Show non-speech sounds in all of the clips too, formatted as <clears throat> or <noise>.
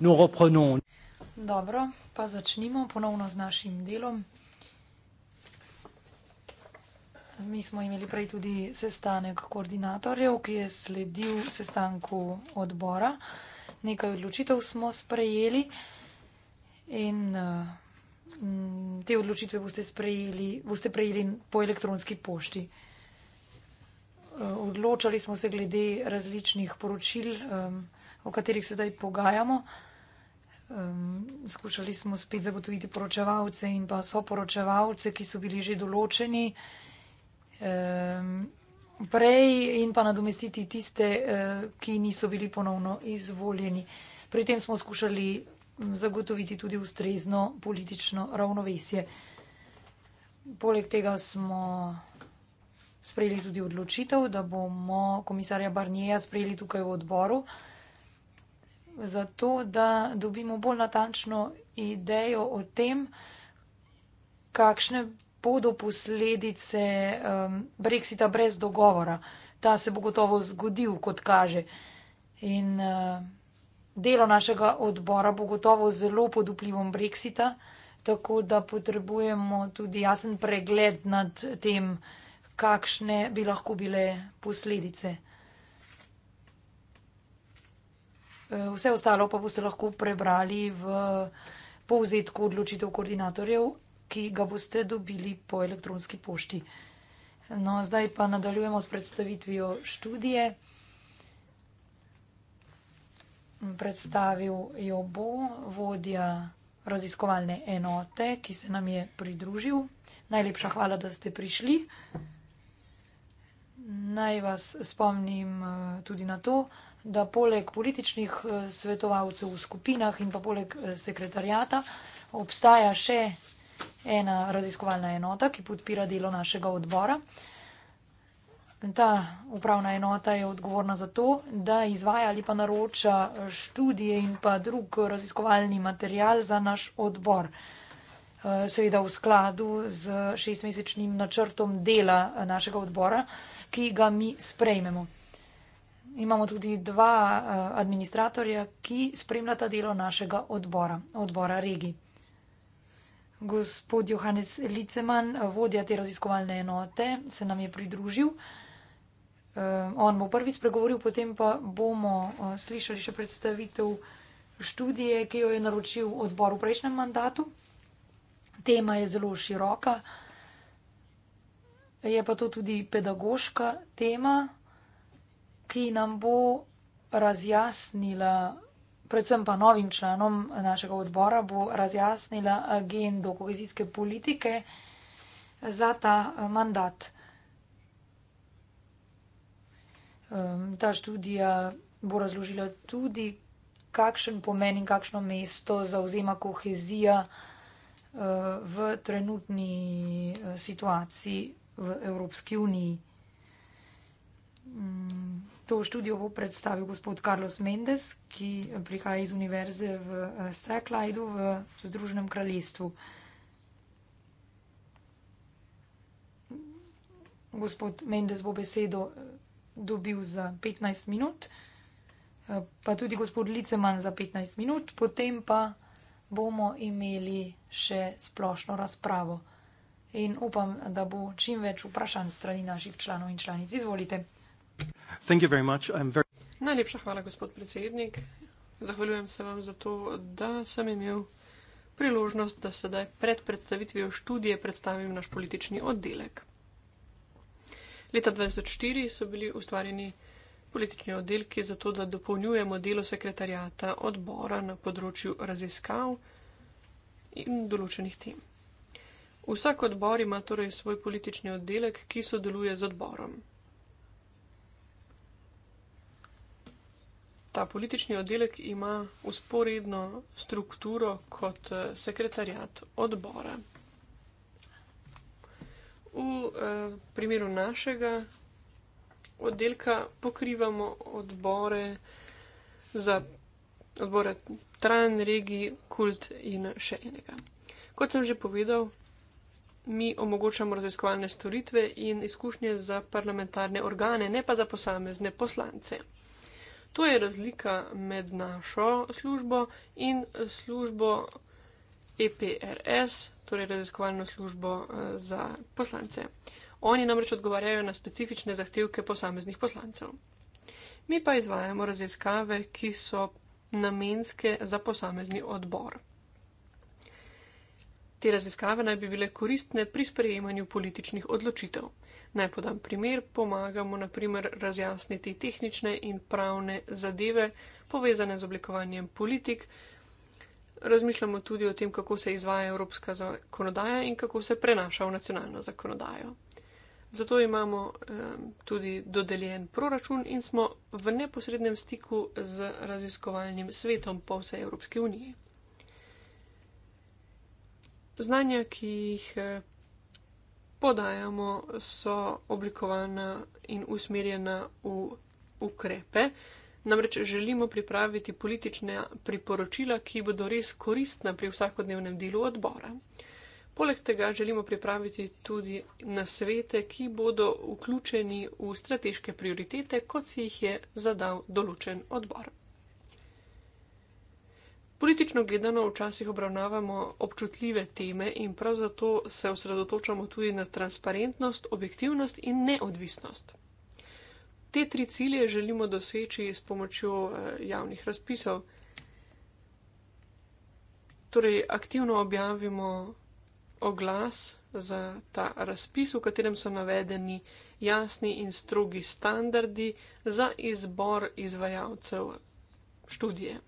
nous reprenons. Dobro, pa začnimo ponovno z našim delom. Mi smo imeli prej tudi sestanek koordinatorjev, ki je sledil sestanku odbora. Nekaj odločitev smo sprejeli in eh, te odločitve boste, sprejeli, boste prejeli po elektronski pošti. Eh, odločali smo se glede različnih poročil, eh, o katerih sedaj pogajamo. Um, skušali smo spet zagotoviti poročevalce in pa so poročevalce, ki so bili že določeni um, prej in pa nadomestiti tiste, uh, ki niso bili ponovno izvoljeni. Pri tem smo skušali zagotoviti tudi ustrezno politično ravnovesje. Poleg tega smo sprejeli tudi odločitev, da bomo komisarja Barnjeja sprejeli tukaj v odboru zato da dobimo bolj natančno idejo o tem, kakšne bodo posledice um, Brexita brez dogovora. Ta se bo gotovo zgodil, kot kaže. In uh, delo našega odbora bo gotovo zelo pod vplivom Brexita, tako da potrebujemo tudi jasen pregled nad tem, kakšne bi lahko bile posledice. Eh, vse ostalo pa boste lahko prebrali v povzetku odločitev koordinatorjev, ki ga boste dobili po elektronski pošti. No, zdaj pa nadaljujemo s predstavitvijo študije. Predstavil jo bo vodja raziskovalne enote, ki se nam je pridružil. Najlepša hvala, da ste prišli. Naj vas spomnim eh, tudi na to, da da poleg političnih eh, svetovalcev v skupinah in pa poleg eh, sekretarjata obstaja še ena raziskovalna enota, ki podpira delo našega odbora. Ta upravna enota je odgovorna za to, da izvaja ali pa naroča študije in pa drug raziskovalni material za naš odbor. Eh, seveda v skladu z šestmesečnim načrtom dela našega odbora, ki ga mi sprejmemo. Imamo tudi dva eh, administratorja, ki spremljata delo našega odbora, odbora regi. Gospod Johannes Liceman, vodja te raziskovalne enote, se nam je pridružil. Eh, on bo prvi spregovoril, potem pa bomo eh, slišali še predstavitev študije, ki jo je naročil odbor v prejšnjem mandatu. Tema je zelo široka, je pa to tudi pedagoška tema ki nam bo razjasnila, predvsem pa novim članom našega odbora, bo razjasnila agendo kohezijske politike za ta eh, mandat. Ta študija bo razložila tudi, kakšen pomen in kakšno mesto zauzema kohezija eh, v trenutni eh, situaciji v Evropski uniji. 嗯。Mm. To študijo bo predstavil gospod Carlos Mendes, ki prihaja iz univerze v eh, Strathclydu v Združenem kraljestvu. Gospod Mendes bo besedo eh, dobil za 15 minut, eh, pa tudi gospod Liceman za 15 minut, potem pa bomo imeli še splošno razpravo. In upam, da bo čim več vprašanj strani naših članov in članic. Izvolite. Najlepša hvala, gospod predsednik. Zahvaljujem se vam za to, da sem imel priložnost, da sedaj pred predstavitvijo študije predstavim naš politični oddelek. Leta 2004 so bili ustvarjeni politični oddelki za to, da dopolnjujemo delo sekretarjata odbora na področju raziskav in določenih tem. Vsak odbor ima torej svoj politični oddelek, ki sodeluje z odborom. Ta politični oddelek ima usporedno strukturo kot eh, sekretarjat odbora. V eh, primeru našega oddelka pokrivamo odbore za odbore Tran, Regi, Kult in še enega. Kot sem že povedal, mi omogočamo raziskovalne storitve in izkušnje za parlamentarne organe, ne pa za posamezne poslance. To je razlika med našo službo in službo EPRS, torej raziskovalno službo eh, za poslance. Oni namreč odgovarjajo na specifične zahtevke posameznih poslancev. Mi pa izvajamo raziskave, ki so namenske za posamezni odbor. Te raziskave naj bi bile koristne pri sprejemanju političnih odločitev. Naj podam primer, pomagamo naprimer razjasniti tehnične in pravne zadeve povezane z oblikovanjem politik. Razmišljamo tudi o tem, kako se izvaja evropska zakonodaja in kako se prenaša v nacionalno zakonodajo. Zato imamo um, tudi dodeljen proračun in smo v neposrednem stiku z raziskovalnim svetom po vsej Evropski uniji. Znanja, ki jih podajamo, so oblikovana in usmerjena v ukrepe. Namreč želimo pripraviti politične priporočila, ki bodo res koristna pri vsakodnevnem delu odbora. Poleg tega želimo pripraviti tudi nasvete, ki bodo vključeni v strateške prioritete, kot si jih je zadal določen odbor. Politično gledano včasih obravnavamo občutljive teme in prav zato se osredotočamo tudi na transparentnost, objektivnost in neodvisnost. Te tri cilje želimo doseči s pomočjo eh, javnih razpisov. Torej, aktivno objavimo oglas za ta razpis, v katerem so navedeni jasni in strogi standardi za izbor izvajalcev študije.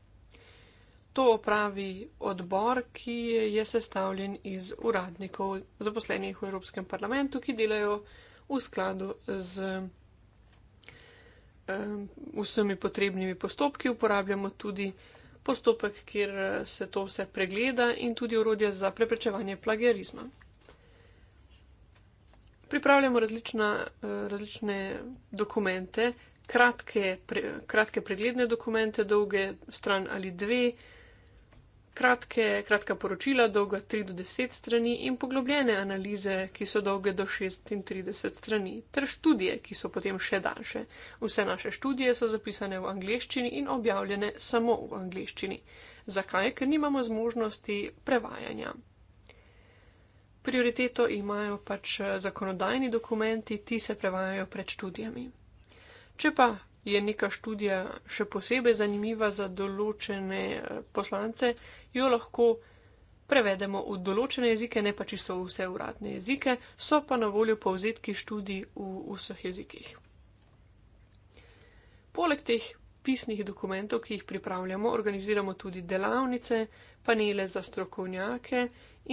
To opravi odbor, ki je sestavljen iz uradnikov zaposlenih v Evropskem parlamentu, ki delajo v skladu z um, vsemi potrebnimi postopki. Uporabljamo tudi postopek, kjer eh, se to vse pregleda in tudi urodje za preprečevanje plagiarizma. Pripravljamo različna, eh, različne dokumente, kratke, pre, kratke pregledne dokumente, dolge stran ali dve kratke, kratka poročila, dolga 3 do 10 strani, in poglobljene analize, ki so dolge do 36 strani, ter študije, ki so potem še daljše. Vse naše študije so zapisane v angleščini in objavljene samo v angleščini. Zakaj? Ker nimamo zmožnosti prevajanja. Prioriteto imajo pač eh, zakonodajni dokumenti, ti se prevajajo pred študijami. Če pa je neka študija še posebej zanimiva za določene eh, poslance, jo lahko prevedemo v določene jezike, ne pa čisto v vse uradne jezike, so pa na voljo povzetki študij v vseh jezikih. Poleg teh pisnih dokumentov, ki jih pripravljamo, organiziramo tudi delavnice, panele za strokovnjake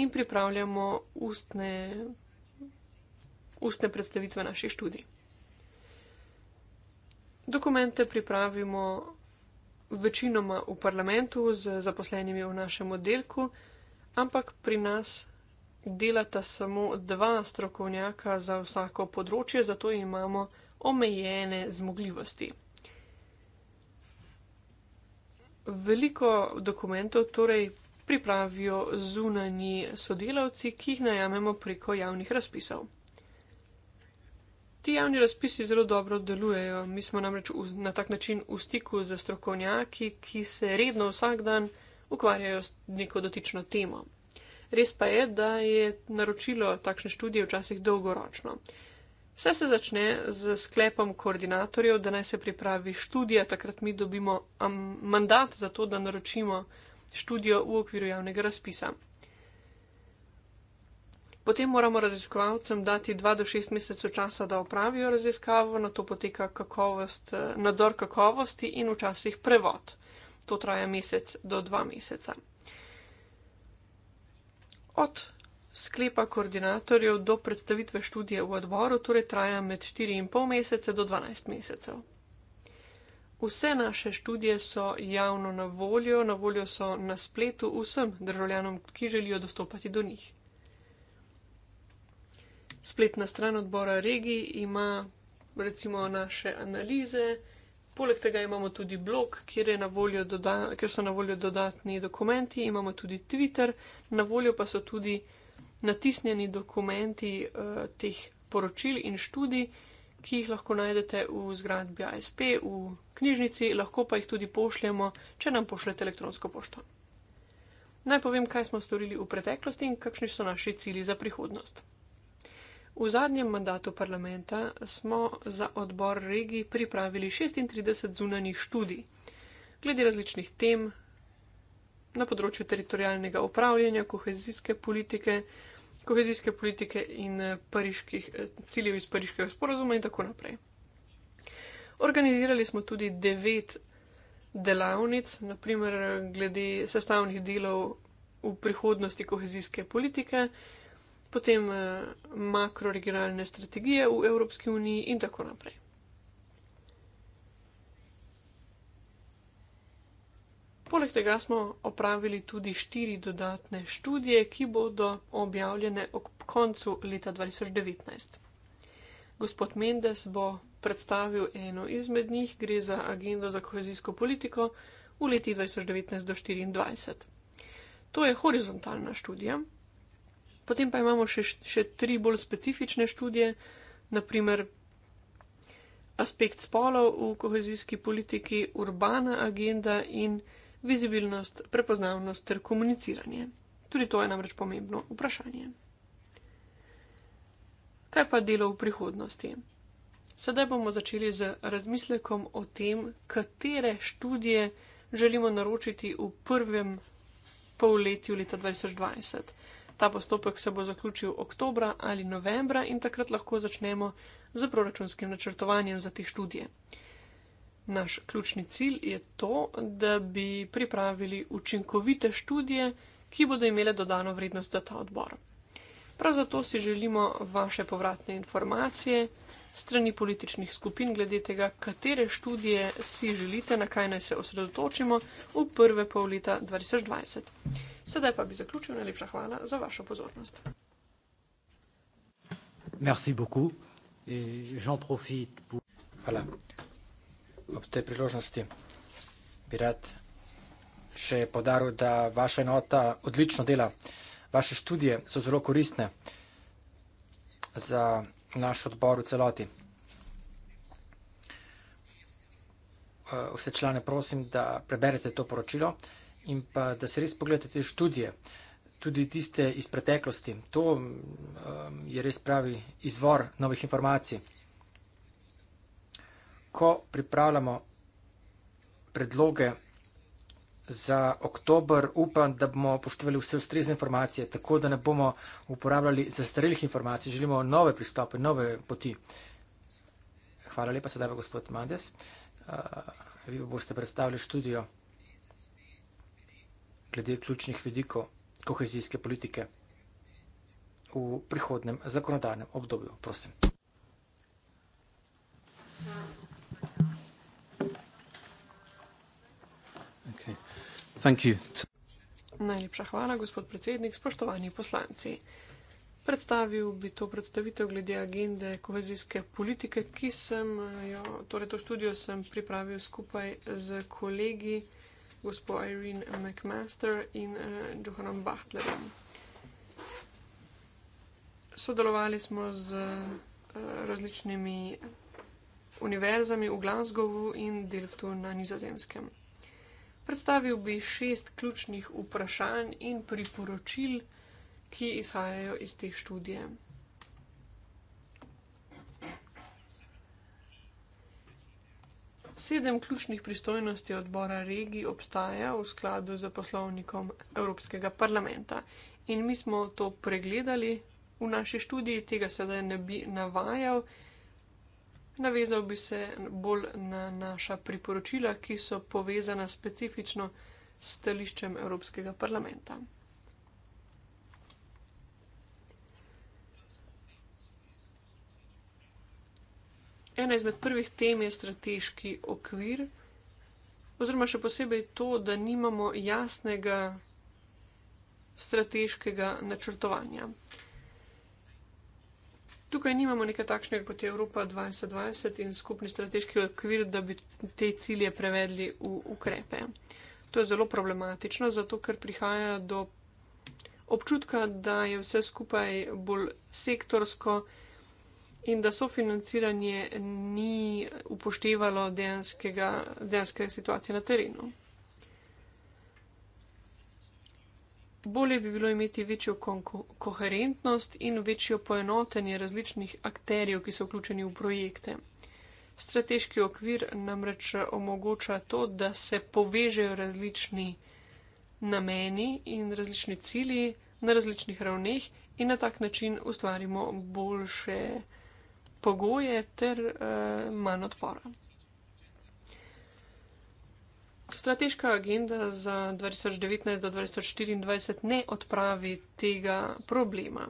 in pripravljamo ustne, ustne predstavitve naših študij. Dokumente pripravimo večinoma v parlamentu z zaposlenimi v našem oddelku, ampak pri nas delata samo dva strokovnjaka za vsako področje, zato imamo omejene zmogljivosti. Veliko dokumentov torej pripravijo zunanji sodelavci, ki jih najamemo preko javnih razpisov ti javni razpisi zelo dobro delujejo. Mi smo namreč v, na tak način v stiku z strokovnjaki, ki se redno vsak dan ukvarjajo z neko dotično temo. Res pa je, da je naročilo takšne študije včasih dolgoročno. Vse se začne z sklepom koordinatorjev, da naj se pripravi študija, takrat mi dobimo mandat za to, da naročimo študijo v okviru javnega razpisa. Potem moramo raziskovalcem dati 2 do 6 mesecev časa, da opravijo raziskavo, na to poteka kakovost, eh, nadzor kakovosti in včasih prevod. To traja mesec do 2 meseca. Od sklepa koordinatorjev do predstavitve študije v odboru torej traja med 4,5 meseca do 12 mesecev. Vse naše študije so javno na voljo, na voljo so na spletu vsem državljanom, ki želijo dostopati do njih spletna stran odbora regij ima recimo naše analize. Poleg tega imamo tudi blog, kjer, doda, kjer so na voljo dodatni dokumenti, imamo tudi Twitter, na voljo pa so tudi natisnjeni dokumenti eh, teh poročil in študij, ki jih lahko najdete v zgradbi ASP, v knjižnici, lahko pa jih tudi pošljemo, če nam pošljete elektronsko pošto. Naj povem, kaj smo storili v preteklosti in kakšni so naši cili za prihodnost. V zadnjem mandatu parlamenta smo za odbor regij pripravili 36 zunanih študij glede različnih tem na področju teritorijalnega upravljanja, kohezijske politike, kohezijske politike in eh, pariških, eh, ciljev iz pariškega sporozuma in tako naprej. Organizirali smo tudi devet delavnic, naprimer glede sestavnih delov v prihodnosti kohezijske politike potem eh, makroregionalne strategije v Evropski uniji in tako naprej. Poleg tega smo opravili tudi štiri dodatne študije, ki bodo objavljene ob koncu leta 2019. Gospod Mendes bo predstavil eno izmed njih, gre za agendo za kohezijsko politiko v letih 2019-2024. To je horizontalna študija, Potem pa imamo še, še tri bolj specifične študije, naprimer aspekt spolov v kohezijski politiki, urbana agenda in vizibilnost, prepoznavnost ter komuniciranje. Tudi to je namreč pomembno vprašanje. Kaj pa delo v prihodnosti? Sedaj bomo začeli z razmislekom o tem, katere študije želimo naročiti v prvem polletju leta 2020. Ta postopek se bo zaključil oktobra ali novembra in takrat lahko začnemo z proračunskim načrtovanjem za te študije. Naš ključni cilj je to, da bi pripravili učinkovite študije, ki bodo imele dodano vrednost za ta odbor. Prav zato si želimo vaše povratne informacije strani političnih skupin glede tega, katere študije si želite, na kaj naj se osredotočimo v prve pol leta 2020. Sedaj pa bi zaključil, najlepša hvala za vašo pozornost. Hvala. Ob tej priložnosti bi rad še podaril, da vaša enota odlično dela. Vaše študije so zelo koristne za naš odbor v celoti. Vse člane prosim, da preberete to poročilo in pa da se res pogledate te študije, tudi tiste iz preteklosti. To um, je res pravi izvor novih informacij. Ko pripravljamo predloge za oktober, upam, da bomo poštevali vse ustrezne informacije, tako da ne bomo uporabljali zastarelih informacij. Želimo nove pristope, nove poti. Hvala lepa, sedaj pa gospod Mandes. Uh, vi boste predstavili študijo glede ključnih vidikov kohezijske politike v prihodnem zakonodajnem obdobju. Prosim. Najlepša hvala, gospod predsednik. Spoštovani poslanci. Predstavil bi to predstavitev glede agende kohezijske politike, ki sem jo, torej to študijo sem pripravil skupaj z kolegi gospod Irene McMaster in uh, Johanom Bachtlerjem. Sodelovali smo z uh, različnimi univerzami v Glasgowu in Delftu na nizozemskem. Predstavil bi šest ključnih vprašanj in priporočil, ki izhajajo iz te študije. Sedem ključnih pristojnosti odbora regij obstaja v skladu z poslovnikom Evropskega parlamenta. In mi smo to pregledali v naši študiji, tega sedaj ne bi navajal. Navezal bi se bolj na naša priporočila, ki so povezana specifično s stališčem Evropskega parlamenta. ena izmed prvih tem je strateški okvir, oziroma še posebej to, da nimamo jasnega strateškega načrtovanja. Tukaj nimamo nekaj takšnega kot je Evropa 2020 in skupni strateški okvir, da bi te cilje prevedli v ukrepe. To je zelo problematično, zato ker prihaja do občutka, da je vse skupaj bolj sektorsko, in da sofinanciranje ni upoštevalo dejanske situacije na terenu. Bolje bi bilo imeti večjo koherentnost in večjo poenotenje različnih akterjev, ki so vključeni v projekte. Strateški okvir namreč omogoča to, da se povežejo različni nameni in različni cilji na različnih ravneh in na tak način ustvarimo boljše pogoje ter uh, manj odpora. Strateška agenda za 2019 do 2024 ne odpravi tega problema.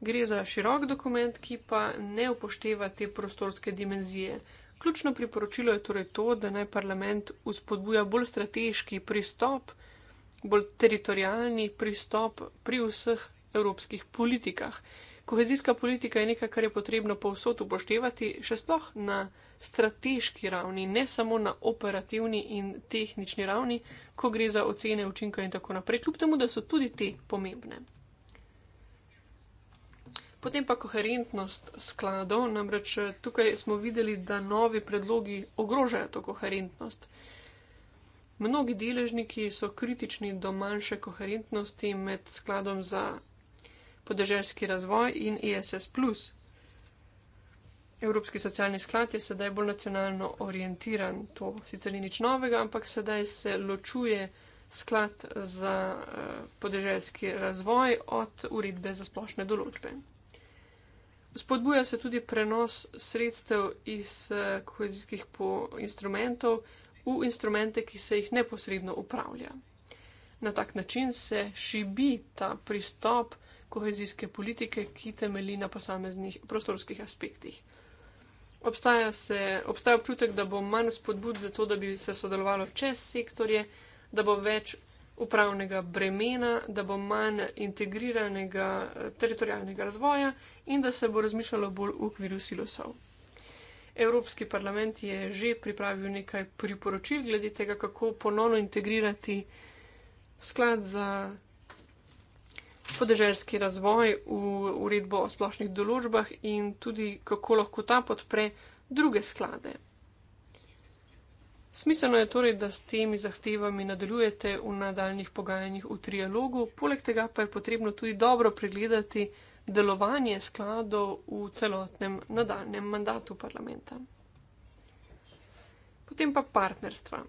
Gre za širok dokument, ki pa ne upošteva te prostorske dimenzije. Ključno priporočilo je torej to, da naj parlament uspodbuja bolj strateški pristop, bolj teritorijalni pristop pri vseh evropskih politikah. Kohezijska politika je nekaj, kar je potrebno povsod upoštevati, še sploh na strateški ravni, ne samo na operativni in tehnični ravni, ko gre za ocene učinka in tako naprej, kljub temu, da so tudi te pomembne. Potem pa koherentnost skladov, namreč eh, tukaj smo videli, da novi predlogi ogrožajo to koherentnost. Mnogi deležniki so kritični do manjše koherentnosti med skladom za podeželski razvoj in ESS. Evropski socialni sklad je sedaj bolj nacionalno orientiran. To sicer ni nič novega, ampak sedaj se ločuje sklad za eh, podeželski razvoj od uredbe za splošne določbe. Spodbuja se tudi prenos sredstev iz eh, kohezijskih instrumentov v instrumente, ki se jih neposredno upravlja. Na tak način se šibi ta pristop kohezijske politike, ki temelji na posameznih prostorskih aspektih. Obstaja, se, obstaja občutek, da bo manj spodbud za to, da bi se sodelovalo čez sektorje, da bo več upravnega bremena, da bo manj integriranega eh, teritorijalnega razvoja in da se bo razmišljalo bolj v okviru silosov. Evropski parlament je že pripravil nekaj priporočil glede tega, kako ponovno integrirati sklad za podeželjski razvoj v uredbo o splošnih določbah in tudi kako lahko ta podpre druge sklade. Smiselno je torej, da s temi zahtevami nadaljujete v nadaljnih pogajanjih v trialogu, poleg tega pa je potrebno tudi dobro pregledati delovanje skladov v celotnem nadaljnem mandatu parlamenta. Potem pa partnerstva.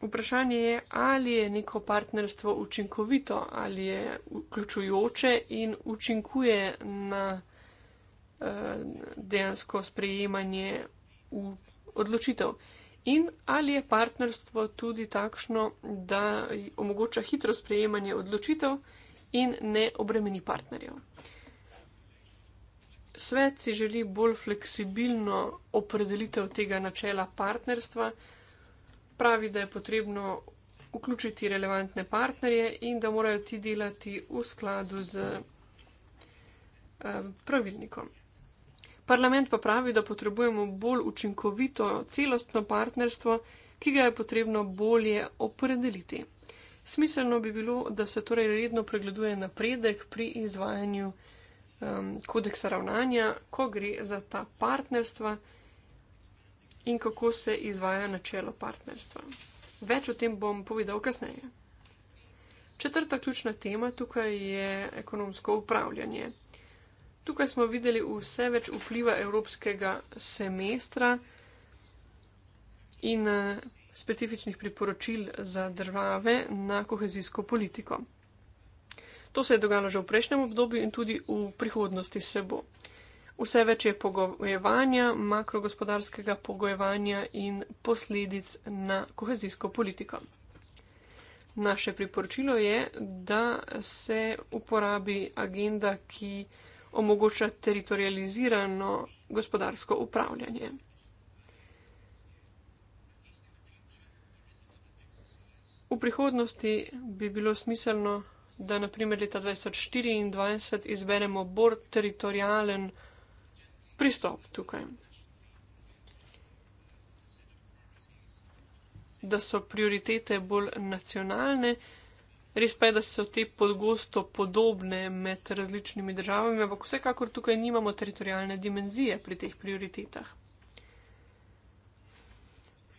Vprašanje je, ali je neko partnerstvo učinkovito, ali je vključujoče in učinkuje na eh, dejansko sprejemanje odločitev. In ali je partnerstvo tudi takšno, da omogoča hitro sprejemanje odločitev in ne obremeni partnerjev. Svet si želi bolj fleksibilno opredelitev tega načela partnerstva pravi, da je potrebno vključiti relevantne partnerje in da morajo ti delati v skladu z um, pravilnikom. Parlament pa pravi, da potrebujemo bolj učinkovito celostno partnerstvo, ki ga je potrebno bolje opredeliti. Smiselno bi bilo, da se torej redno pregleduje napredek pri izvajanju um, kodeksa ravnanja, ko gre za ta partnerstva in kako se izvaja načelo partnerstva. Več o tem bom povedal kasneje. Četrta ključna tema tukaj je ekonomsko upravljanje. Tukaj smo videli vse več vpliva evropskega semestra in eh, specifičnih priporočil za države na kohezijsko politiko. To se je dogajalo že v prejšnjem obdobju in tudi v prihodnosti se bo vse več je pogojevanja, makrogospodarskega pogojevanja in posledic na kohezijsko politiko. Naše priporočilo je, da se uporabi agenda, ki omogoča teritorializirano gospodarsko upravljanje. V prihodnosti bi bilo smiselno, da naprimer leta 2024 izberemo bolj teritorijalen pristop tukaj. Da so prioritete bolj nacionalne, res pa je, da so te pogosto podobne med različnimi državami, ampak vsekakor tukaj nimamo teritorijalne dimenzije pri teh prioritetah.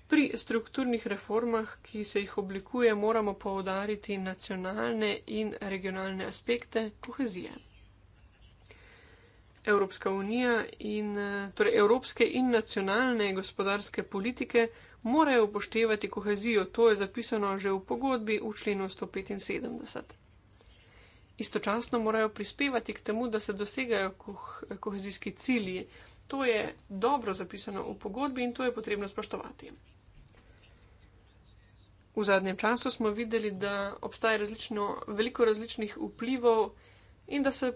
Pri strukturnih reformah, ki se jih oblikuje, moramo povdariti nacionalne in regionalne aspekte kohezije. Evropska unija in eh, torej evropske in nacionalne gospodarske politike morajo upoštevati kohezijo. To je zapisano že v pogodbi v členu 175. Istočasno morajo prispevati k temu, da se dosegajo kohezijski cilji. To je dobro zapisano v pogodbi in to je potrebno spoštovati. V zadnjem času smo videli, da obstaja različno, veliko različnih vplivov in da se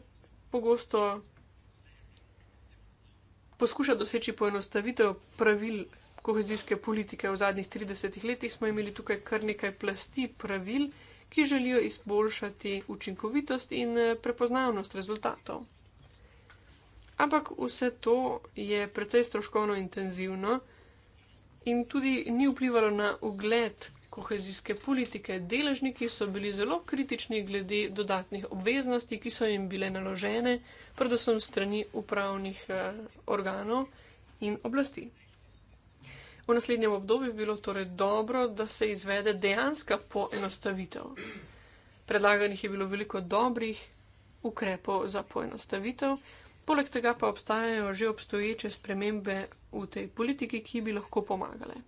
pogosto poskuša doseči poenostavitev pravil kohezijske politike v zadnjih 30 letih, smo imeli tukaj kar nekaj plasti pravil, ki želijo izboljšati učinkovitost in eh, prepoznavnost rezultatov. Ampak vse to je precej stroškovno intenzivno in tudi ni vplivalo na ugled kohezijske politike. Deležniki so bili zelo kritični glede dodatnih obveznosti, ki so jim bile naložene, predvsem strani upravnih eh, organov in oblasti. V naslednjem obdobju bi bilo torej dobro, da se izvede dejanska poenostavitev. Predlaganih je bilo veliko dobrih ukrepov za poenostavitev, poleg tega pa obstajajo že obstoječe spremembe v tej politiki, ki bi lahko pomagale.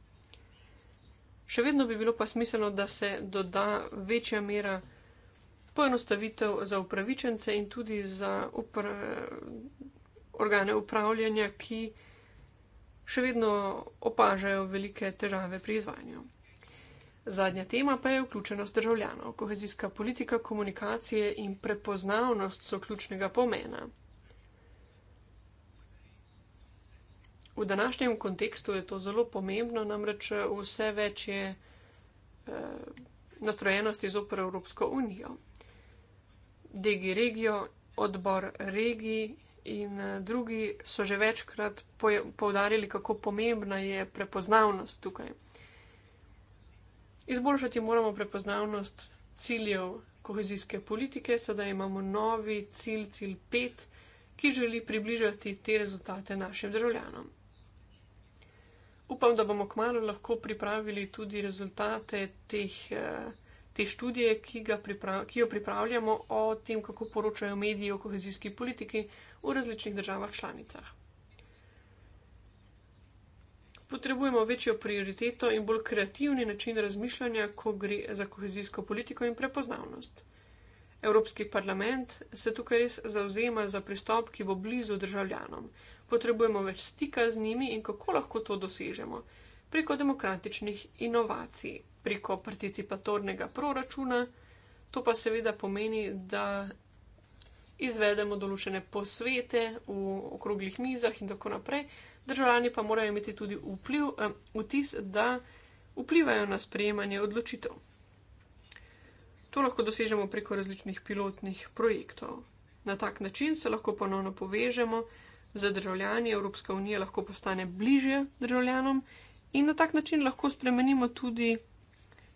Še vedno bi bilo pa smiselno, da se doda večja mera poenostavitev za upravičence in tudi za upra organe upravljanja, ki še vedno opažajo velike težave pri izvajanju. Zadnja tema pa je vključenost državljanov. Kohezijska politika, komunikacije in prepoznavnost so ključnega pomena. V današnjem kontekstu je to zelo pomembno, namreč eh, vse več je eh, nastrojenosti zopr Evropsko unijo. Digi regijo, odbor regij in eh, drugi so že večkrat povdarjali, kako pomembna je prepoznavnost tukaj. Izboljšati moramo prepoznavnost ciljev kohezijske politike, sedaj imamo novi cilj, cilj 5, ki želi približati te rezultate našim državljanom upam, da bomo kmalo lahko pripravili tudi rezultate teh, eh, te študije, ki, pripravi, ki jo pripravljamo o tem, kako poročajo mediji o kohezijski politiki v različnih državah članicah. Potrebujemo večjo prioriteto in bolj kreativni način razmišljanja, ko gre za kohezijsko politiko in prepoznavnost. Evropski parlament se tukaj res zauzema za pristop, ki bo blizu državljanom potrebujemo več stika z njimi in kako lahko to dosežemo preko demokratičnih inovacij, preko participatornega proračuna. To pa seveda pomeni, da izvedemo določene posvete v okroglih mizah in tako naprej. Državljani pa morajo imeti tudi vpliv, eh, vtis, da vplivajo na sprejemanje odločitev. To lahko dosežemo preko različnih pilotnih projektov. Na tak način se lahko ponovno povežemo za državljani Evropske unije lahko postane bliže državljanom in na tak način lahko spremenimo tudi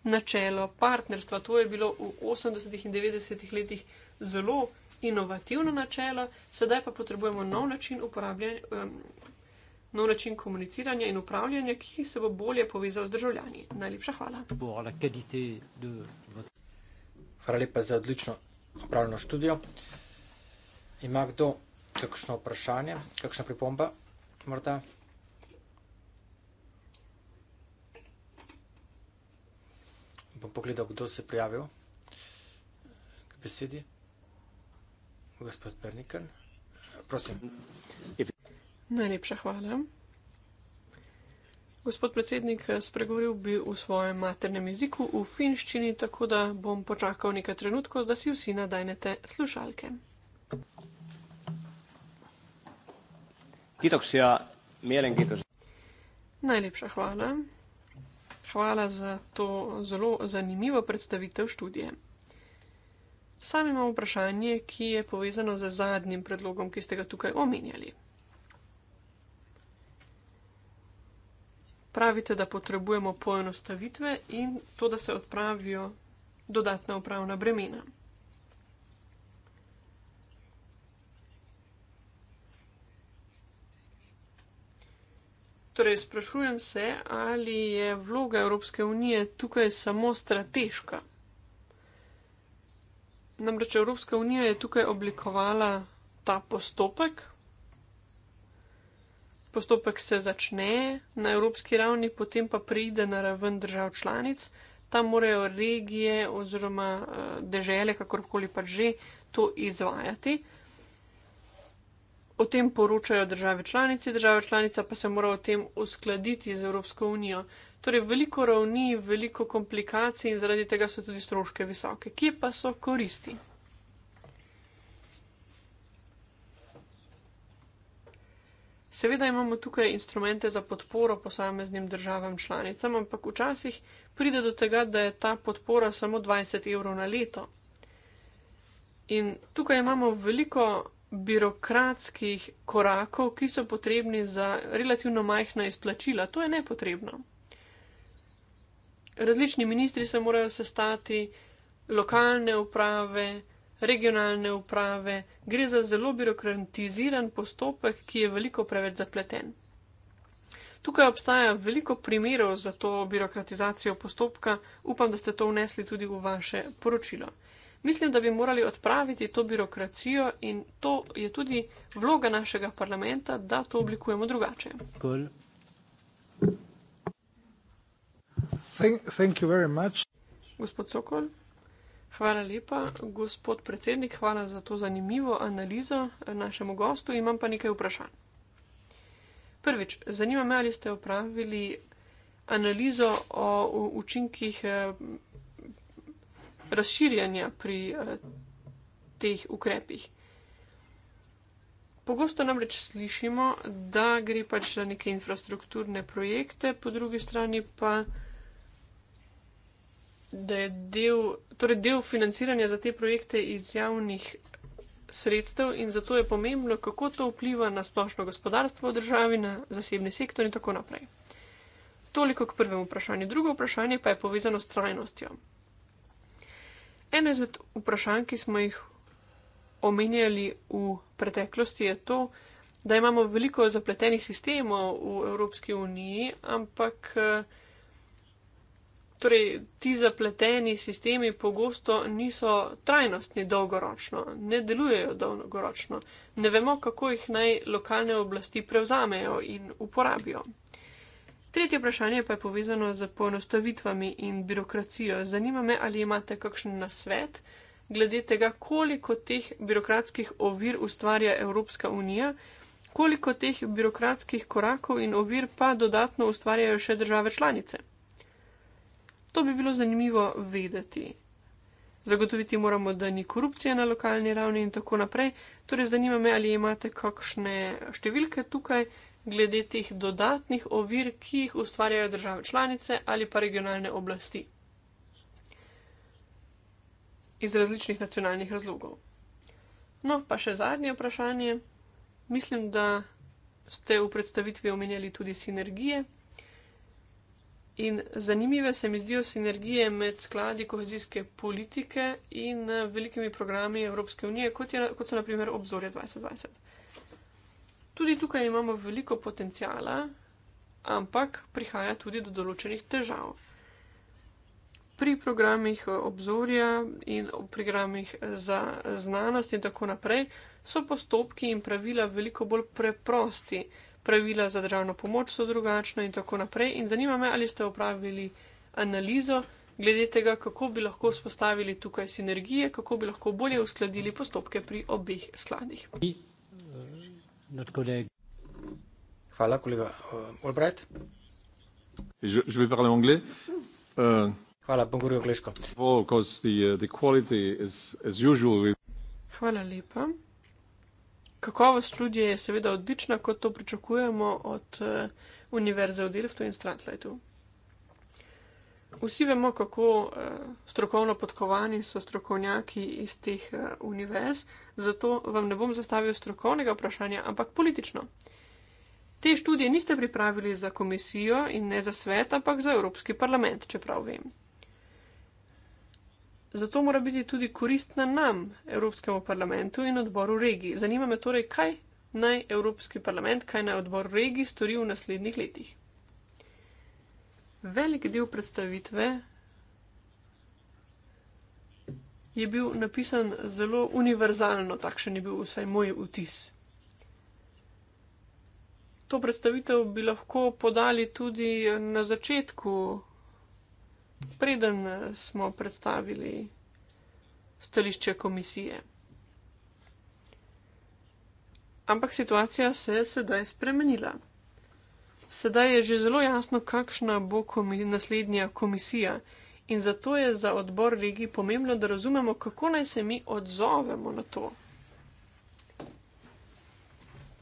načelo partnerstva. To je bilo v 80-ih in 90-ih letih zelo inovativno načelo, sedaj pa potrebujemo nov način uporabljanja. Um, Nov način komuniciranja in upravljanja, ki se bo bolje povezal z državljani. Najlepša hvala. Hvala lepa za odlično upravljeno študijo. Ima kdo kakšno vprašanje, kakšna pripomba morda? Bom pogledal, kdo se je prijavil k besedi. Gospod Pernikan, prosim. Najlepša hvala. Gospod predsednik, spregovoril bi v svojem maternem jeziku, v finščini, tako da bom počakal nekaj trenutkov, da si vsi nadajnete slušalke. Kitoksia, mielenkiintoista. Najlepša hvala. Hvala za to zelo zanimivo predstavitev študije. Sam imam vprašanje, ki je povezano z zadnjim predlogom, ki ste ga tukaj omenjali. Pravite, da potrebujemo poenostavitve in to, da se odpravijo dodatna upravna bremena. Torej, sprašujem se, ali je vloga Evropske unije tukaj samo strateška. Namreč Evropska unija je tukaj oblikovala ta postopek. Postopek se začne na evropski ravni, potem pa pride na raven držav članic. Tam morajo regije oziroma eh, dežele, kakorkoli pa že, to izvajati o tem poročajo države članice, država članica pa se mora o tem uskladiti z Evropsko unijo. Torej, veliko ravni, veliko komplikacij in zaradi tega so tudi stroške visoke. Kje pa so koristi? Seveda imamo tukaj instrumente za podporo posameznim državam članicam, ampak včasih pride do tega, da je ta podpora samo 20 evrov na leto. In tukaj imamo veliko birokratskih korakov, ki so potrebni za relativno majhna izplačila. To je nepotrebno. Različni ministri se morajo sestati, lokalne uprave, regionalne uprave. Gre za zelo birokratiziran postopek, ki je veliko preveč zapleten. Tukaj obstaja veliko primerov za to birokratizacijo postopka. Upam, da ste to vnesli tudi v vaše poročilo. Mislim, da bi morali odpraviti to birokracijo in to je tudi vloga našega parlamenta, da to oblikujemo drugače. Cool. Thank, thank Gospod Sokol, hvala lepa. Gospod predsednik, hvala za to zanimivo analizo našemu gostu. Imam pa nekaj vprašanj. Prvič, zanima me, ali ste opravili analizo o učinkih. Eh, razširjanja pri eh, teh ukrepih. Pogosto namreč slišimo, da gre pač za neke infrastrukturne projekte, po drugi strani pa, da je del, torej del financiranja za te projekte iz javnih sredstev in zato je pomembno, kako to vpliva na splošno gospodarstvo v državi, na zasebni sektor in tako naprej. Toliko k prvemu vprašanju. Drugo vprašanje pa je povezano s trajnostjo. Eno izmed vprašanj, ki smo jih omenjali v preteklosti, je to, da imamo veliko zapletenih sistemov v Evropski uniji, ampak eh, torej, ti zapleteni sistemi pogosto niso trajnostni dolgoročno, ne delujejo dolgoročno. Ne vemo, kako jih naj lokalne oblasti prevzamejo in uporabijo. Tretje vprašanje pa je povezano z poenostavitvami in birokracijo. Zanima me, ali imate kakšen nasvet glede tega, koliko teh birokratskih ovir ustvarja Evropska unija, koliko teh birokratskih korakov in ovir pa dodatno ustvarjajo še države članice. To bi bilo zanimivo vedeti. Zagotoviti moramo, da ni korupcije na lokalni ravni in tako naprej. Torej, zanima me, ali imate kakšne številke tukaj glede teh dodatnih ovir, ki jih ustvarjajo države članice ali pa regionalne oblasti iz različnih nacionalnih razlogov. No, pa še zadnje vprašanje. Mislim, da ste v predstavitvi omenjali tudi sinergije. In zanimive se mi zdijo sinergije med skladi kohezijske politike in velikimi programi Evropske unije, kot, je, kot so naprimer obzorje 2020. Tudi tukaj imamo veliko potencijala, ampak prihaja tudi do določenih težav. Pri programih eh, obzorja in programih eh, za eh, znanost in tako naprej so postopki in pravila veliko bolj preprosti. Pravila za državno pomoč so drugačna in tako naprej. In zanima me, ali ste opravili analizo glede tega, kako bi lahko spostavili tukaj sinergije, kako bi lahko bolje uskladili postopke pri obeh skladih notre collègue. Voilà, collègue uh, Albright. Je, je vais parler anglais. Uh, Hvala, bom govoril angliško. Uh, Hvala lepa. Kakovost študije je seveda odlična, kot to pričakujemo od uh, Univerze v Delftu in Stratlightu. Vsi vemo, kako uh, strokovno podkovani so strokovnjaki iz teh uh, univerz, zato vam ne bom zastavil strokovnega vprašanja, ampak politično. Te študije niste pripravili za komisijo in ne za svet, ampak za Evropski parlament, čeprav vem. Zato mora biti tudi koristna nam, Evropskemu parlamentu in odboru regij. Zanima me torej, kaj naj Evropski parlament, kaj naj odbor regij stori v naslednjih letih. Velik del predstavitve je bil napisan zelo univerzalno, takšen je bil vsaj moj vtis. To predstavitev bi lahko podali tudi na začetku, preden smo predstavili stališče komisije. Ampak situacija se je sedaj spremenila. Sedaj je že zelo jasno, kakšna bo komi naslednja komisija. In zato je za odbor regij pomembno, da razumemo, kako naj se mi odzovemo na to.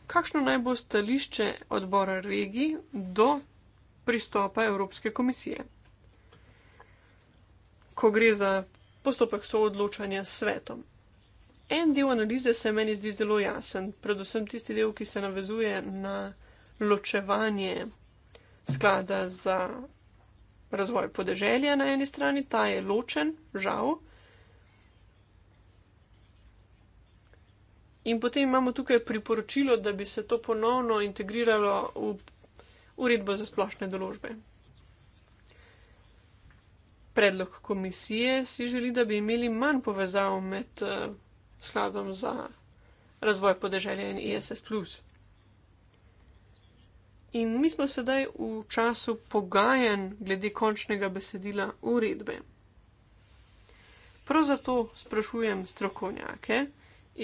Kakšno naj bo stališče odbora regij do pristopa Evropske komisije? Ko gre za postopek soodločanja s svetom. En del analize se meni zdi zelo jasen, predvsem tisti del, ki se navezuje na ločevanje sklada za razvoj podeželja na eni strani, ta je ločen, žal. In potem imamo tukaj priporočilo, da bi se to ponovno integriralo v uredbo za splošne določbe. Predlog komisije si želi, da bi imeli manj povezav med uh, skladom za razvoj podeželja in ISS. In mi smo sedaj v času pogajanj glede končnega besedila uredbe. Prav zato sprašujem strokovnjake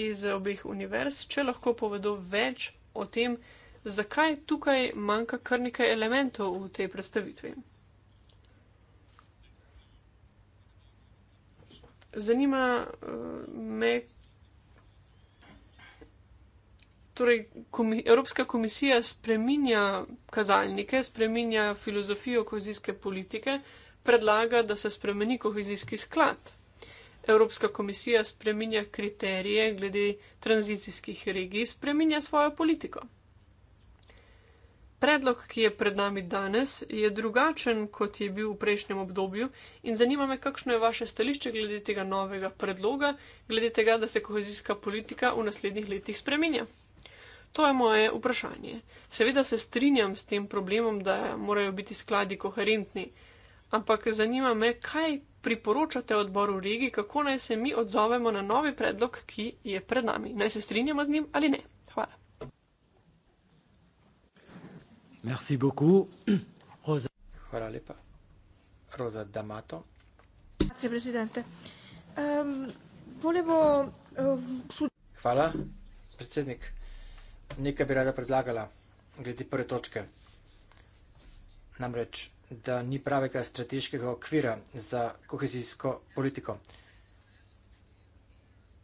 iz obeh univerz, če lahko povedo več o tem, zakaj tukaj manjka kar nekaj elementov v tej predstavitvi. Zanima eh, me, Torej, komi Evropska komisija spreminja kazalnike, spreminja filozofijo kohezijske politike, predlaga, da se spremeni kohezijski sklad. Evropska komisija spreminja kriterije glede tranzicijskih regij, spreminja svojo politiko. Predlog, ki je pred nami danes, je drugačen, kot je bil v prejšnjem obdobju in zanima me, kakšno je vaše stališče glede tega novega predloga, glede tega, da se kohezijska politika v naslednjih letih spreminja. To je moje vprašanje. Seveda se strinjam s tem problemom, da morajo biti skladi koherentni, ampak zanima me, kaj priporočate odboru regi, kako naj se mi odzovemo na novi predlog, ki je pred nami. Naj se strinjamo z njim ali ne. Hvala. Merci beaucoup. Rosa. Hvala lepa. Roza D'Amato. Grazie, presidente. Um, volevo, um, su... Hvala, predsednik nekaj bi rada predlagala glede prve točke. Namreč, da ni pravega strateškega okvira za kohezijsko politiko.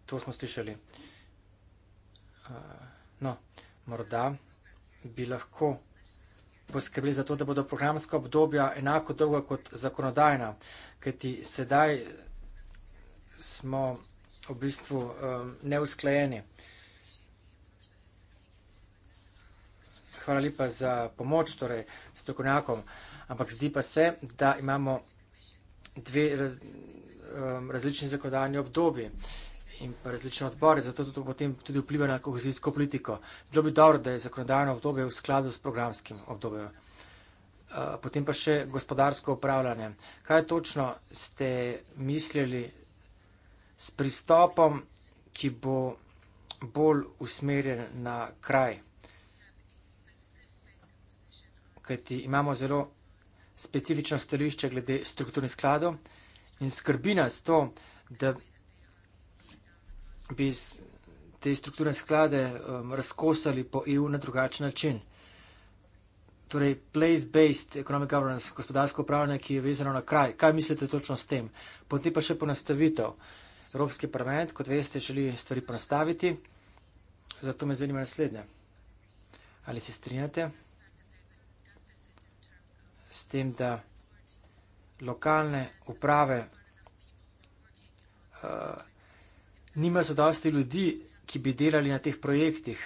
To smo slišali. No, morda bi lahko poskrbili za to, da bodo programska obdobja enako dolga kot zakonodajna, kajti sedaj smo v bistvu neusklajeni. hvala lepa za pomoč, torej strokovnjakom, ampak zdi pa se, da imamo dve raz, um, različni zakonodajni obdobje in pa različne odbore, zato to potem tudi vpliva na kohezijsko politiko. Bilo bi dobro, da je zakonodajno obdobje v skladu s programskim obdobjem. Uh, potem pa še gospodarsko upravljanje. Kaj točno ste mislili s pristopom, ki bo bolj usmerjen na kraj? kajti imamo zelo specifično stališče glede strukturnih skladov in skrbi nas to, da bi te strukturne sklade um, razkosali po EU na drugačen način. Torej, place-based economic governance, gospodarsko upravljanje, ki je vezano na kraj. Kaj mislite točno s tem? Potem pa še ponastavitev. Evropski parlament, kot veste, želi stvari ponastaviti. Zato me zanima naslednje. Ali se strinjate? s tem, da lokalne uprave uh, eh, nima so dosti ljudi, ki bi delali na teh projektih.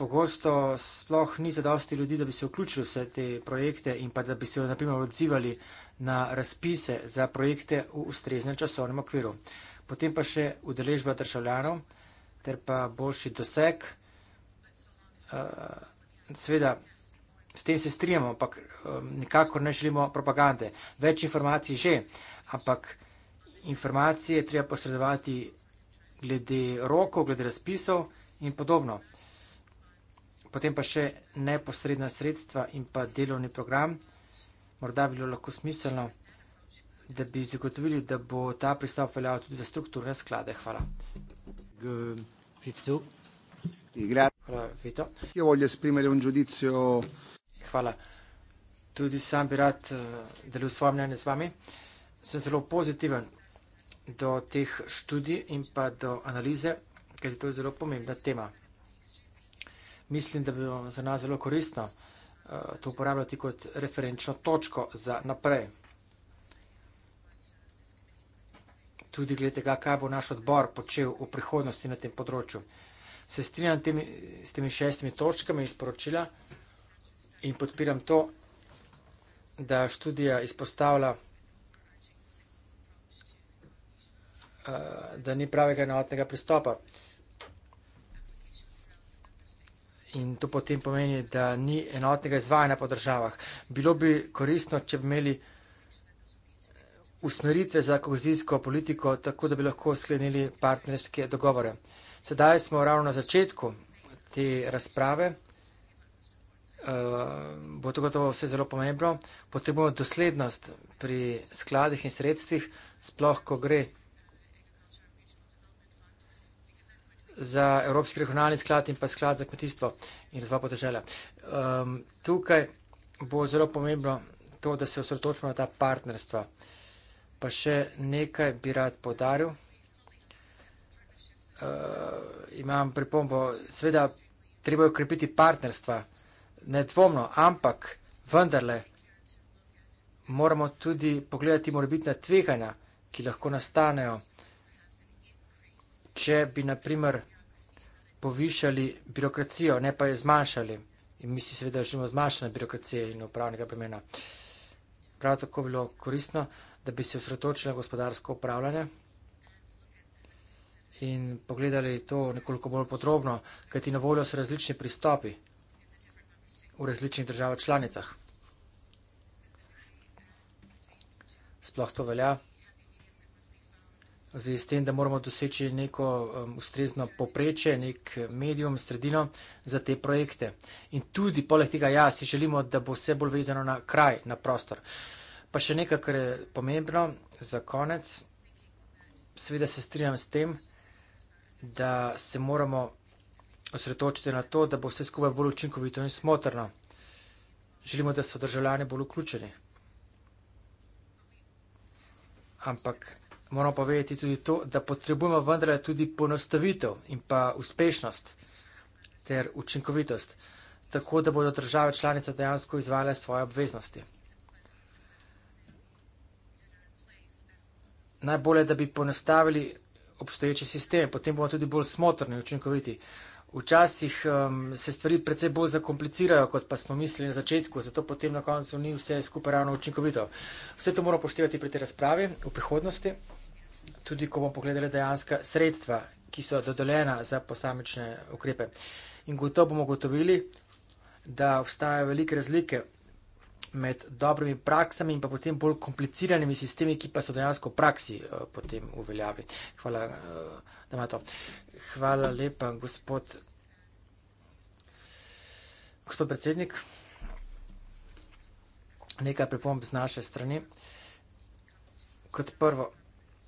Pogosto sploh ni za dosti ljudi, da bi se vključili vse te projekte in pa da bi se naprimer odzivali na razpise za projekte v ustreznem časovnem okviru. Potem pa še udeležba državljanov ter pa boljši doseg. Uh, eh, sveda, S tem se strijamo, ampak um, nikakor ne želimo propagande. Več informacij že, ampak informacije treba posredovati glede rokov, glede razpisov in podobno. Potem pa še neposredna sredstva in pa delovni program. Morda bi bilo lahko smiselno, da bi zagotovili, da bo ta pristop veljal tudi za strukturne sklade. Hvala. Hvala, Vito. Io voglio esprimere un giudizio Hvala. Tudi sam bi rad eh, delil svoje mnenje z vami. Sem zelo pozitiven do teh študij in pa do analize, ker je to zelo pomembna tema. Mislim, da bi bilo za nas zelo koristno eh, to uporabljati kot referenčno točko za naprej. Tudi glede tega, kaj bo naš odbor počel v prihodnosti na tem področju. Se strinjam temi, s temi šestimi točkami iz poročila in podpiram to, da študija izpostavlja, eh, da ni pravega enotnega pristopa. In to potem pomeni, da ni enotnega izvajanja po državah. Bilo bi koristno, če bi imeli usmeritve za kohezijsko politiko, tako da bi lahko sklenili partnerske dogovore. Sedaj smo ravno na začetku te razprave. Eh, bo to gotovo vse zelo pomembno. Potrebujemo doslednost pri skladih in sredstvih, sploh ko gre za Evropski regionalni sklad in pa sklad za kmetijstvo in razvoj podeželja. Um, tukaj bo zelo pomembno to, da se osredotočimo na ta partnerstva. Pa še nekaj bi rad podaril. Uh, eh, imam pripombo, seveda, treba je ukrepiti partnerstva. Uh, nedvomno, ampak vendarle moramo tudi pogledati morebitna tveganja, ki lahko nastanejo, če bi naprimer povišali birokracijo, ne pa je zmanjšali. In mi si seveda želimo zmanjšanje birokracije in upravnega bremena. Prav tako bi bilo koristno, da bi se osredotočili na gospodarsko upravljanje in pogledali to nekoliko bolj podrobno, kajti na voljo so različni pristopi v različnih državah članicah. Sploh to velja v zvezi s tem, da moramo doseči neko um, ustrezno poprečje, nek medium, sredino za te projekte. In tudi poleg tega, ja, si želimo, da bo vse bolj vezano na kraj, na prostor. Pa še nekaj, kar je pomembno za konec. Seveda se strinjam s tem, da se moramo osredotočite na to, da bo vse skupaj bolj učinkovito in smotrno. Želimo, da so državljani bolj vključeni. Ampak moramo pa vedeti tudi to, da potrebujemo vendarle tudi ponostavitev in pa uspešnost ter učinkovitost, tako da bodo države članice dejansko izvale svoje obveznosti. Najbolje, da bi ponostavili obstoječe sisteme, potem bomo tudi bolj smotrni in učinkoviti včasih um, se stvari precej bolj zakomplicirajo, kot pa smo mislili na začetku, zato potem na koncu ni vse skupaj ravno učinkovito. Vse to moramo poštevati pri tej razpravi v prihodnosti, tudi ko bomo pogledali dejanska sredstva, ki so dodoljena za posamične ukrepe. In gotovo bomo gotovili, da obstajajo velike razlike med dobrimi praksami in pa potem bolj kompliciranimi sistemi, ki pa so dejansko v praksi uh, potem uveljavi. Hvala, uh, da ima to. Hvala lepa, gospod, gospod predsednik. Nekaj pripomb z naše strani. Kot prvo,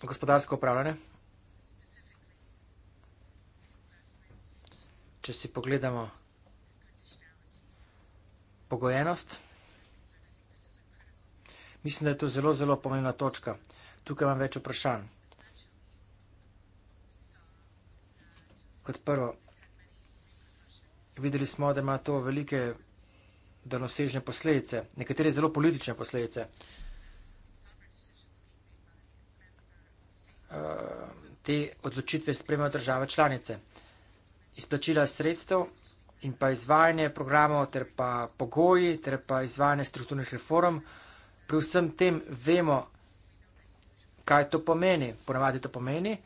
gospodarsko upravljanje. Če si pogledamo pogojenost, mislim, da je to zelo, zelo pomembna točka. Tukaj imam več vprašanj. Kot prvo, videli smo, da ima to velike danosežne posledice, nekatere zelo politične posledice. Eh, te odločitve spremajo države članice. Izplačila sredstev in pa izvajanje programov ter pa pogoji ter pa izvajanje strukturnih reform. Pri vsem tem vemo, kaj to pomeni. Ponavadi to pomeni,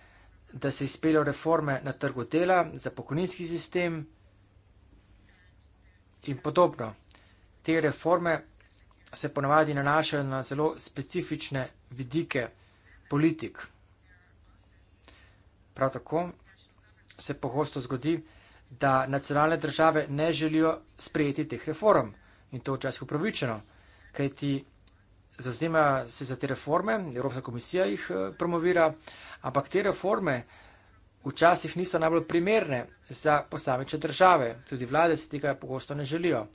da se izpeljo reforme na trgu dela, za pokojninski sistem in podobno. Te reforme se ponovadi nanašajo na zelo specifične vidike politik. Prav tako se pogosto zgodi, da nacionalne države ne želijo sprejeti teh reform in to včasih upravičeno, kajti zazema se za te reforme, Evropska komisija jih eh, promovira, ampak te reforme včasih niso najbolj primerne za posamečne države, tudi vlade se tega pogosto ne želijo.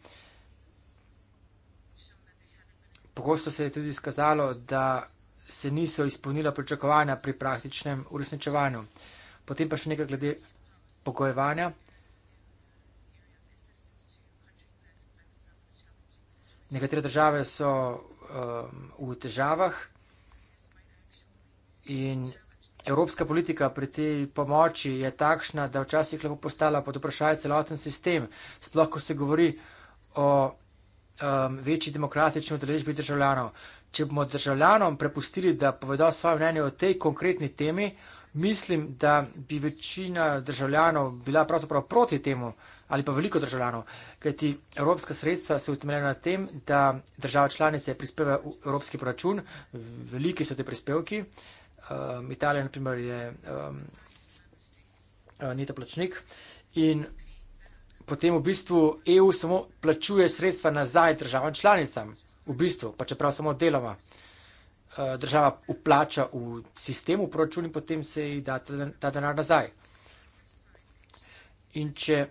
Pogosto se je tudi skazalo, da se niso izpolnila pričakovanja pri praktičnem uresničevanju. Potem pa še nekaj glede pogojevanja. Nekatere države so Um, v težavah in evropska politika pri tej pomoči je takšna, da včasih lahko postala pod vprašaj celoten sistem, sploh ko se govori o um, večji demokratični udeležbi državljanov. Če bomo državljanom prepustili, da povedo svoje mnenje o tej konkretni temi, mislim, da bi večina državljanov bila pravzaprav proti temu, uh, ali pa veliko državljanov, kajti evropska sredstva se utemeljajo na tem, da država članice prispeva v evropski proračun, veliki so te prispevki, um, Italija naprimer je um, ehm, ehm, nito plačnik in potem v bistvu EU samo plačuje sredstva nazaj državam članicam, v bistvu, pa čeprav samo deloma država uplača v sistemu proračun in potem se ji da ta denar nazaj. In če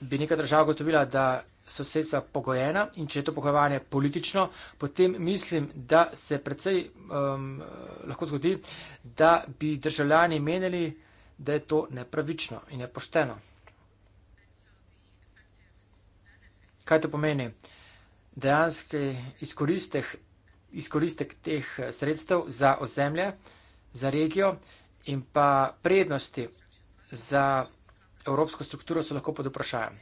bi neka država gotovila, da so sredstva pogojena in če je to pogojevanje politično, potem mislim, da se predvsej um, lahko zgodi, da bi državljani menili, da je to nepravično in nepošteno. Kaj to pomeni? Dejanski izkoristek, izkoristek teh sredstev za ozemlje, za regijo in pa prednosti za evropsko strukturo so lahko pod vprašajem.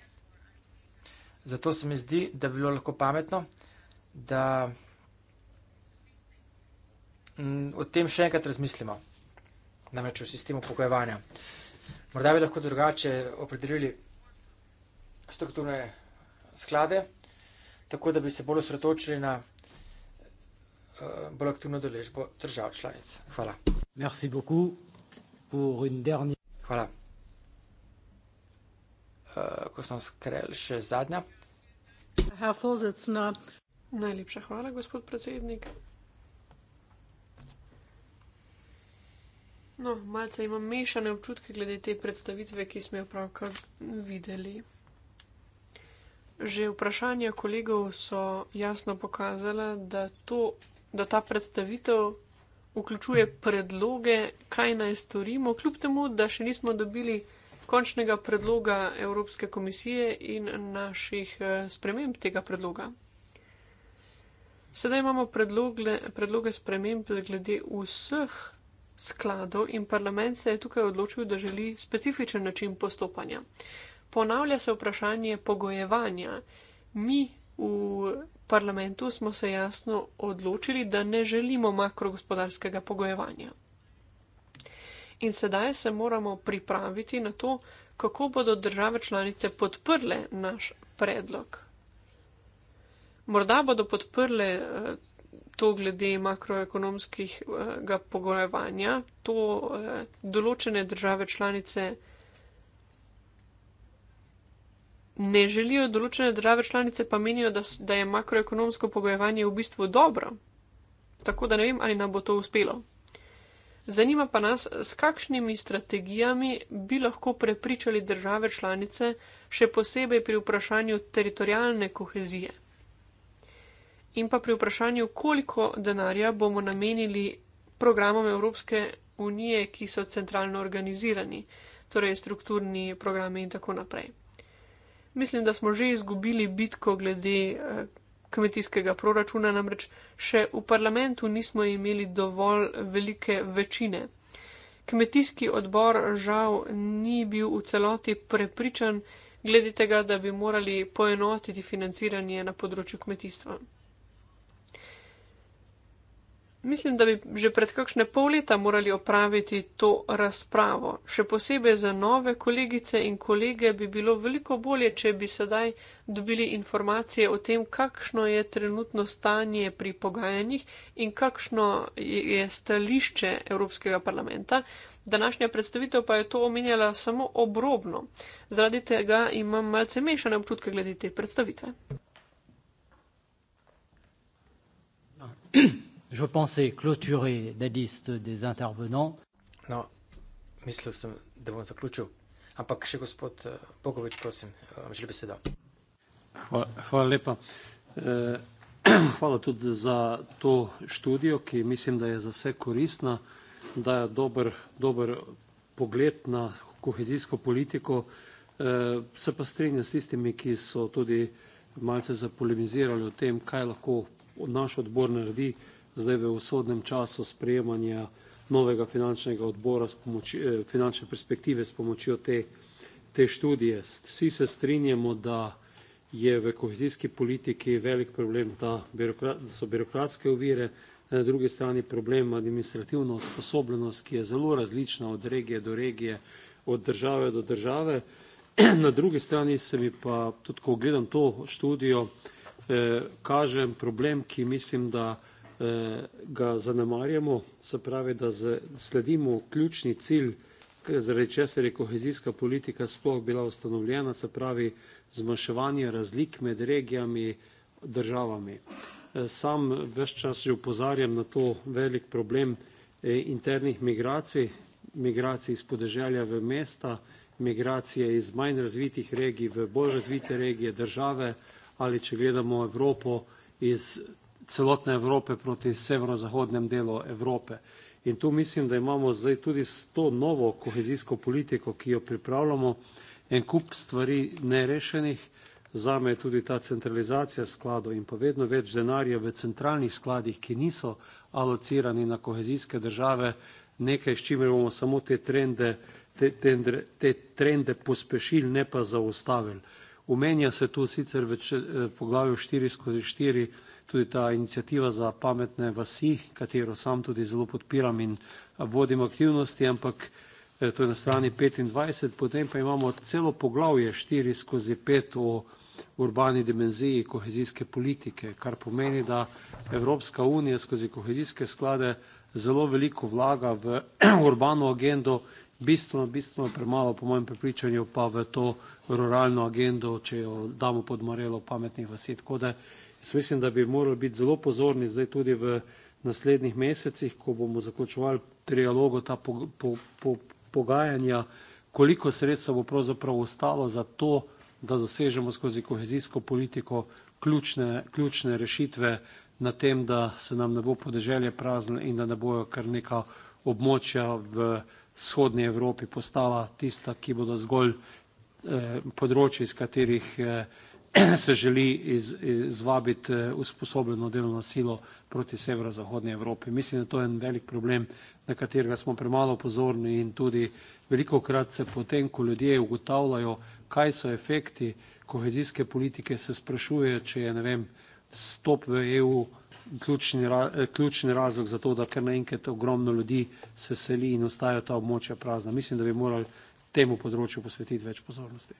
Zato se mi zdi, da bi bilo lahko pametno, da o tem še enkrat razmislimo, namreč v sistemu pokojevanja. Morda bi lahko drugače opredelili strukturne sklade, tako da bi se bolj osredotočili na eh, bolj aktivno deležbo držav članic. Hvala. Merci beaucoup pour une dernière. Hvala. Eh, ko smo skrel še zadnja. Najlepša hvala, gospod predsednik. No, malce imam mešane občutke glede te predstavitve, ki smo jo pravkar videli. Že vprašanja kolegov so jasno pokazala, da, to, da ta predstavitev vključuje predloge, kaj naj storimo, kljub temu, da še nismo dobili končnega predloga Evropske komisije in naših eh, sprememb tega predloga. Sedaj imamo predloge, predloge sprememb glede vseh skladov in parlament se je tukaj odločil, da želi specifičen način postopanja. Ponavlja se vprašanje pogojevanja. Mi v parlamentu smo se jasno odločili, da ne želimo makrogospodarskega pogojevanja. In sedaj se moramo pripraviti na to, kako bodo države članice podprle naš predlog. Morda bodo podprle eh, to glede makroekonomskih pogojevanja, to eh, določene države članice ne želijo, določene države članice pa menijo, da, da je makroekonomsko pogojevanje v bistvu dobro. Tako da ne vem, ali nam bo to uspelo. Zanima pa nas, s kakšnimi strategijami bi lahko prepričali države članice, še posebej pri vprašanju teritorijalne kohezije. In pa pri vprašanju, koliko denarja bomo namenili programom Evropske unije, ki so centralno organizirani, torej strukturni programi in tako naprej. Mislim, da smo že izgubili bitko glede eh, kmetijskega proračuna, namreč še v parlamentu nismo imeli dovolj velike večine. Kmetijski odbor žal ni bil v celoti prepričan glede tega, da bi morali poenotiti financiranje na področju kmetijstva. Mislim, da bi že pred kakšne pol leta morali opraviti to razpravo. Še posebej za nove kolegice in kolege bi bilo veliko bolje, če bi sedaj dobili informacije o tem, kakšno je trenutno stanje pri pogajanjih in kakšno je stališče Evropskega parlamenta. Današnja predstavitev pa je to omenjala samo obrobno. Zaradi tega imam malce mešane občutke glede te predstavitve. No. <clears throat> Je pensais clôturer la liste des intervenants. No, mislil sem, da bom zaključil. Ampak še gospod eh, Bogovič, prosim, želi beseda. Hvala, hvala lepa. Eh, <clears throat> hvala tudi za to študijo, ki mislim, da je za vse koristna, da je dober, dober pogled na kohezijsko politiko. Eh, se pa strinjam s tistimi, ki so tudi malce zapolemizirali o tem, kaj lahko naš odbor naredi, zdaj v usodnem času sprejemanja novega finančnega odbora s pomočjo, eh, finančne perspektive s pomočjo te, te študije. Vsi se strinjamo, da je v kohezijski politiki velik problem ta da so birokratske ovire, na drugi strani problem administrativna usposobljenost, ki je zelo različna od regije do regije, od države do države. <clears throat> Na drugi strani se mi pa, tudi ko gledam to študijo, eh, kažem problem, ki mislim, da Eh, ga zanemarjamo, se pravi, da sledimo ključni cilj, eh, zaradi česar je kohezijska politika sploh bila ustanovljena, se pravi, zmanjševanje razlik med regijami, državami. Eh, sam več čas že upozarjam na to velik problem internih migracij, migracij iz podeželja v mesta, migracije iz manj razvitih regij v bolj razvite regije države ali če gledamo Evropo iz celotne Evrope proti severozahodnem delu Evrope. In tu mislim, da imamo zdaj tudi s to novo kohezijsko politiko, ki jo pripravljamo, en kup stvari nerešenih. Zame je tudi ta centralizacija skladov in pa vedno več denarja v centralnih skladih, ki niso alocirani na kohezijske države, nekaj, s čimer bomo samo te trende, te, te, te trende pospešili, ne pa zaustavili. Umenja se tu sicer v eh, poglavju 4 skozi 4 tudi ta inicijativa za pametne vasi, katero sam tudi zelo podpiram in vodim aktivnosti, ampak e, to je na strani 25, potem pa imamo celo poglavje 4 skozi 5 o urbani dimenziji kohezijske politike, kar pomeni, da Evropska unija skozi kohezijske sklade zelo veliko vlaga v <clears throat> urbano agendo, bistveno, bistveno premalo po mojem prepričanju pa v to ruralno agendo, če jo damo pod morelo pametnih vasi. Tako da Jaz mislim, da bi morali biti zelo pozorni zdaj tudi v naslednjih mesecih, ko bomo zaključovali trialogo ta po, po, po, pogajanja, koliko sredstva bo pravzaprav ostalo za to, da dosežemo skozi kohezijsko politiko ključne, ključne rešitve na tem, da se nam ne bo podeželje prazno in da ne bojo kar neka območja v vzhodnji Evropi postala tista, ki bodo zgolj eh, področje, iz katerih eh, <clears throat> se želi iz, izvabiti eh, usposobljeno delovno silo proti severozahodnji Evropi. Mislim, da to je en velik problem, na katerega smo premalo pozorni in tudi veliko krat se potem, ko ljudje ugotavljajo, kaj so efekti kohezijske politike, se sprašujejo, če je, ne vem, stop v EU ključni, eh, ključni razlog za to, da kar naenkrat ogromno ljudi se seli in ostajajo ta območja prazna. Mislim, da bi morali temu področju posvetiti več pozornosti.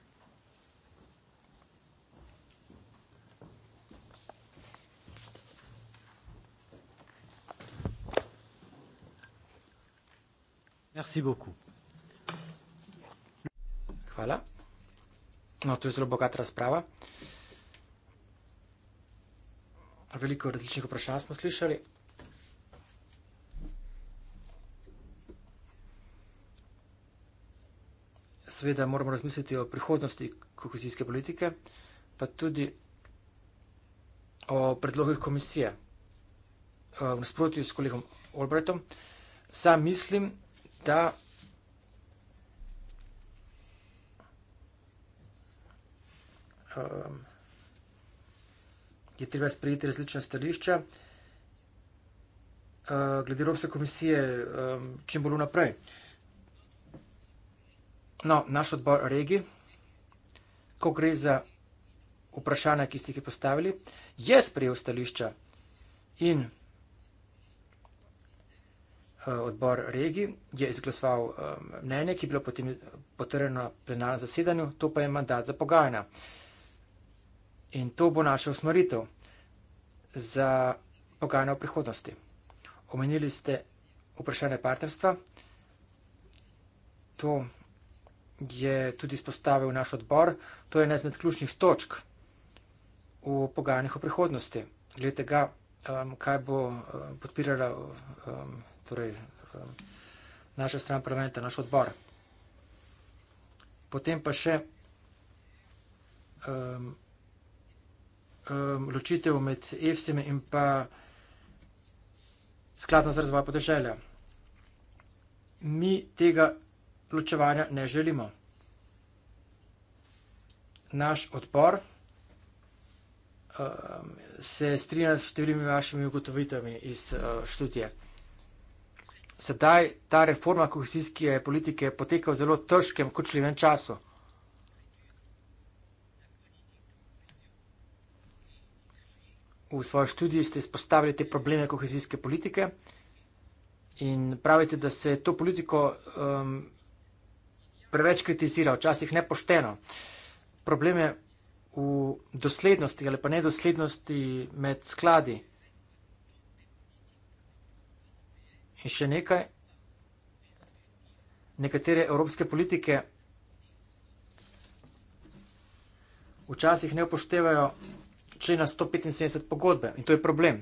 Merci beaucoup. Hvala. No, to je zelo bogata razprava. Veliko različnih vprašanj smo slišali. Seveda moramo razmisliti o prihodnosti kohezijske politike, pa tudi o predlogih komisije. V nasprotju s kolegom Olbretom, sam mislim, da um, je treba sprejeti različna stališča uh, glede Evropske komisije um, čim bolj naprej. No, naš odbor regi, ko gre za vprašanja, ki ste jih postavili, je sprejel stališča in Eh, odbor regij je izglasoval eh, mnenje, ki je bilo potem eh, potrjeno na plenarnem zasedanju, to pa je mandat za pogajanja. In to bo naša usmeritev za pogajanja v prihodnosti. Omenili ste vprašanje partnerstva, to je tudi spostavil naš odbor, to je ena izmed ključnih točk v pogajanjih o prihodnosti. Glede tega, kaj bo podpirala torej eh, naša stran parlamenta, naš odbor. Potem pa še um, um, ločitev med EFSIM in pa skladno z razvoja podeželja. Mi tega ločevanja ne želimo. Naš odbor um, se strinja s številimi vašimi ugotovitvami iz uh, študije sedaj ta reforma kohezijske politike poteka v zelo težkem, kočljivem času. V svoji študiji ste izpostavili te probleme kohezijske politike in pravite, da se to politiko um, preveč kritizira, včasih nepošteno. Probleme v doslednosti ali pa nedoslednosti med skladi. In še nekaj, nekatere evropske politike včasih ne upoštevajo člena 175 pogodbe in to je problem.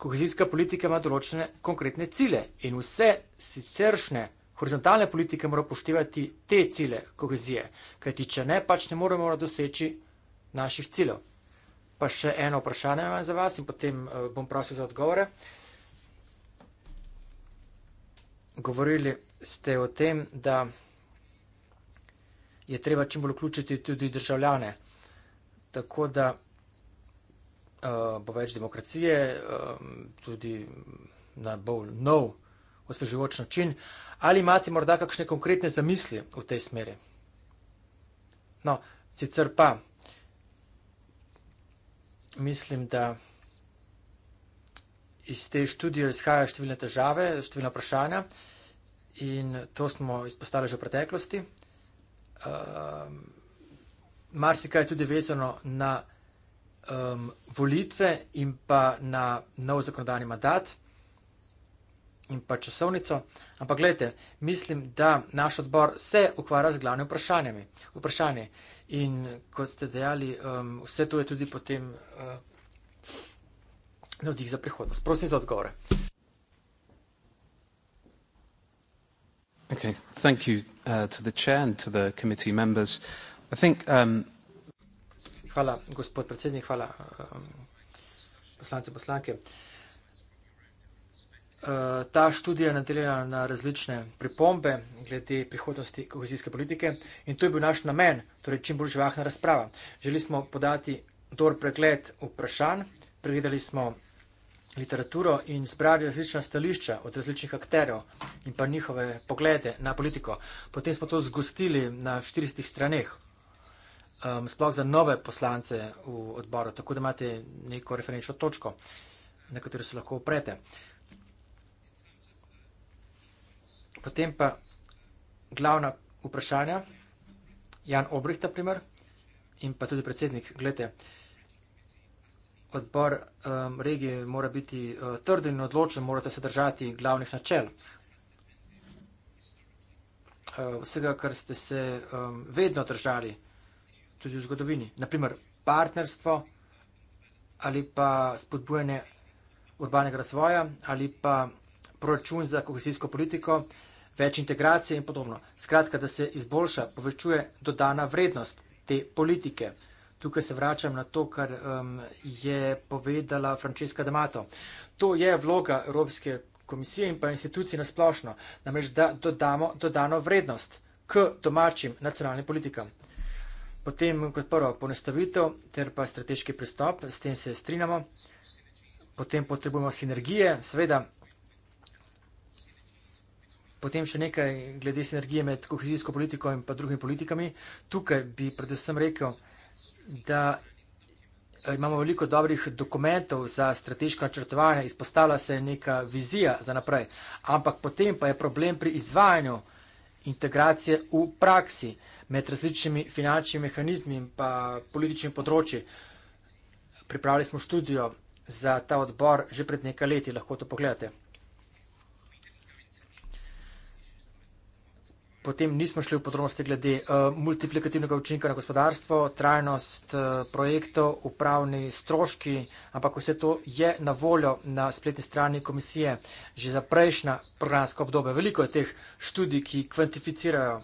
Kohezijska politika ima določene konkretne cile in vse siceršne horizontalne politike morajo upoštevati te cile kohezije, kajti če ne, pač ne moremo doseči naših ciljev. Pa še eno vprašanje imam za vas in potem eh, bom prosil za odgovore. Govorili ste o tem, da je treba čim bolj vključiti tudi državljane, tako da uh, bo več demokracije, uh, tudi na bolj nov, osveživoč način. Ali imate morda kakšne konkretne zamisli v tej smeri? No, sicer pa mislim, da iz te študije izhajajo številne težave, številne vprašanja in to smo izpostavili že v preteklosti. Um, Marsikaj je tudi vezano na um, volitve in pa na nov zakonodajni mandat in pa časovnico, ampak gledajte, mislim, da naš odbor se ukvarja z glavnimi vprašanjami. Vprašanje. In kot ste dejali, um, vse to je tudi potem uh, navdih za prihodnost. Prosim za odgovore. Okay. Thank you uh, to the chair and to the committee members. I think. Um... Hvala, gospod predsednik, hvala, um, poslanci, poslanke. Uh, Eh, ta študija nadeljena na različne pripombe glede prihodnosti kohezijske politike in to je bil naš namen, torej čim bolj živahna razprava. Želeli smo podati dober pregled vprašanj, pregledali smo literaturo in zbrali različna stališča od različnih akterjev in pa njihove poglede na politiko. Potem smo to zgostili na 40 straneh, um, sploh za nove poslance v odboru, tako da imate neko referenčno točko, na katero se lahko oprete. Uh, Potem pa glavna vprašanja, Jan Obrecht, na primer, in pa tudi predsednik, gledajte, odbor um, regije mora biti uh, trden in odločen, morate se držati glavnih načel. Uh, vsega, kar ste se um, vedno držali, tudi v zgodovini, naprimer partnerstvo ali pa spodbujanje urbanega razvoja ali pa proračun za kohezijsko politiko, uh, več integracije in podobno. Skratka, da se izboljša, povečuje dodana vrednost te politike. Tukaj se vračam na to, kar um, je povedala Francesca D'Amato. To je vloga Evropske komisije in pa institucij nasplošno, namreč da dodamo dodano vrednost k domačim nacionalnim politikam. Potem kot prvo ponestavitev ter pa strateški pristop, s tem se strinjamo. Potem potrebujemo sinergije, seveda Potem še nekaj glede sinergije med kohezijsko politiko in pa drugimi politikami. Tukaj bi predvsem rekel, da eh, imamo veliko dobrih dokumentov za strateško načrtovanje, izpostavlja se neka vizija za naprej, ampak potem pa je problem pri izvajanju integracije v praksi med različnimi finančnimi mehanizmi in pa političnim področji. Pripravili smo študijo za ta odbor že pred nekaj leti, lahko to pogledate. Potem nismo šli v podrobnosti glede uh, multiplikativnega učinka na gospodarstvo, trajnost uh, projektov, upravni stroški, ampak vse to je na voljo na spletni strani komisije že za prejšnja programska obdobja. Veliko je teh študij, ki kvantificirajo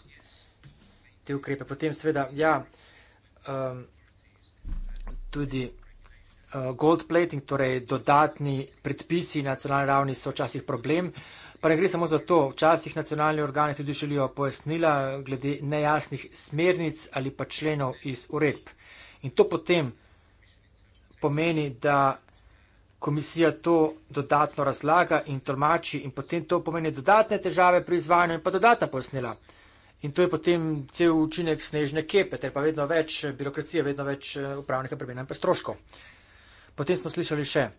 te ukrepe. Potem seveda, ja, um, tudi uh, gold plating, torej dodatni predpisi na nacionalni ravni so včasih problem. Uh, Pa ne gre samo za to, včasih nacionalni organi tudi želijo pojasnila glede nejasnih smernic ali pa členov iz uredb. In to potem pomeni, da komisija to dodatno razlaga in tolmači in potem to pomeni dodatne težave pri izvajanju in pa dodatna pojasnila. In to je potem cel učinek snežne kepe, ter pa vedno več eh, birokracije, vedno več eh, upravnika premena in pa stroškov. Potem smo slišali še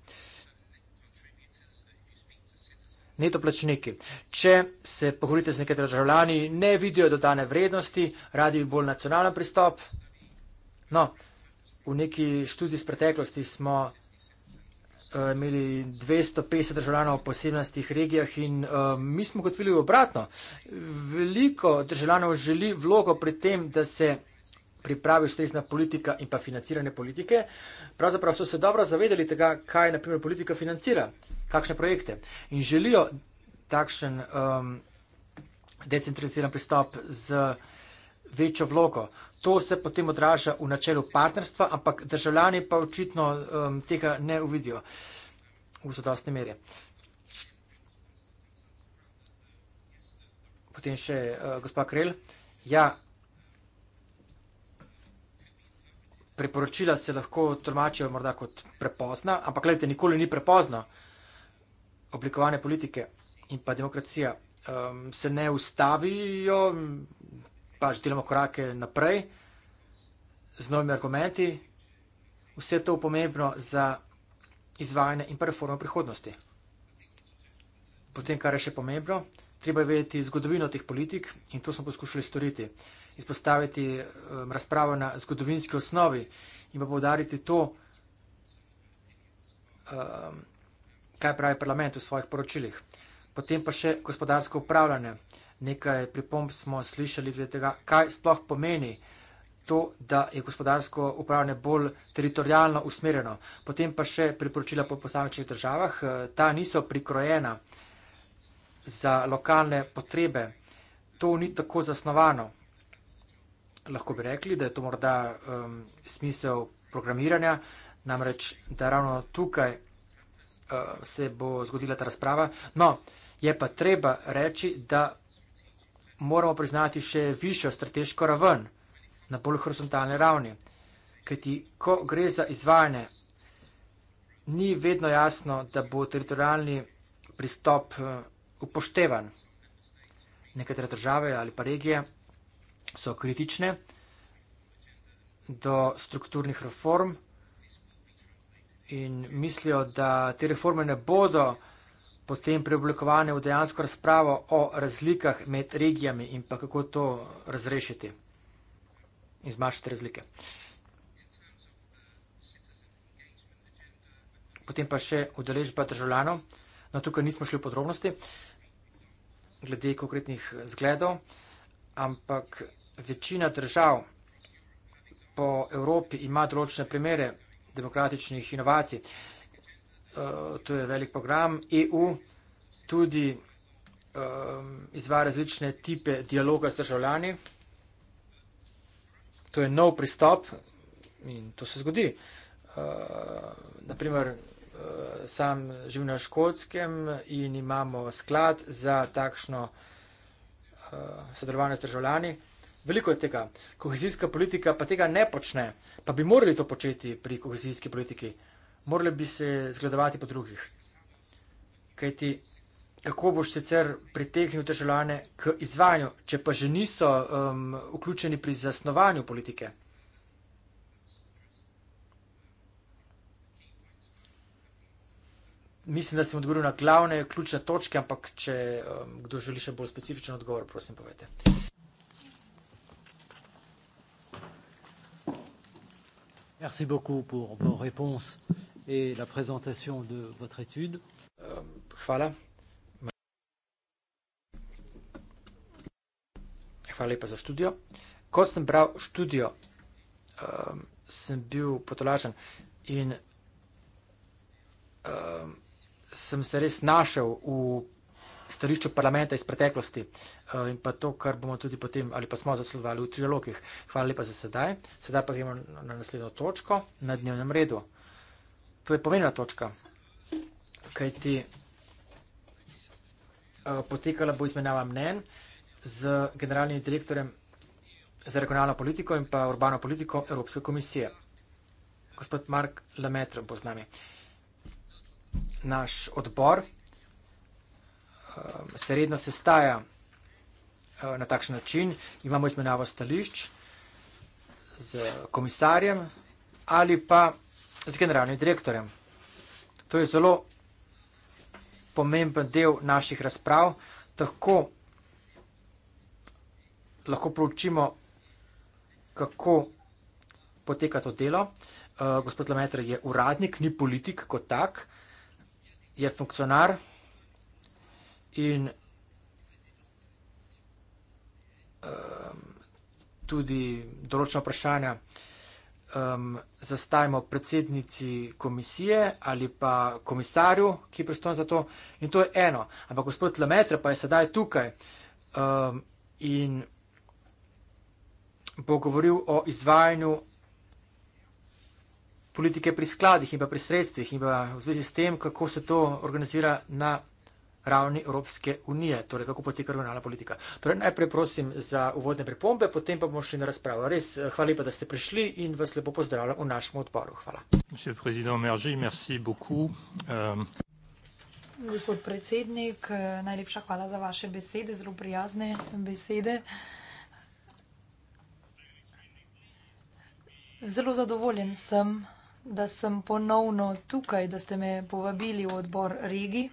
neto plačniki. Če se pogovorite z nekaj državljani, ne vidijo dodane vrednosti, radi bi bolj nacionalen pristop. No, v neki študiji z preteklosti smo eh, imeli 250 državljanov v posebnostih regijah in uh, mi smo gotovili obratno. Veliko državljanov želi vlogo pri tem, da se pripravi ustrezna politika in pa financiranje politike. Pravzaprav so se dobro zavedali tega, kaj naprimer politika financira kakšne projekte in želijo takšen um, decentraliziran pristop z večjo vlogo. To se potem odraža v načelu partnerstva, ampak državljani pa očitno um, tega ne uvidijo v zadostni meri. Potem še uh, gospa Krel. Ja, priporočila se lahko tolmačijo morda kot prepozna, ampak gledajte, nikoli ni prepozno. Uh, oblikovane politike in pa demokracija um, se ne ustavijo, pač delamo korake naprej z novimi argumenti. Vse to je pomembno za izvajanje in pa reformo prihodnosti. Potem, kar je še pomembno, treba je vedeti zgodovino teh politik in to smo poskušali storiti. Izpostaviti um, razpravo na zgodovinski osnovi in pa povdariti to, um, kaj pravi parlament v svojih poročilih. Potem pa še gospodarsko upravljanje. Nekaj pripomb smo slišali glede tega, kaj sploh pomeni to, da je gospodarsko upravljanje bolj teritorijalno usmerjeno. Potem pa še priporočila po posamečnih državah. Eh, ta niso prikrojena za lokalne potrebe. To ni tako zasnovano. Lahko bi rekli, da je to morda um, smisel programiranja, namreč da ravno tukaj uh, se bo zgodila ta razprava. No, je pa treba reči, da moramo priznati še višjo strateško raven na bolj horizontalni ravni. Kajti, ko gre za izvajanje, ni vedno jasno, da bo teritorijalni pristop eh, upoštevan. Nekatere države ali pa regije so kritične do strukturnih reform in mislijo, da te reforme ne bodo potem preoblikovane v dejansko razpravo o razlikah med regijami in pa kako to razrešiti in zmanjšati razlike. Potem pa še udeležba državljanov, na no, tukaj nismo šli v podrobnosti glede konkretnih zgledov, ampak večina držav po Evropi ima določene primere demokratičnih inovacij. Eh, to je velik program. EU tudi ehm, izvaja različne tipe dialoga z državljani. To je nov pristop in to se zgodi. Eh, Naprimer, eh, sam živim na Škotskem in imamo sklad za takšno sodelovanje z državljani veliko je tega. Kohezijska politika pa tega ne počne, pa bi morali to početi pri kohezijski politiki. Morali bi se zgledovati po drugih. Kaj ti, kako boš sicer pritegnil državljane k izvajanju, če pa že niso um, vključeni pri zasnovanju politike? Mislim, da sem odgovoril na glavne, ključne točke, ampak če um, kdo želi še bolj specifičen odgovor, prosim, povete. Merci beaucoup pour vos réponses et la présentation de votre étude. Euh, hvala. Hvala lepa za študijo. Ko sem bral študijo, um, sem bil potolažen in um, sem se res našel v stališču parlamenta iz preteklosti eh, in pa to, kar bomo tudi potem ali pa smo zasledovali v trilogih. Hvala lepa za sedaj. Sedaj pa gremo na naslednjo točko na dnevnem redu. To je pomembna točka, kajti eh, potekala bo izmenjava mnen z generalnim direktorem za regionalno politiko in pa urbano politiko Evropske komisije. Gospod Mark Lemetr bo z nami. Naš odbor um, se redno sestaja uh, na takšen način, imamo izmenjavo stališč z komisarjem ali pa z generalnim direktorjem. To je zelo pomemben del naših razprav, tako lahko proučimo, kako poteka to delo. Uh, gospod Lametr je uradnik, ni politik kot tak, je funkcionar in um, tudi določena vprašanja um, zastavimo predsednici komisije ali pa komisarju, ki je pristojen za to. In to je eno. Ampak gospod Lemetre pa je sedaj tukaj um, in bo govoril o izvajanju politike pri skladih in pa pri sredstvih in pa v zvezi s tem, kako se to organizira na ravni Evropske unije, torej kako poteka regionalna politika. Torej, najprej prosim za uvodne pripombe, potem pa bomo šli na razpravo. Res, eh, hvala lepa, da ste prišli in vas lepo pozdravljam v našem odboru. Hvala. Euh, Gospod predsednik, eh, najlepša hvala za vaše besede, zelo prijazne besede. Zelo zadovoljen sem, da sem ponovno tukaj, da ste me povabili v odbor regij.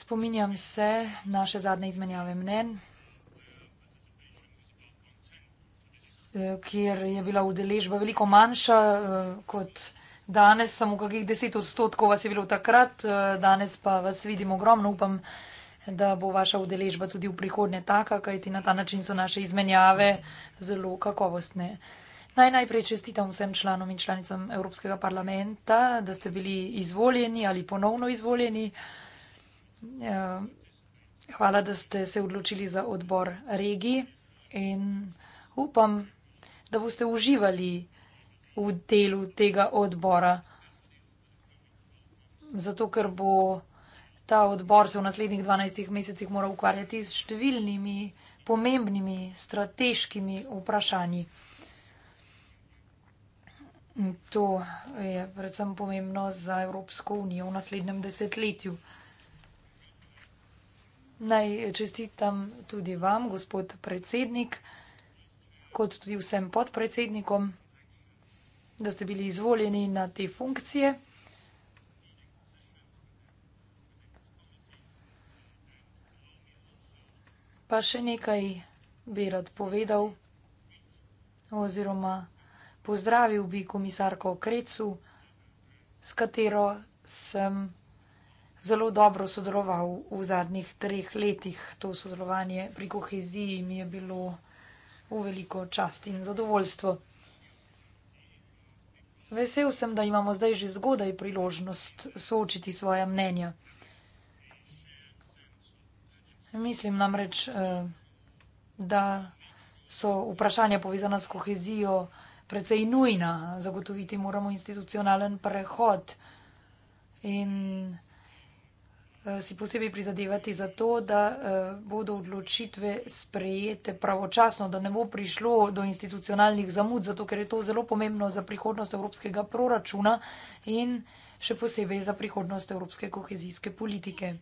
Spominjam se naše zadnje izmenjave mnenj, eh, kjer je bila udeležba veliko manjša eh, kot danes, samo kakih deset odstotkov vas je bilo takrat, eh, danes pa vas vidim ogromno, upam, da bo vaša udeležba tudi v prihodnje taka, kajti na ta način so naše izmenjave zelo kakovostne. Naj najprej čestitam vsem članom in članicam Evropskega parlamenta, da ste bili izvoljeni ali ponovno izvoljeni. Ja. hvala, da ste se odločili za odbor regij in upam, da boste uživali v delu tega odbora. Zato, ker bo ta odbor se v naslednjih 12 mesecih moral ukvarjati s številnimi pomembnimi strateškimi vprašanji. In to je predvsem pomembno za Evropsko unijo v naslednjem desetletju. Naj čestitam tudi vam, gospod predsednik, kot tudi vsem podpredsednikom, da ste bili izvoljeni na te funkcije. Pa še nekaj bi rad povedal oziroma pozdravil bi komisarko Krecu, s katero sem zelo dobro sodeloval v zadnjih treh letih. To sodelovanje pri koheziji mi je bilo v veliko čast in zadovoljstvo. Vesel sem, da imamo zdaj že zgodaj priložnost soočiti svoje mnenja. Mislim namreč, eh, da so vprašanja povezana s kohezijo precej nujna. Zagotoviti moramo institucionalen prehod in Eh, si posebej prizadevati za to, da eh, bodo odločitve sprejete pravočasno, da ne bo prišlo do institucionalnih zamud, zato ker je to zelo pomembno za prihodnost evropskega proračuna in še posebej za prihodnost evropske kohezijske politike.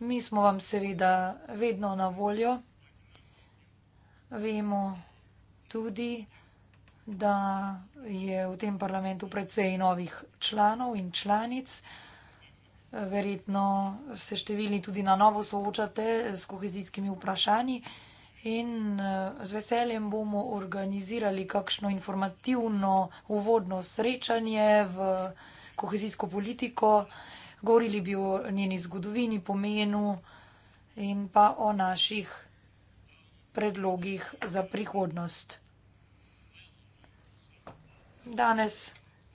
Mi smo vam seveda vedno na voljo. Vemo tudi, da je v tem parlamentu precej novih članov in članic, ki so vsega, verjetno se številni tudi na novo soočate s kohezijskimi vprašanji in eh, z veseljem bomo organizirali kakšno informativno uvodno srečanje v kohezijsko politiko. Govorili bi o njeni zgodovini, pomenu in pa o naših predlogih za prihodnost. Danes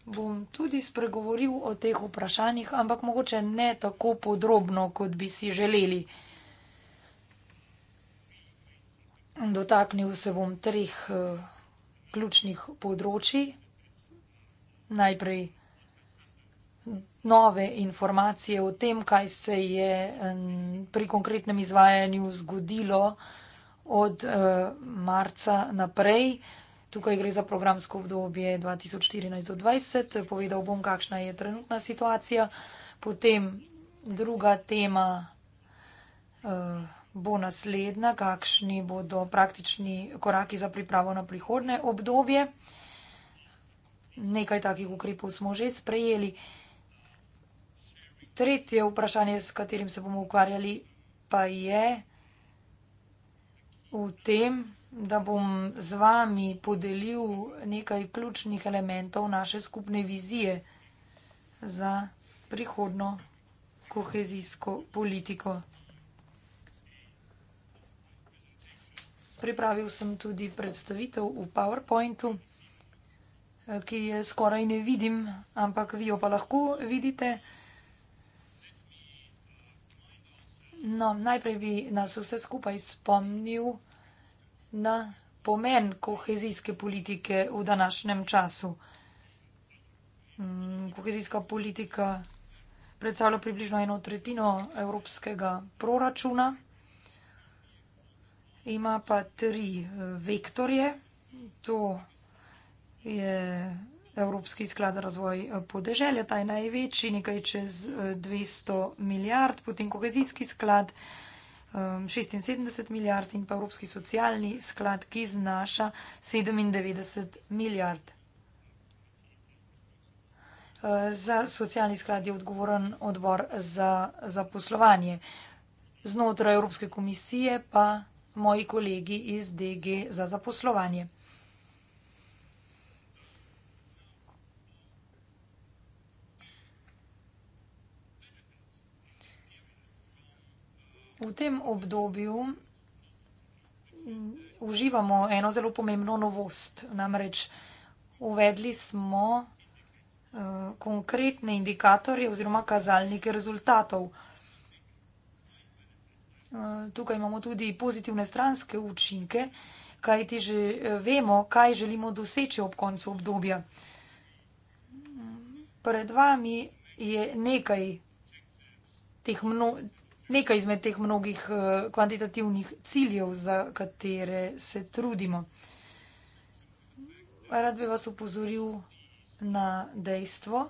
bom tudi spregovoril o teh vprašanjih, ampak mogoče ne tako podrobno, kot bi si želeli. Dotaknil se bom treh eh, ključnih področji. Najprej nove informacije o tem, kaj se je pri konkretnem izvajanju zgodilo od eh, marca naprej. Tukaj gre za programsko obdobje 2014 do 2020. Povedal bom, kakšna je trenutna situacija. Potem druga tema uh, bo naslednja, kakšni bodo praktični koraki za pripravo na prihodne obdobje. Nekaj takih ukrepov smo že sprejeli. Tretje vprašanje, s katerim se bomo ukvarjali, pa je v tem, da bom z vami podelil nekaj ključnih elementov naše skupne vizije za prihodno kohezijsko politiko. Pripravil sem tudi predstavitev v PowerPointu, eh, ki je skoraj ne vidim, ampak vi jo pa lahko vidite. No, najprej bi nas vse skupaj spomnil, da je vse skupaj spomnil, na pomen kohezijske politike v današnjem času. Mm, kohezijska politika predstavlja približno eno tretjino evropskega proračuna, ima pa tri eh, vektorje. To je Evropski sklad za razvoj eh, podeželja, ta je največji, nekaj čez 200 eh, milijard, potem kohezijski sklad, um, 76 milijard in pa Evropski socialni sklad, ki znaša 97 milijard. Uh, za socialni sklad je odgovoren odbor za, za poslovanje. Znotraj Evropske komisije pa moji kolegi iz DG za zaposlovanje. v tem obdobju uživamo eno zelo pomembno novost. Namreč uvedli smo eh, konkretne indikatorje oziroma kazalnike rezultatov. Eh, tukaj imamo tudi pozitivne stranske učinke, kajti že eh, vemo, kaj želimo doseči ob koncu obdobja. Pred vami je nekaj nekaj izmed teh mnogih eh, kvantitativnih ciljev, za katere se trudimo. Rad bi vas upozoril na dejstvo,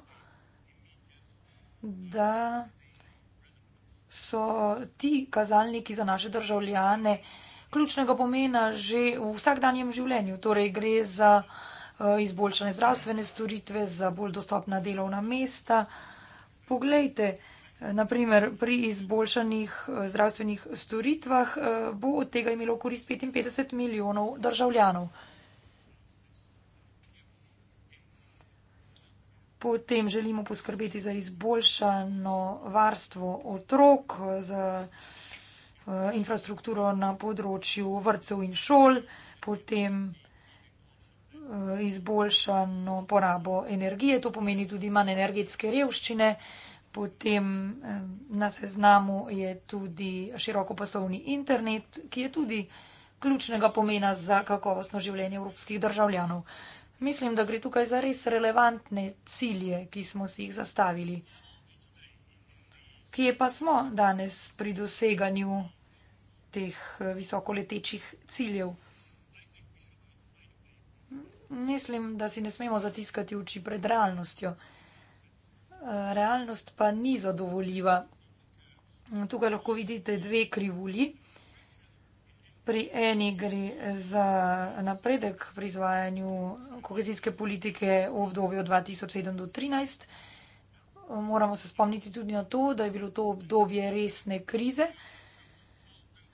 da so ti kazalniki za naše državljane ključnega pomena že v vsakdanjem življenju. Torej gre za eh, izboljšane zdravstvene storitve, za bolj dostopna delovna mesta. Poglejte, Naprimer, pri izboljšanih eh, zdravstvenih storitvah eh, bo od tega imelo korist 55 milijonov državljanov. Potem želimo poskrbeti za izboljšano varstvo otrok, eh, za infrastrukturo na področju vrtcev in šol, potem izboljšano porabo energije, to pomeni tudi manj energetske revščine. Potem na seznamu je tudi širokopasovni internet, ki je tudi ključnega pomena za kakovostno življenje evropskih državljanov. Mislim, da gre tukaj za res relevantne cilje, ki smo si jih zastavili. Kje pa smo danes pri doseganju teh eh, visokoletečih ciljev? Mislim, da si ne smemo zatiskati oči pred realnostjo realnost pa ni zadovoljiva. Tukaj lahko vidite dve krivulji. Pri eni gre za napredek pri izvajanju kohezijske politike v obdobju 2007 do 2013. Moramo se spomniti tudi na to, da je bilo to obdobje resne krize.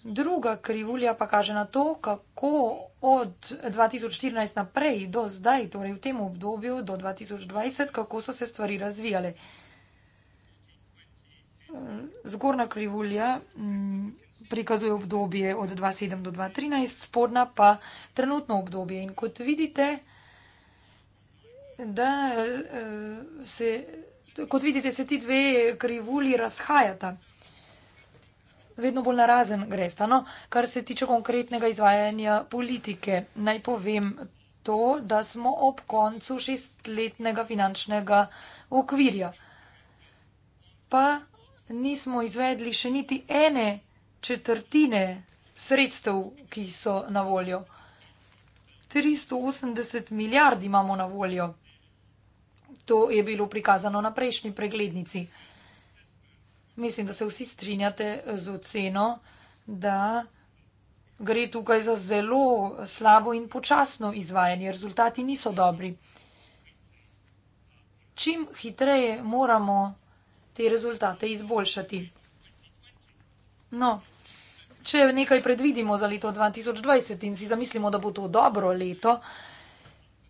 Druga krivulja pa kaže na to, kako od 2014 naprej do zdaj, torej v tem obdobju do 2020, kako so se stvari razvijale. Zgornja krivulja mm, prikazuje obdobje od 2007 do 2013, spodnja pa trenutno obdobje. In kot vidite, da eh, se, kot vidite, se ti dve krivulji razhajata vedno bolj narazen gresta. No, kar se tiče konkretnega izvajanja politike, naj povem to, da smo ob koncu šestletnega finančnega okvirja. Pa nismo izvedli še niti ene četrtine sredstev, ki so na voljo. 380 milijard imamo na voljo. To je bilo prikazano na prejšnji preglednici mislim, da se vsi strinjate z oceno, da gre tukaj za zelo slabo in počasno izvajanje. Rezultati niso dobri. Čim hitreje moramo te rezultate izboljšati. No, če nekaj predvidimo za leto 2020 in si zamislimo, da bo to dobro leto,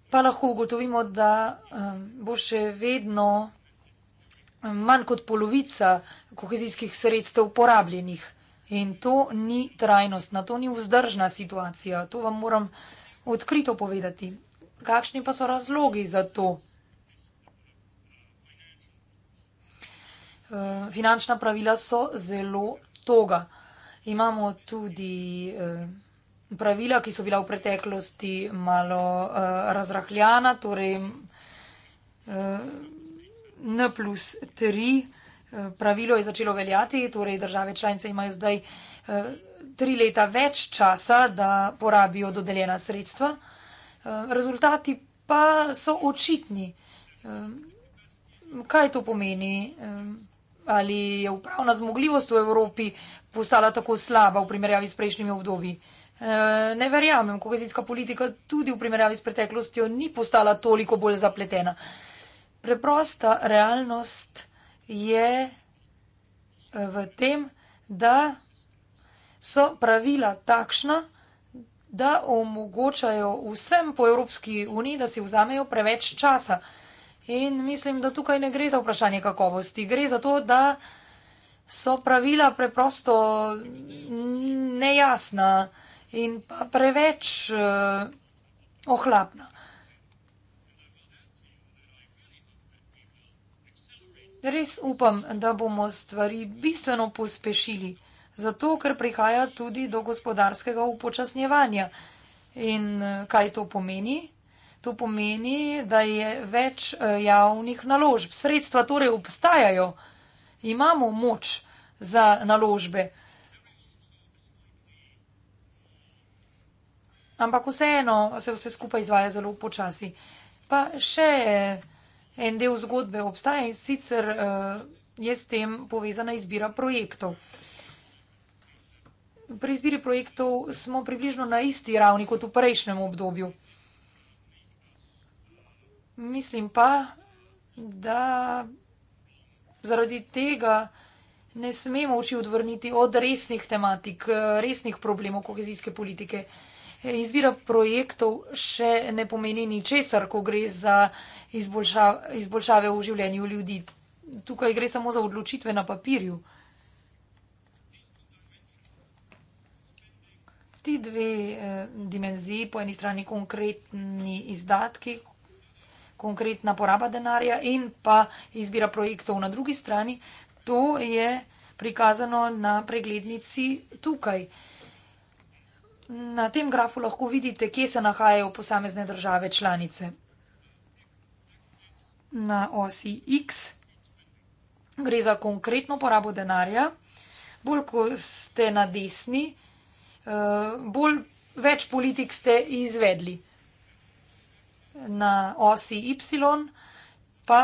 pa lahko ugotovimo, da um, bo še vedno manj kot polovica kohezijskih sredstev uporabljenih. In to ni trajnostna, to ni vzdržna situacija. To vam moram odkrito povedati. Kakšni pa so razlogi za to? Eh, finančna pravila so zelo toga. Imamo tudi eh, pravila, ki so bila v preteklosti malo eh, razrahljana, torej N plus 3 eh, pravilo je začelo veljati, torej države članice imajo zdaj eh, tri leta več časa, da porabijo dodeljena sredstva. Eh, rezultati pa so očitni. Kaj to pomeni? Ali je upravna zmogljivost v Evropi postala tako slaba v primerjavi s prejšnjimi obdobji? Ne verjamem, kohezijska politika tudi v primerjavi s preteklostjo ni postala toliko bolj zapletena preprosta realnost je eh, v tem, da so pravila takšna, da omogočajo vsem po Evropski uniji, da si vzamejo preveč časa. In mislim, da tukaj ne gre za vprašanje kakovosti, gre za to, da so pravila preprosto nejasna in pa preveč eh, ohlapna. Res upam, da bomo stvari bistveno pospešili, zato ker prihaja tudi do gospodarskega upočasnjevanja. In eh, kaj to pomeni? To pomeni, da je več eh, javnih naložb. Sredstva torej obstajajo, imamo moč za naložbe. Ampak vseeno se vse skupaj izvaja zelo počasi. Pa še. Eh, en del zgodbe obstaja in sicer eh, je s tem povezana izbira projektov. Pri izbiri projektov smo približno na isti ravni kot v prejšnjem obdobju. Mislim pa, da zaradi tega ne smemo oči odvrniti od resnih tematik, eh, resnih problemov kohezijske politike. Izbira projektov še ne pomeni ničesar, ko gre za izboljša, izboljšave v življenju ljudi. Tukaj gre samo za odločitve na papirju. Ti dve eh, dimenziji, po eni strani konkretni izdatki, konkretna poraba denarja in pa izbira projektov na drugi strani, to je prikazano na preglednici tukaj. Na tem grafu lahko vidite, kje se nahajajo posamezne države članice. Na osi X gre za konkretno porabo denarja. Bolj, ko ste na desni, eh, bolj več politik ste izvedli. Na osi Y pa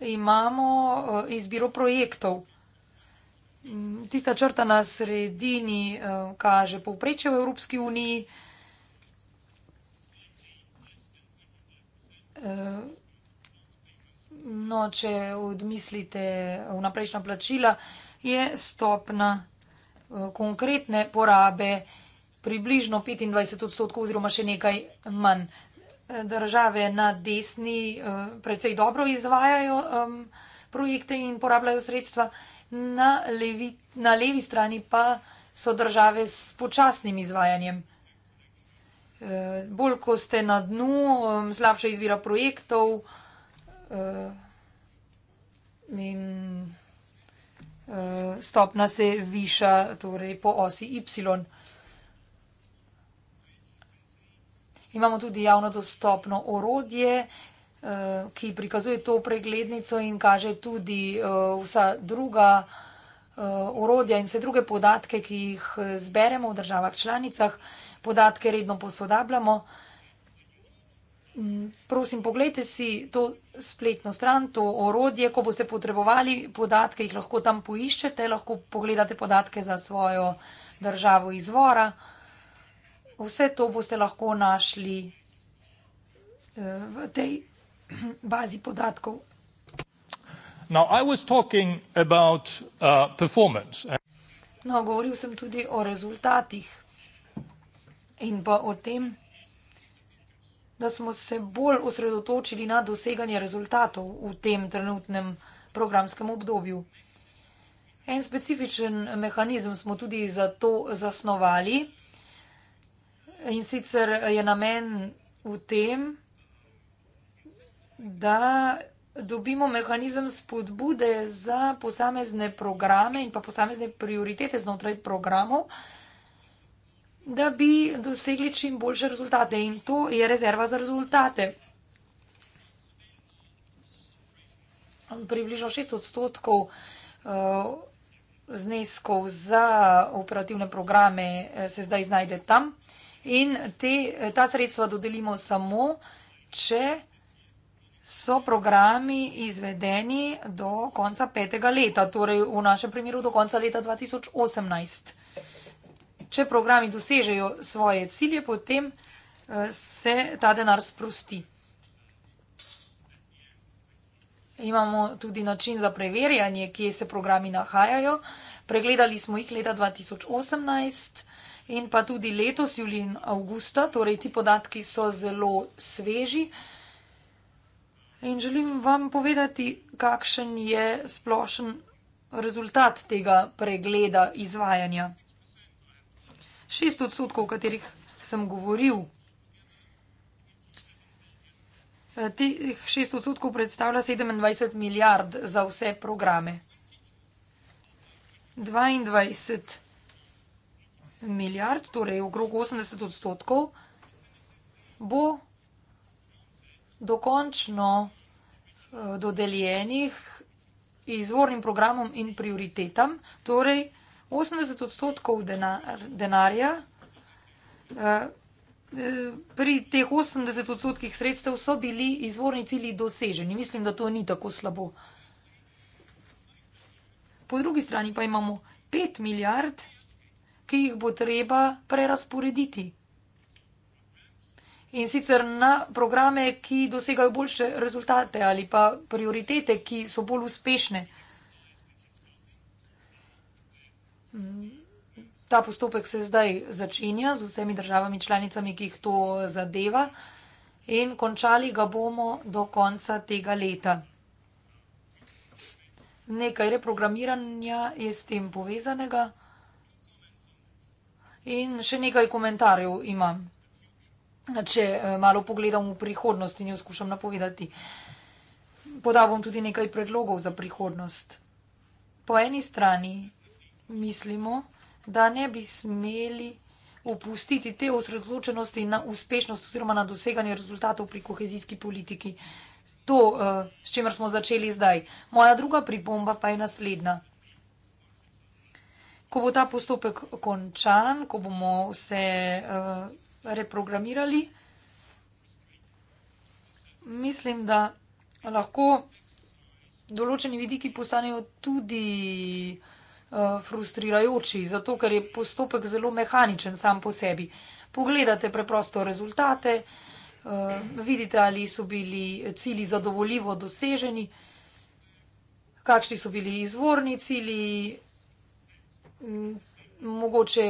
imamo eh, izbiro projektov tista črta na sredini eh, kaže povprečje v Evropski uniji. Eh, no, če odmislite vnaprejšnja plačila, je stopna eh, konkretne porabe približno 25 odstotkov oziroma še nekaj manj. Države na desni precej dobro izvajajo projekte in porabljajo sredstva na levi, na levi strani pa so države s počasnim izvajanjem. Eh, bolj, ko ste na dnu, slabša izbira projektov eh, in eh, stopna se viša torej po osi Y. Imamo tudi javno dostopno orodje, Eh, ki prikazuje to preglednico in kaže tudi eh, vsa druga urodja eh, in vse druge podatke, ki jih zberemo v državah članicah. Podatke redno posodabljamo. Mm, prosim, pogledajte si to spletno stran, to orodje. Ko boste potrebovali podatke, jih lahko tam poiščete, lahko pogledate podatke za svojo državo izvora. Vse to boste lahko našli v tej <clears throat> bazi podatkov. Now, I was talking about uh, performance. No, govoril sem tudi o rezultatih in pa o tem, da smo se bolj osredotočili na doseganje rezultatov v tem trenutnem programskem obdobju. En specifičen mehanizem smo tudi za to zasnovali in sicer je namen v tem, da dobimo mehanizem spodbude za posamezne programe in pa posamezne prioritete znotraj programov, da bi dosegli čim boljše rezultate. In to je rezerva za rezultate. Približno šest odstotkov eh, zneskov za operativne programe eh, se zdaj znajde tam in te, eh, ta sredstva dodelimo samo, če so programi izvedeni do konca petega leta, torej v našem primeru do konca leta 2018. Če programi dosežejo svoje cilje, potem eh, se ta denar sprosti. Imamo tudi način za preverjanje, kje se programi nahajajo. Pregledali smo jih leta 2018 in pa tudi letos, julij in avgusta, torej ti podatki so zelo sveži. In želim vam povedati, kakšen je splošen rezultat tega pregleda izvajanja. Šest odstotkov, o katerih sem govoril, eh, teh šest odstotkov predstavlja 27 milijard za vse programe. 22 milijard, torej okrog 80 odstotkov, bo dokončno eh, dodeljenih izvornim programom in prioritetam, torej 80 odstotkov denar, denarja. Eh, eh, pri teh 80 odstotkih sredstev so bili izvorni cilji doseženi. Mislim, da to ni tako slabo. Po drugi strani pa imamo 5 milijard, ki jih bo treba prerasporediti. In sicer na programe, ki dosegajo boljše rezultate ali pa prioritete, ki so bolj uspešne. Ta postopek se zdaj začenja z vsemi državami članicami, ki jih to zadeva in končali ga bomo do konca tega leta. Nekaj reprogramiranja je s tem povezanega in še nekaj komentarjev imam če eh, malo pogledam v prihodnost in jo skušam napovedati. Podal bom tudi nekaj predlogov za prihodnost. Po eni strani mislimo, da ne bi smeli opustiti te osredotočenosti na uspešnost oziroma na doseganje rezultatov pri kohezijski politiki. To, eh, s čimer smo začeli zdaj. Moja druga pripomba pa je naslednja. Ko bo ta postopek končan, ko bomo se eh, reprogramirali. Mislim, da lahko določeni vidiki postanejo tudi eh, frustrirajoči, zato ker je postopek zelo mehaničen sam po sebi. Pogledate preprosto rezultate, eh, vidite, ali so bili cili zadovoljivo doseženi, kakšni so bili izvorni cili, mogoče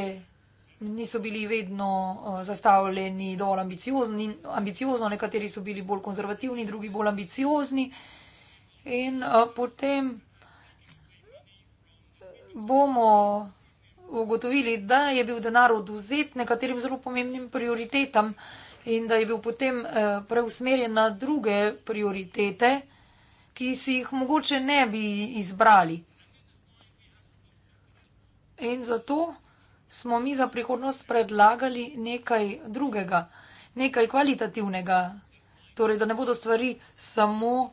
niso bili vedno eh, zastavljeni dovolj ambiciozni, ambiciozno, nekateri so bili bolj konzervativni, drugi bolj ambiciozni. In eh, potem eh, bomo ugotovili, da je bil denar oduzet nekaterim zelo pomembnim prioritetam in da je bil potem preusmerjen na druge prioritete, ki si jih mogoče ne bi izbrali. In zato smo mi za prihodnost predlagali nekaj drugega, nekaj kvalitativnega. Torej, da ne bodo stvari samo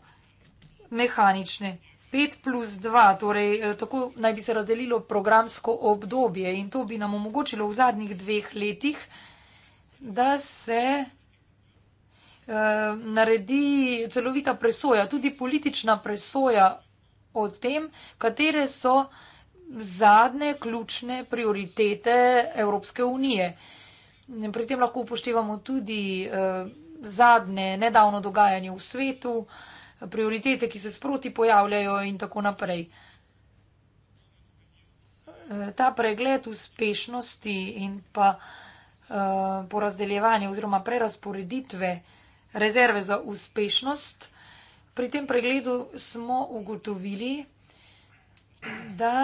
mehanične. 5 plus 2, torej eh, tako naj bi se razdelilo programsko obdobje in to bi nam omogočilo v zadnjih dveh letih, da se eh, naredi celovita presoja, tudi politična presoja o tem, katere so eh, zadnje ključne prioritete Evropske unije. Pri tem lahko upoštevamo tudi eh, zadnje nedavno dogajanje v svetu, prioritete, ki se sproti pojavljajo in tako naprej. Eh, ta pregled uspešnosti in pa eh, porazdeljevanje oziroma prerasporeditve rezerve za uspešnost, pri tem pregledu smo ugotovili, da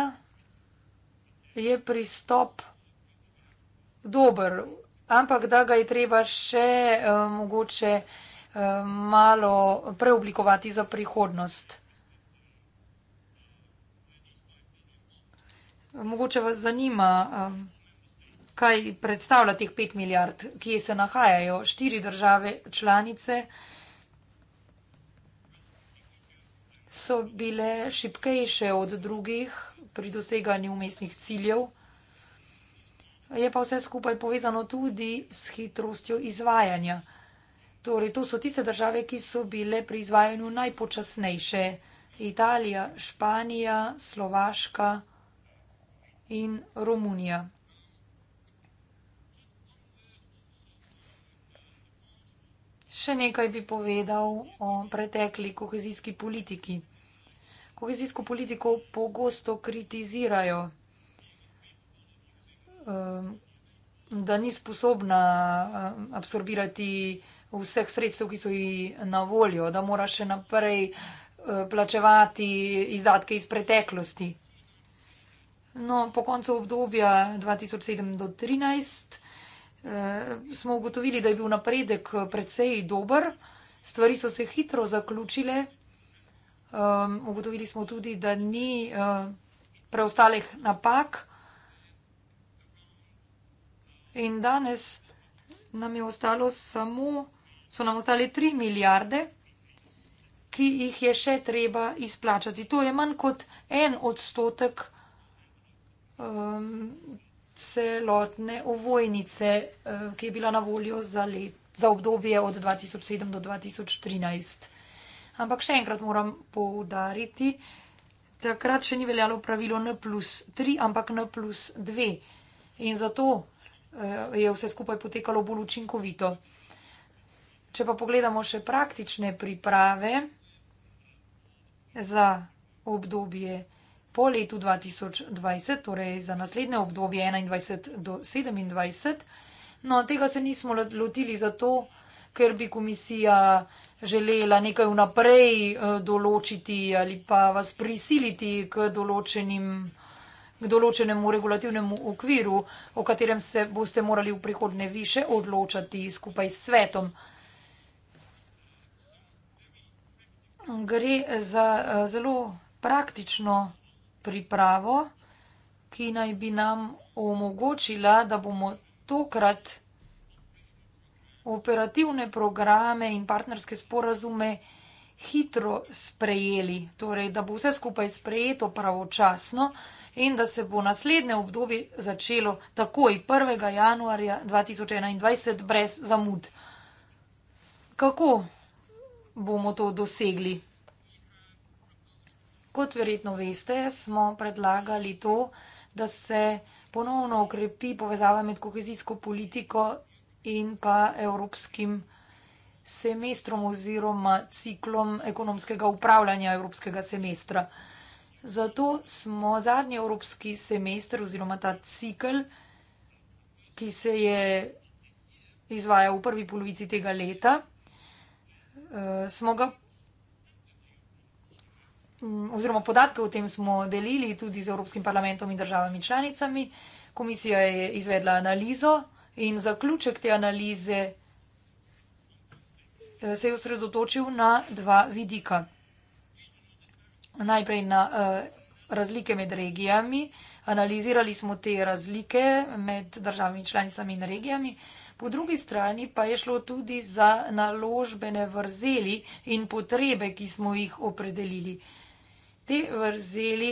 je pristop dober, ampak da ga je treba še um, mogoče um, malo preoblikovati za prihodnost. Mogoče vas zanima, um, kaj predstavlja teh 5 milijard, kje se nahajajo štiri države članice. So bile šipkejše od drugih, pri doseganju umestnih ciljev. Je pa vse skupaj povezano tudi s hitrostjo izvajanja. Torej, to so tiste države, ki so bile pri izvajanju najpočasnejše. Italija, Španija, Slovaška in Romunija. Še nekaj bi povedal o pretekli kohezijski politiki kohezijsko politiko pogosto kritizirajo, um, da ni sposobna um, absorbirati vseh sredstev, ki so ji na voljo, da mora še naprej uh, plačevati izdatke iz preteklosti. No, po koncu obdobja 2007 do 2013 uh, smo ugotovili, da je bil napredek precej dober, stvari so se hitro zaključile. Um, ugotovili smo tudi, da ni uh, preostalih napak. In danes nam je ostalo samo, so nam ostale 3 milijarde, ki jih je še treba izplačati. To je manj kot en odstotek um, celotne ovojnice, uh, ki je bila na voljo za, let, za obdobje od 2007 do 2013. Ampak še enkrat moram poudariti, takrat še ni veljalo pravilo N plus 3, ampak N plus 2. In zato eh, je vse skupaj potekalo bolj učinkovito. Če pa pogledamo še praktične priprave za obdobje po letu 2020, torej za naslednje obdobje 21 do 27, no tega se nismo lotili zato, ker bi komisija želela nekaj vnaprej eh, določiti ali pa vas prisiliti k, k določenemu regulativnemu okviru, o katerem se boste morali v prihodne više odločati skupaj s svetom. Gre za eh, zelo praktično pripravo, ki naj bi nam omogočila, da bomo tokrat vsega, operativne programe in partnerske sporazume hitro sprejeli, torej da bo vse skupaj sprejeto pravočasno in da se bo naslednje obdobje začelo takoj 1. januarja 2021 brez zamud. Kako bomo to dosegli? Kot verjetno veste, smo predlagali to, da se ponovno okrepi povezava med kohezijsko politiko in pa evropskim semestrom oziroma ciklom ekonomskega upravljanja evropskega semestra. Zato smo zadnji evropski semester oziroma ta cikl, ki se je izvajal v prvi polovici tega leta, eh, smo ga mm, oziroma podatke o tem smo delili tudi z Evropskim parlamentom in državami članicami. Komisija je izvedla analizo, in zaključek te analize eh, se je osredotočil na dva vidika. Najprej na uh, razlike med regijami. Analizirali smo te razlike med državami, članicami in regijami. Po drugi strani pa je šlo tudi za naložbene vrzeli in potrebe, ki smo jih opredelili. Te vrzeli.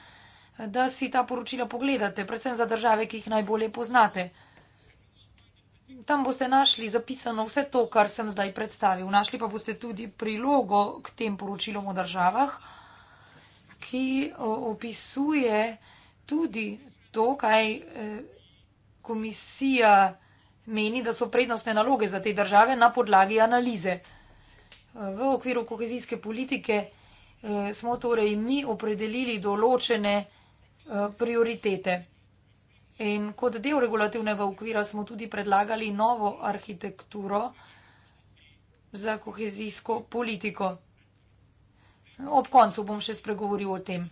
da si ta poročila pogledate, predvsem za države, ki jih najbolje poznate. Tam boste našli zapisano vse to, kar sem zdaj predstavil. Našli pa boste tudi prilogo k tem poročilom o državah, ki opisuje tudi to, kaj e, komisija meni, da so prednostne naloge za te države na podlagi analize. V okviru kohezijske politike e, smo torej mi opredelili določene naloge, Eh, prioritete. In kot del regulativnega okvira smo tudi predlagali novo arhitekturo za kohezijsko politiko. Ob koncu bom še spregovoril o tem.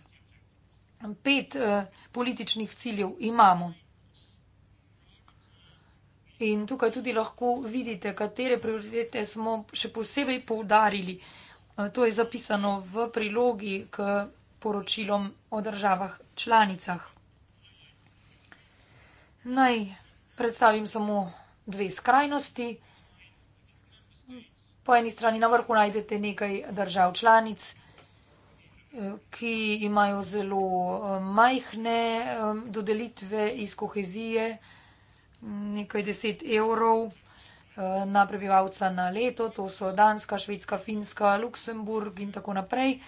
Pet eh, političnih ciljev imamo. In tukaj tudi lahko vidite, katere prioritete smo še posebej poudarili. Eh, to je zapisano v prilogi k poročilom o državah članicah. Naj predstavim samo dve skrajnosti. Po eni strani na vrhu najdete nekaj držav članic, eh, ki imajo zelo eh, majhne eh, dodelitve iz kohezije, nekaj deset evrov na prebivalca na leto, to so Danska, Švedska, Finska, Luksemburg in tako naprej.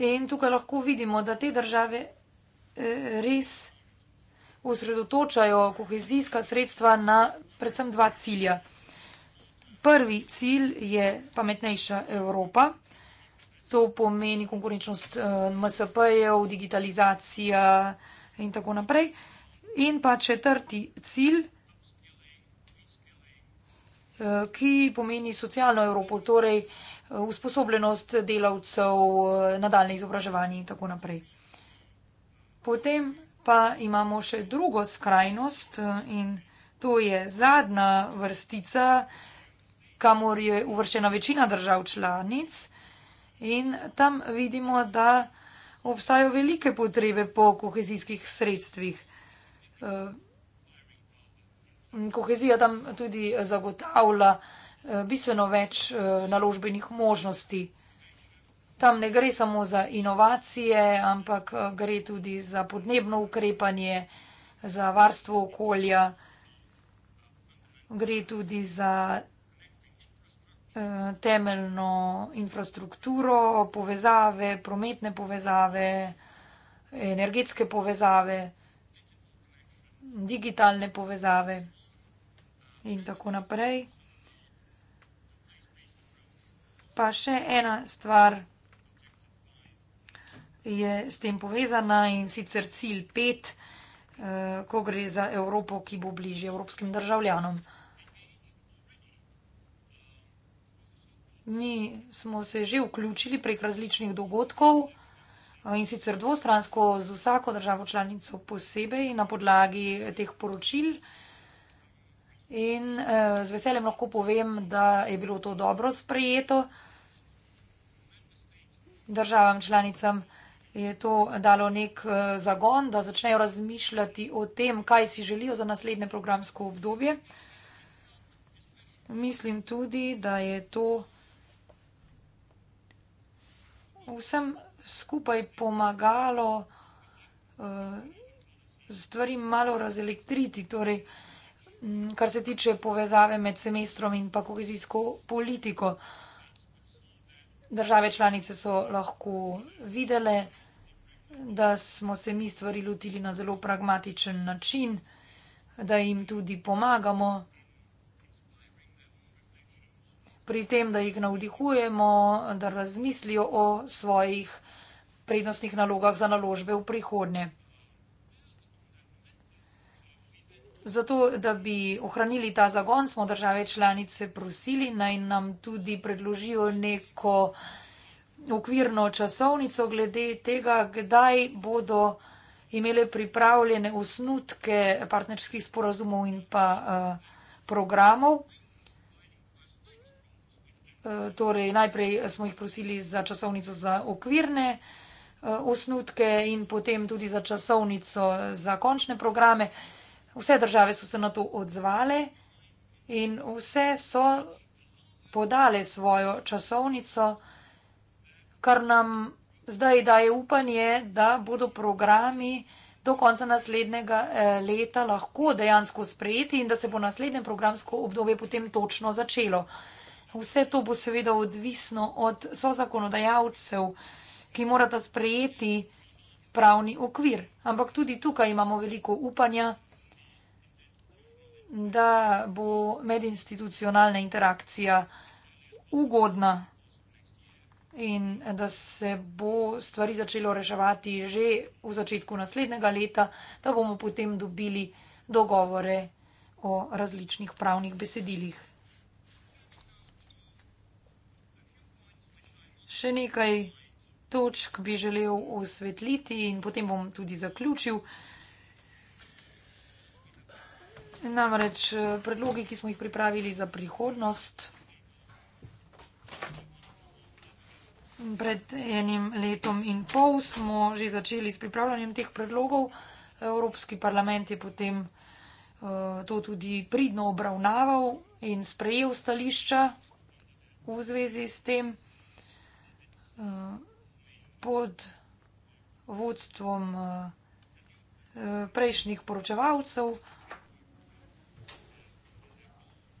In tukaj lahko vidimo, da te države eh, res osredotočajo kohezijska sredstva na predvsem dva cilja. Prvi cilj je pametnejša Evropa, to pomeni konkurenčnost eh, MSP-jev, digitalizacija in tako naprej. In pa četrti cilj, eh, ki pomeni socialno Evropo, torej usposobljenost delavcev, nadaljne izobraževanje in tako naprej. Potem pa imamo še drugo skrajnost eh, in to je zadnja vrstica, kamor je uvrščena večina držav članic in tam vidimo, da obstajajo velike potrebe po kohezijskih sredstvih. Eh, kohezija tam tudi zagotavlja, Eh, bistveno več eh, naložbenih možnosti. Tam ne gre samo za inovacije, ampak eh, gre tudi za podnebno ukrepanje, za varstvo okolja, gre tudi za temeljno infrastrukturo, povezave, prometne povezave, energetske povezave, digitalne povezave in tako naprej pa še ena stvar je s tem povezana in sicer cilj pet, eh, ko gre za Evropo, ki bo bližje evropskim državljanom. Mi smo se že vključili prek različnih dogodkov eh, in sicer dvostransko z vsako državo članico posebej na podlagi teh poročil. In eh, z veseljem lahko povem, da je bilo to dobro sprejeto državam članicam je to dalo nek eh, zagon, da začnejo razmišljati o tem, kaj si želijo za naslednje programsko obdobje. Mislim tudi, da je to vsem skupaj pomagalo eh, stvari malo razelektriti, torej, mm, kar se tiče povezave med semestrom in pa kohezijsko politiko države članice so lahko videle, da smo se mi stvari lotili na zelo pragmatičen način, da jim tudi pomagamo pri tem, da jih navdihujemo, da razmislijo o svojih prednostnih nalogah za naložbe v prihodnje. Zato, da bi ohranili ta zagon, smo države članice prosili naj nam tudi predložijo neko okvirno časovnico glede tega, kdaj bodo imele pripravljene osnutke partnerskih sporazumov in pa eh, programov. Eh, torej, najprej smo jih prosili za časovnico za okvirne eh, osnutke in potem tudi za časovnico za končne programe. Vse države so se na to odzvale in vse so podale svojo časovnico, kar nam zdaj daje upanje, da bodo programi do konca naslednjega eh, leta lahko dejansko sprejeti in da se bo naslednje programsko obdobje potem točno začelo. Vse to bo seveda odvisno od sozakonodajalcev, ki morata sprejeti pravni okvir. Ampak tudi tukaj imamo veliko upanja da bo medinstitucionalna interakcija ugodna in da se bo stvari začelo reševati že v začetku naslednjega leta, da bomo potem dobili dogovore o različnih pravnih besedilih. Še nekaj točk bi želel osvetliti in potem bom tudi zaključil. Namreč eh, predlogi, ki smo jih pripravili za prihodnost, pred enim letom in pol smo že začeli s pripravljanjem teh predlogov. Evropski parlament je potem eh, to tudi pridno obravnaval in sprejel stališča v zvezi s tem eh, pod vodstvom prejšnjih poročevalcev.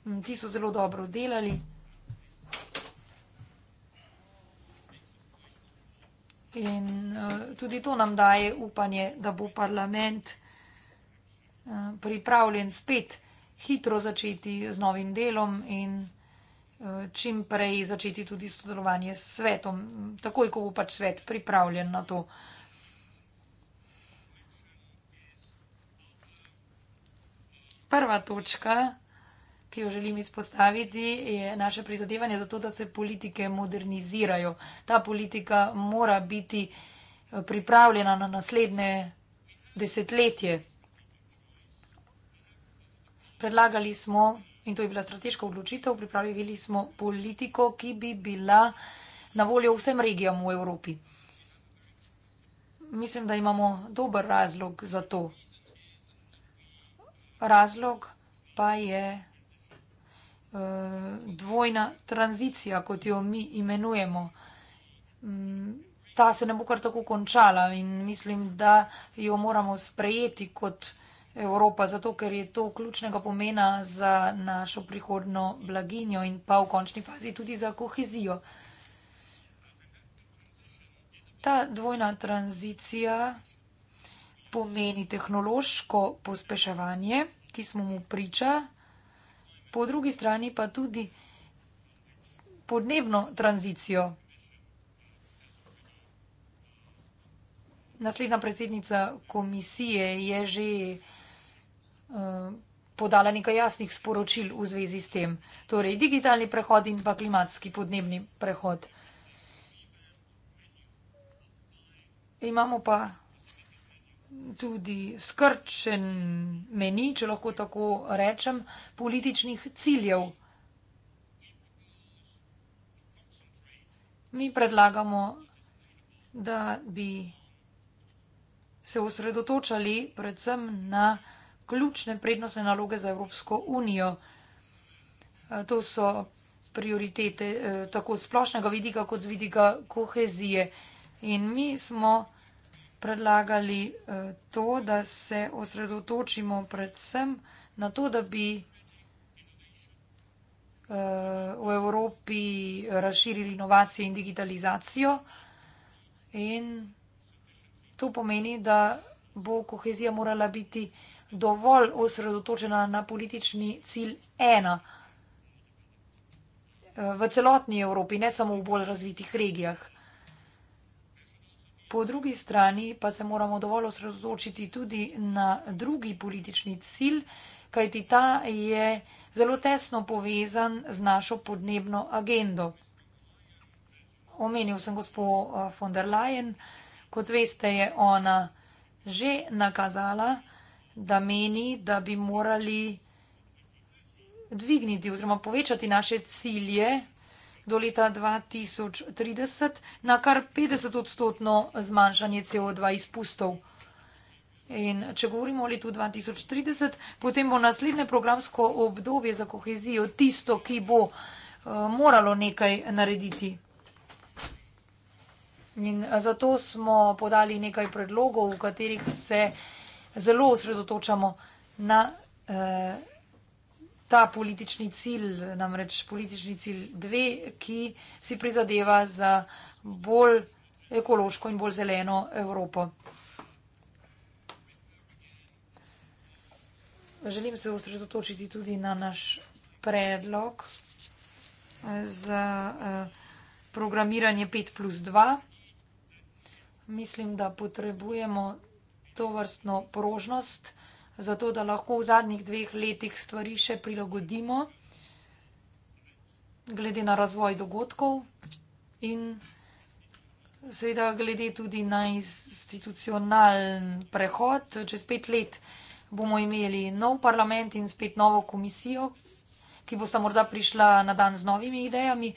Mm, ti so zelo dobro delali. In uh, tudi to nam daje upanje, da bo parlament uh, pripravljen spet hitro začeti z novim delom in uh, čim prej začeti tudi sodelovanje s svetom, takoj, ko bo pač svet pripravljen na to. Prva točka ki jo želim izpostaviti, je naše prizadevanje za to, da se politike modernizirajo. Ta politika mora biti eh, pripravljena na naslednje desetletje. Predlagali smo, in to je bila strateška odločitev, pripravili smo politiko, ki bi bila na voljo vsem regijam v Evropi. Mislim, da imamo dober razlog za to. Razlog pa je Eh, dvojna tranzicija, kot jo mi imenujemo. Mm, ta se ne bo kar tako končala in mislim, da jo moramo sprejeti kot Evropa, zato ker je to ključnega pomena za našo prihodno blaginjo in pa v končni fazi tudi za kohezijo. Ta dvojna tranzicija pomeni tehnološko pospeševanje, ki smo mu pričali, po drugi strani pa tudi podnebno tranzicijo. Naslednja predsednica komisije je že uh, podala nekaj jasnih sporočil v zvezi s tem. Torej, digitalni prehod in pa klimatski podnebni prehod. Imamo pa tudi skrčen meni, če lahko tako rečem, političnih ciljev. Mi predlagamo, da bi se osredotočali predvsem na ključne prednostne naloge za Evropsko unijo. E, to so prioritete e, tako z splošnega vidika kot z vidika kohezije. In mi smo predlagali eh, to, da se osredotočimo predvsem na to, da bi eh, v Evropi razširili inovacije in digitalizacijo. In to pomeni, da bo kohezija morala biti dovolj osredotočena na politični cilj ena eh, v celotni Evropi, ne samo v bolj razvitih regijah. Po drugi strani pa se moramo dovolj osredotočiti tudi na drugi politični cilj, kajti ta je zelo tesno povezan z našo podnebno agendo. Omenil sem gospod eh, von der Leyen, kot veste, je ona že nakazala, da meni, da bi morali dvigniti oziroma povečati naše cilje do leta 2030 na kar 50 odstotno zmanjšanje CO2 izpustov. In če govorimo o letu 2030, potem bo naslednje programsko obdobje za kohezijo tisto, ki bo eh, moralo nekaj narediti. In eh, zato smo podali nekaj predlogov, v katerih se zelo osredotočamo na eh, ta politični cilj, namreč politični cilj dve, ki si prizadeva za bolj ekološko in bolj zeleno Evropo. Želim se osredotočiti tudi na naš predlog eh, za eh, programiranje 5 plus 2. Mislim, da potrebujemo to vrstno prožnost zato da lahko v zadnjih dveh letih stvari še prilagodimo, glede na razvoj dogodkov in seveda glede tudi na institucionalen prehod. Čez pet let bomo imeli nov parlament in spet novo komisijo, ki bo sta morda prišla na dan z novimi idejami.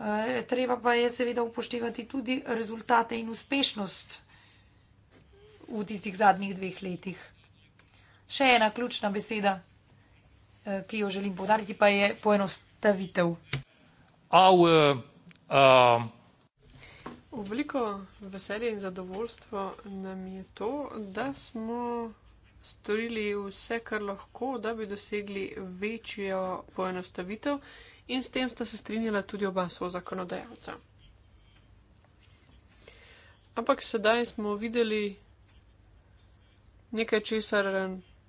Eh, treba pa je seveda upoštevati tudi rezultate in uspešnost v tistih zadnjih dveh letih. Še ena ključna beseda, eh, ki jo želim podariti, pa je poenostavitev. Our, uh... Eh, eh, v veliko veselje in zadovoljstvo nam je to, da smo storili vse, kar lahko, da bi dosegli večjo poenostavitev in s tem sta se strinjala tudi oba svo zakonodajalca. Ampak sedaj smo videli nekaj, česar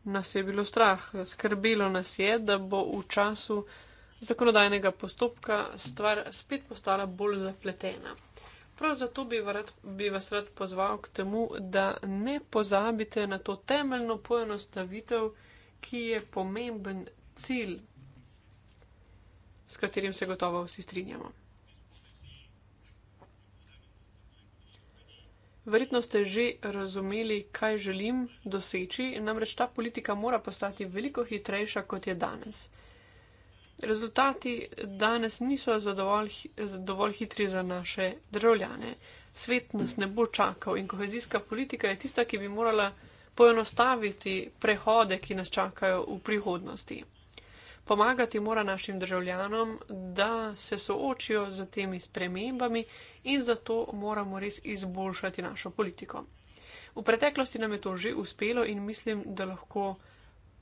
nas je bilo strah. Skrbelo nas je, da bo v času zakonodajnega postopka stvar spet postala bolj zapletena. Prav zato bi, rad, bi vas rad pozval k temu, da ne pozabite na to temeljno poenostavitev, ki je pomemben cilj, s katerim se gotovo vsi strinjamo. Verjetno ste že razumeli, kaj želim doseči, namreč ta politika mora postati veliko hitrejša, kot je danes. Rezultati danes niso dovolj hitri za naše državljane. Svet nas ne bo čakal in kohezijska politika je tista, ki bi morala poenostaviti prehode, ki nas čakajo v prihodnosti pomagati mora našim državljanom, da se soočijo z temi spremembami in zato moramo res izboljšati našo politiko. V preteklosti nam je to že uspelo in mislim, da lahko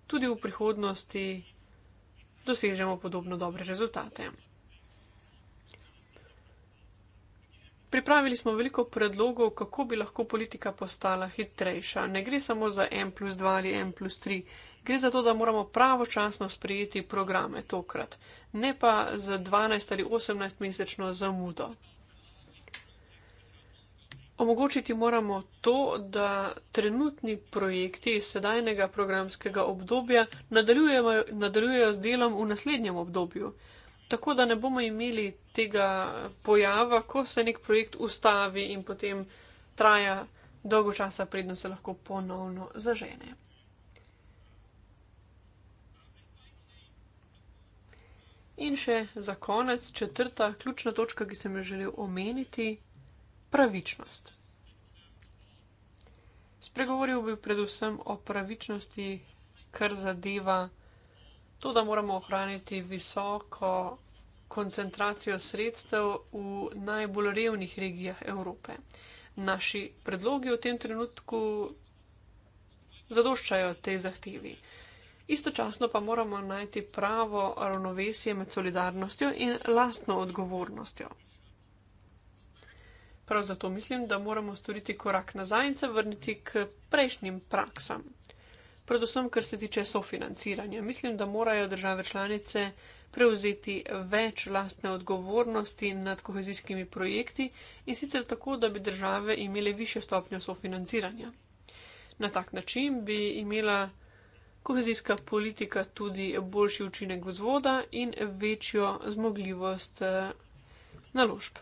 tudi v prihodnosti dosežemo podobno dobre rezultate. Pripravili smo veliko predlogov, kako bi lahko politika postala hitrejša. Ne gre samo za M plus 2 ali M plus 3. Gre za to, da moramo pravočasno sprejeti programe tokrat, ne pa z 12 ali 18 mesečno zamudo. Omogočiti moramo to, da trenutni projekti iz sedajnega programskega obdobja nadaljujejo, nadaljujejo z delom v naslednjem obdobju, tako da ne bomo imeli tega pojava, ko se nek projekt ustavi in potem traja dolgo časa, predno se lahko ponovno zažene. In še za konec, četrta ključna točka, ki sem jo želel omeniti, pravičnost. Spregovoril bi predvsem o pravičnosti, kar zadeva to, da moramo ohraniti visoko koncentracijo sredstev v najbolj revnih regijah Evrope. Naši predlogi v tem trenutku zadoščajo tej zahtevi istočasno pa moramo najti pravo ravnovesje med solidarnostjo in lastno odgovornostjo. Prav zato mislim, da moramo storiti korak nazaj in se vrniti k prejšnjim praksam. Predvsem, kar se tiče sofinanciranja. Mislim, da morajo države članice prevzeti več lastne odgovornosti nad kohezijskimi projekti in sicer tako, da bi države imele više stopnjo sofinanciranja. Na tak način bi imela kohezijska politika tudi boljši učinek vzvoda in večjo zmogljivost eh, naložb.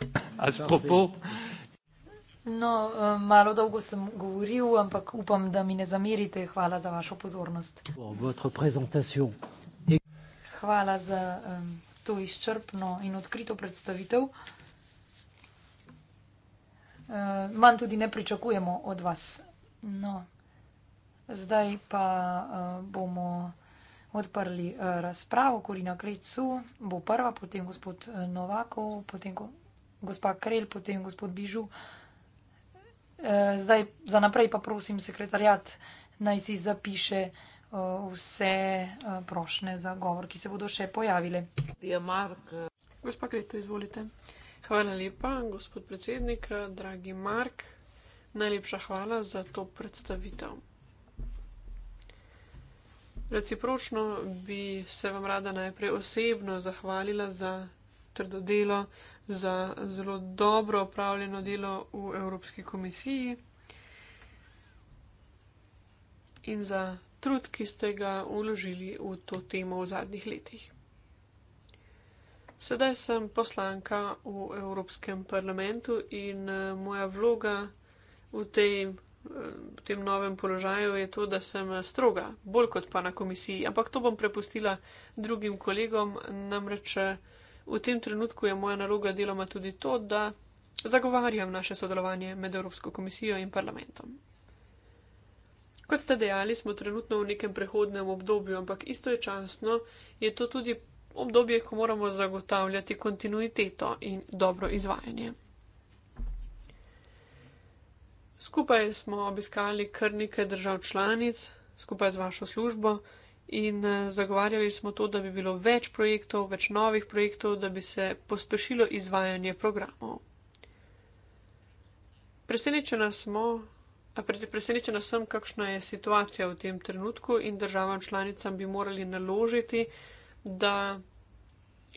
No, eh, malo dolgo sem govoril, ampak upam, da mi ne zamerite. Hvala za vašo pozornost. Hvala za um, to izčrpno in odkrito predstavitev. Uh, manj tudi ne pričakujemo od vas. No. Zdaj pa uh, bomo odprli uh, razpravo. Korina Krecu bo prva, potem gospod uh, Novakov, potem go, gospa Krel, potem gospod Bižu. Uh, zdaj za naprej pa prosim sekretarjat naj si zapiše uh, vse uh, prošne za govor, ki se bodo še pojavile. Gospa Kretu, izvolite. Hvala lepa, gospod predsednik, dragi Mark. Najlepša hvala za to predstavitev. Recipročno bi se vam rada najprej osebno zahvalila za trdo delo, za zelo dobro opravljeno delo v Evropski komisiji in za trud, ki ste ga uložili v to temo v zadnjih letih. Sedaj sem poslanka v Evropskem parlamentu in eh, moja vloga v tem v tem novem položaju, je to, da sem stroga, bolj kot pa na komisiji. Ampak to bom prepustila drugim kolegom, namreč eh, v tem trenutku je moja naloga deloma tudi to, da zagovarjam naše sodelovanje med Evropsko komisijo in parlamentom. Kot ste dejali, smo trenutno v nekem prehodnem obdobju, ampak istočasno je to tudi obdobje, ko moramo zagotavljati kontinuiteto in dobro izvajanje. Skupaj smo obiskali kar nekaj držav članic, skupaj z vašo službo in eh, zagovarjali smo to, da bi bilo več projektov, več novih projektov, da bi se pospešilo izvajanje programov. Presenečena smo, a presenečena sem, kakšna je situacija v tem trenutku in državam članicam bi morali naložiti, da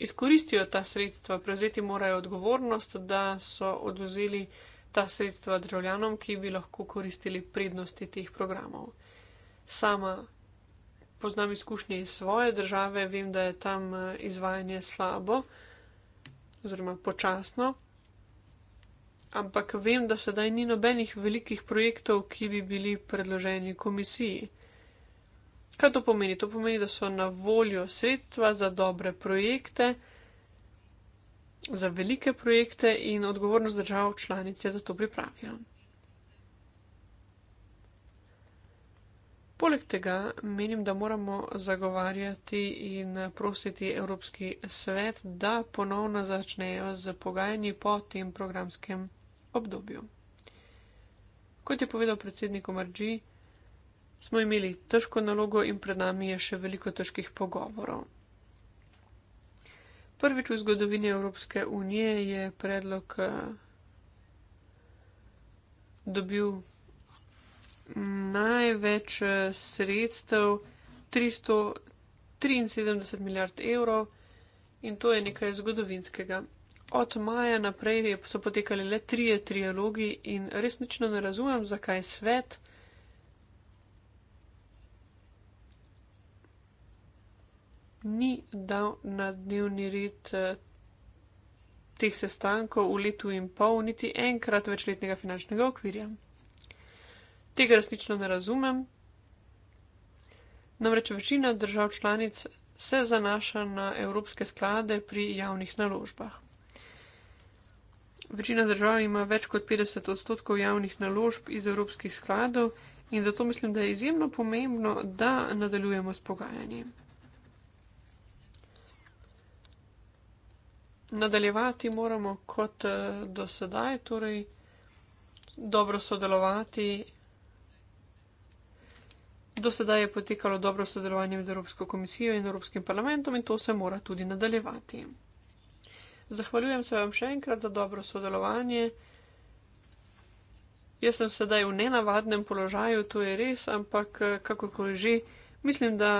izkoristijo ta sredstva, prevzeti morajo odgovornost, da so odvzeli ta sredstva državljanom, ki bi lahko koristili prednosti teh programov. Sama poznam izkušnje iz svoje države, vem, da je tam eh, izvajanje slabo oziroma počasno, ampak vem, da sedaj ni nobenih velikih projektov, ki bi bili predloženi komisiji. Kaj to pomeni? To pomeni, da so na voljo sredstva za dobre projekte, za velike projekte in odgovornost držav članic je, da to pripravijo. Poleg tega menim, da moramo zagovarjati in prositi Evropski svet, da ponovno začnejo z pogajanji po tem programskem obdobju. Kot je povedal predsednik Omarđi, smo imeli težko nalogo in pred nami je še veliko težkih pogovorov. Prvič v zgodovini Evropske unije je predlog eh, dobil največ eh, sredstev 373 milijard evrov in to je nekaj zgodovinskega. Od maja naprej so potekali le trije trialogi in resnično ne razumem, zakaj svet. ni dal na dnevni red eh, teh sestankov v letu in pol, niti enkrat večletnega finančnega okvirja. Tega resnično ne razumem. Namreč večina držav članic se zanaša na evropske sklade pri javnih naložbah. Večina držav ima več kot 50 odstotkov javnih naložb iz evropskih skladov in zato mislim, da je izjemno pomembno, da nadaljujemo s pogajanjem. nadaljevati moramo kot eh, do sedaj, torej dobro sodelovati. Do sedaj je potekalo dobro sodelovanje med Evropsko komisijo in Evropskim parlamentom in to se mora tudi nadaljevati. Zahvaljujem se vam še enkrat za dobro sodelovanje. Jaz sem sedaj v nenavadnem položaju, to je res, ampak eh, kakorkoli že, mislim, da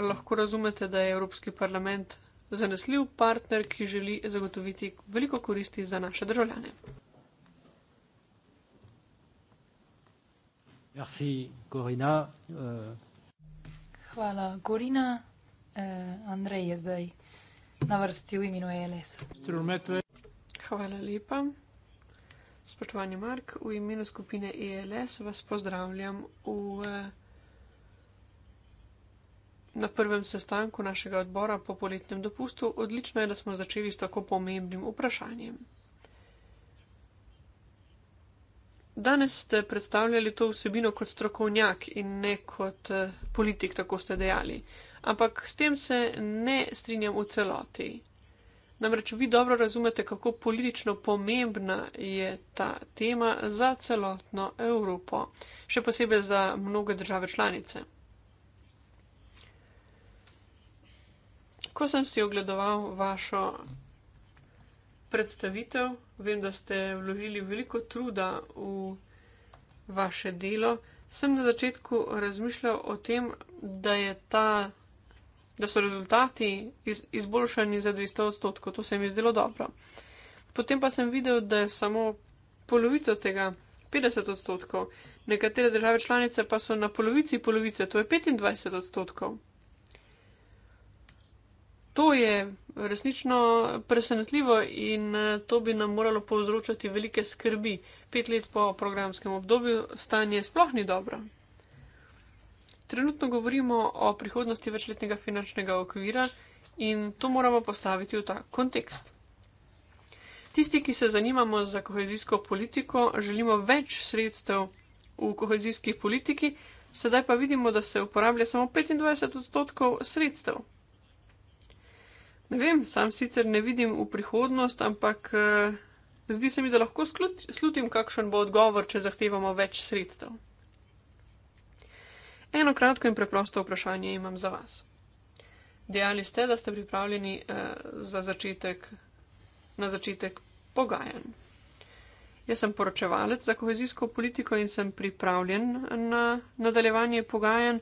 lahko razumete, da je Evropski parlament zanesljiv partner, ki želi zagotoviti veliko koristi za naše državljane. Merci, Gorina. Uh... Hvala, Gorina. Uh, Andrej je zdaj na vrsti v imenu e LS. Hvala lepa. Spoštovani Mark, v imenu skupine ELS vas pozdravljam v. Uh, Na prvem sestanku našega odbora po poletnem dopustu odlično je, da smo začeli s tako pomembnim vprašanjem. Danes ste predstavljali to vsebino kot strokovnjak in ne kot eh, politik, tako ste dejali. Ampak s tem se ne strinjam v celoti. Namreč vi dobro razumete, kako politično pomembna je ta tema za celotno Evropo, še posebej za mnoge države članice. ko sem si ogledoval vašo predstavitev, vem, da ste vložili veliko truda v vaše delo, sem na začetku razmišljal o tem, da, ta, da so rezultati iz, izboljšani za 200 odstotkov. To se mi je zdelo dobro. Potem pa sem videl, da je samo polovica tega. 50 odstotkov, nekatere države članice pa so na polovici polovice, to je 25 odstotkov to je resnično presenetljivo in eh, to bi nam moralo povzročati velike skrbi. Pet let po programskem obdobju stanje sploh ni dobro. Trenutno govorimo o prihodnosti večletnega finančnega okvira in to moramo postaviti v ta kontekst. Tisti, ki se zanimamo za kohezijsko politiko, želimo več sredstev v kohezijski politiki, sedaj pa vidimo, da se uporablja samo 25 odstotkov sredstev. Ne vem, sam sicer ne vidim v prihodnost, ampak uh, zdi se mi, da lahko slutim, kakšen bo odgovor, če zahtevamo več sredstev. Eno kratko in preprosto vprašanje imam za vas. Dejali ste, da ste pripravljeni uh, za začetek, na začetek pogajanj. Jaz sem poročevalec za kohezijsko politiko in sem pripravljen na nadaljevanje pogajanj.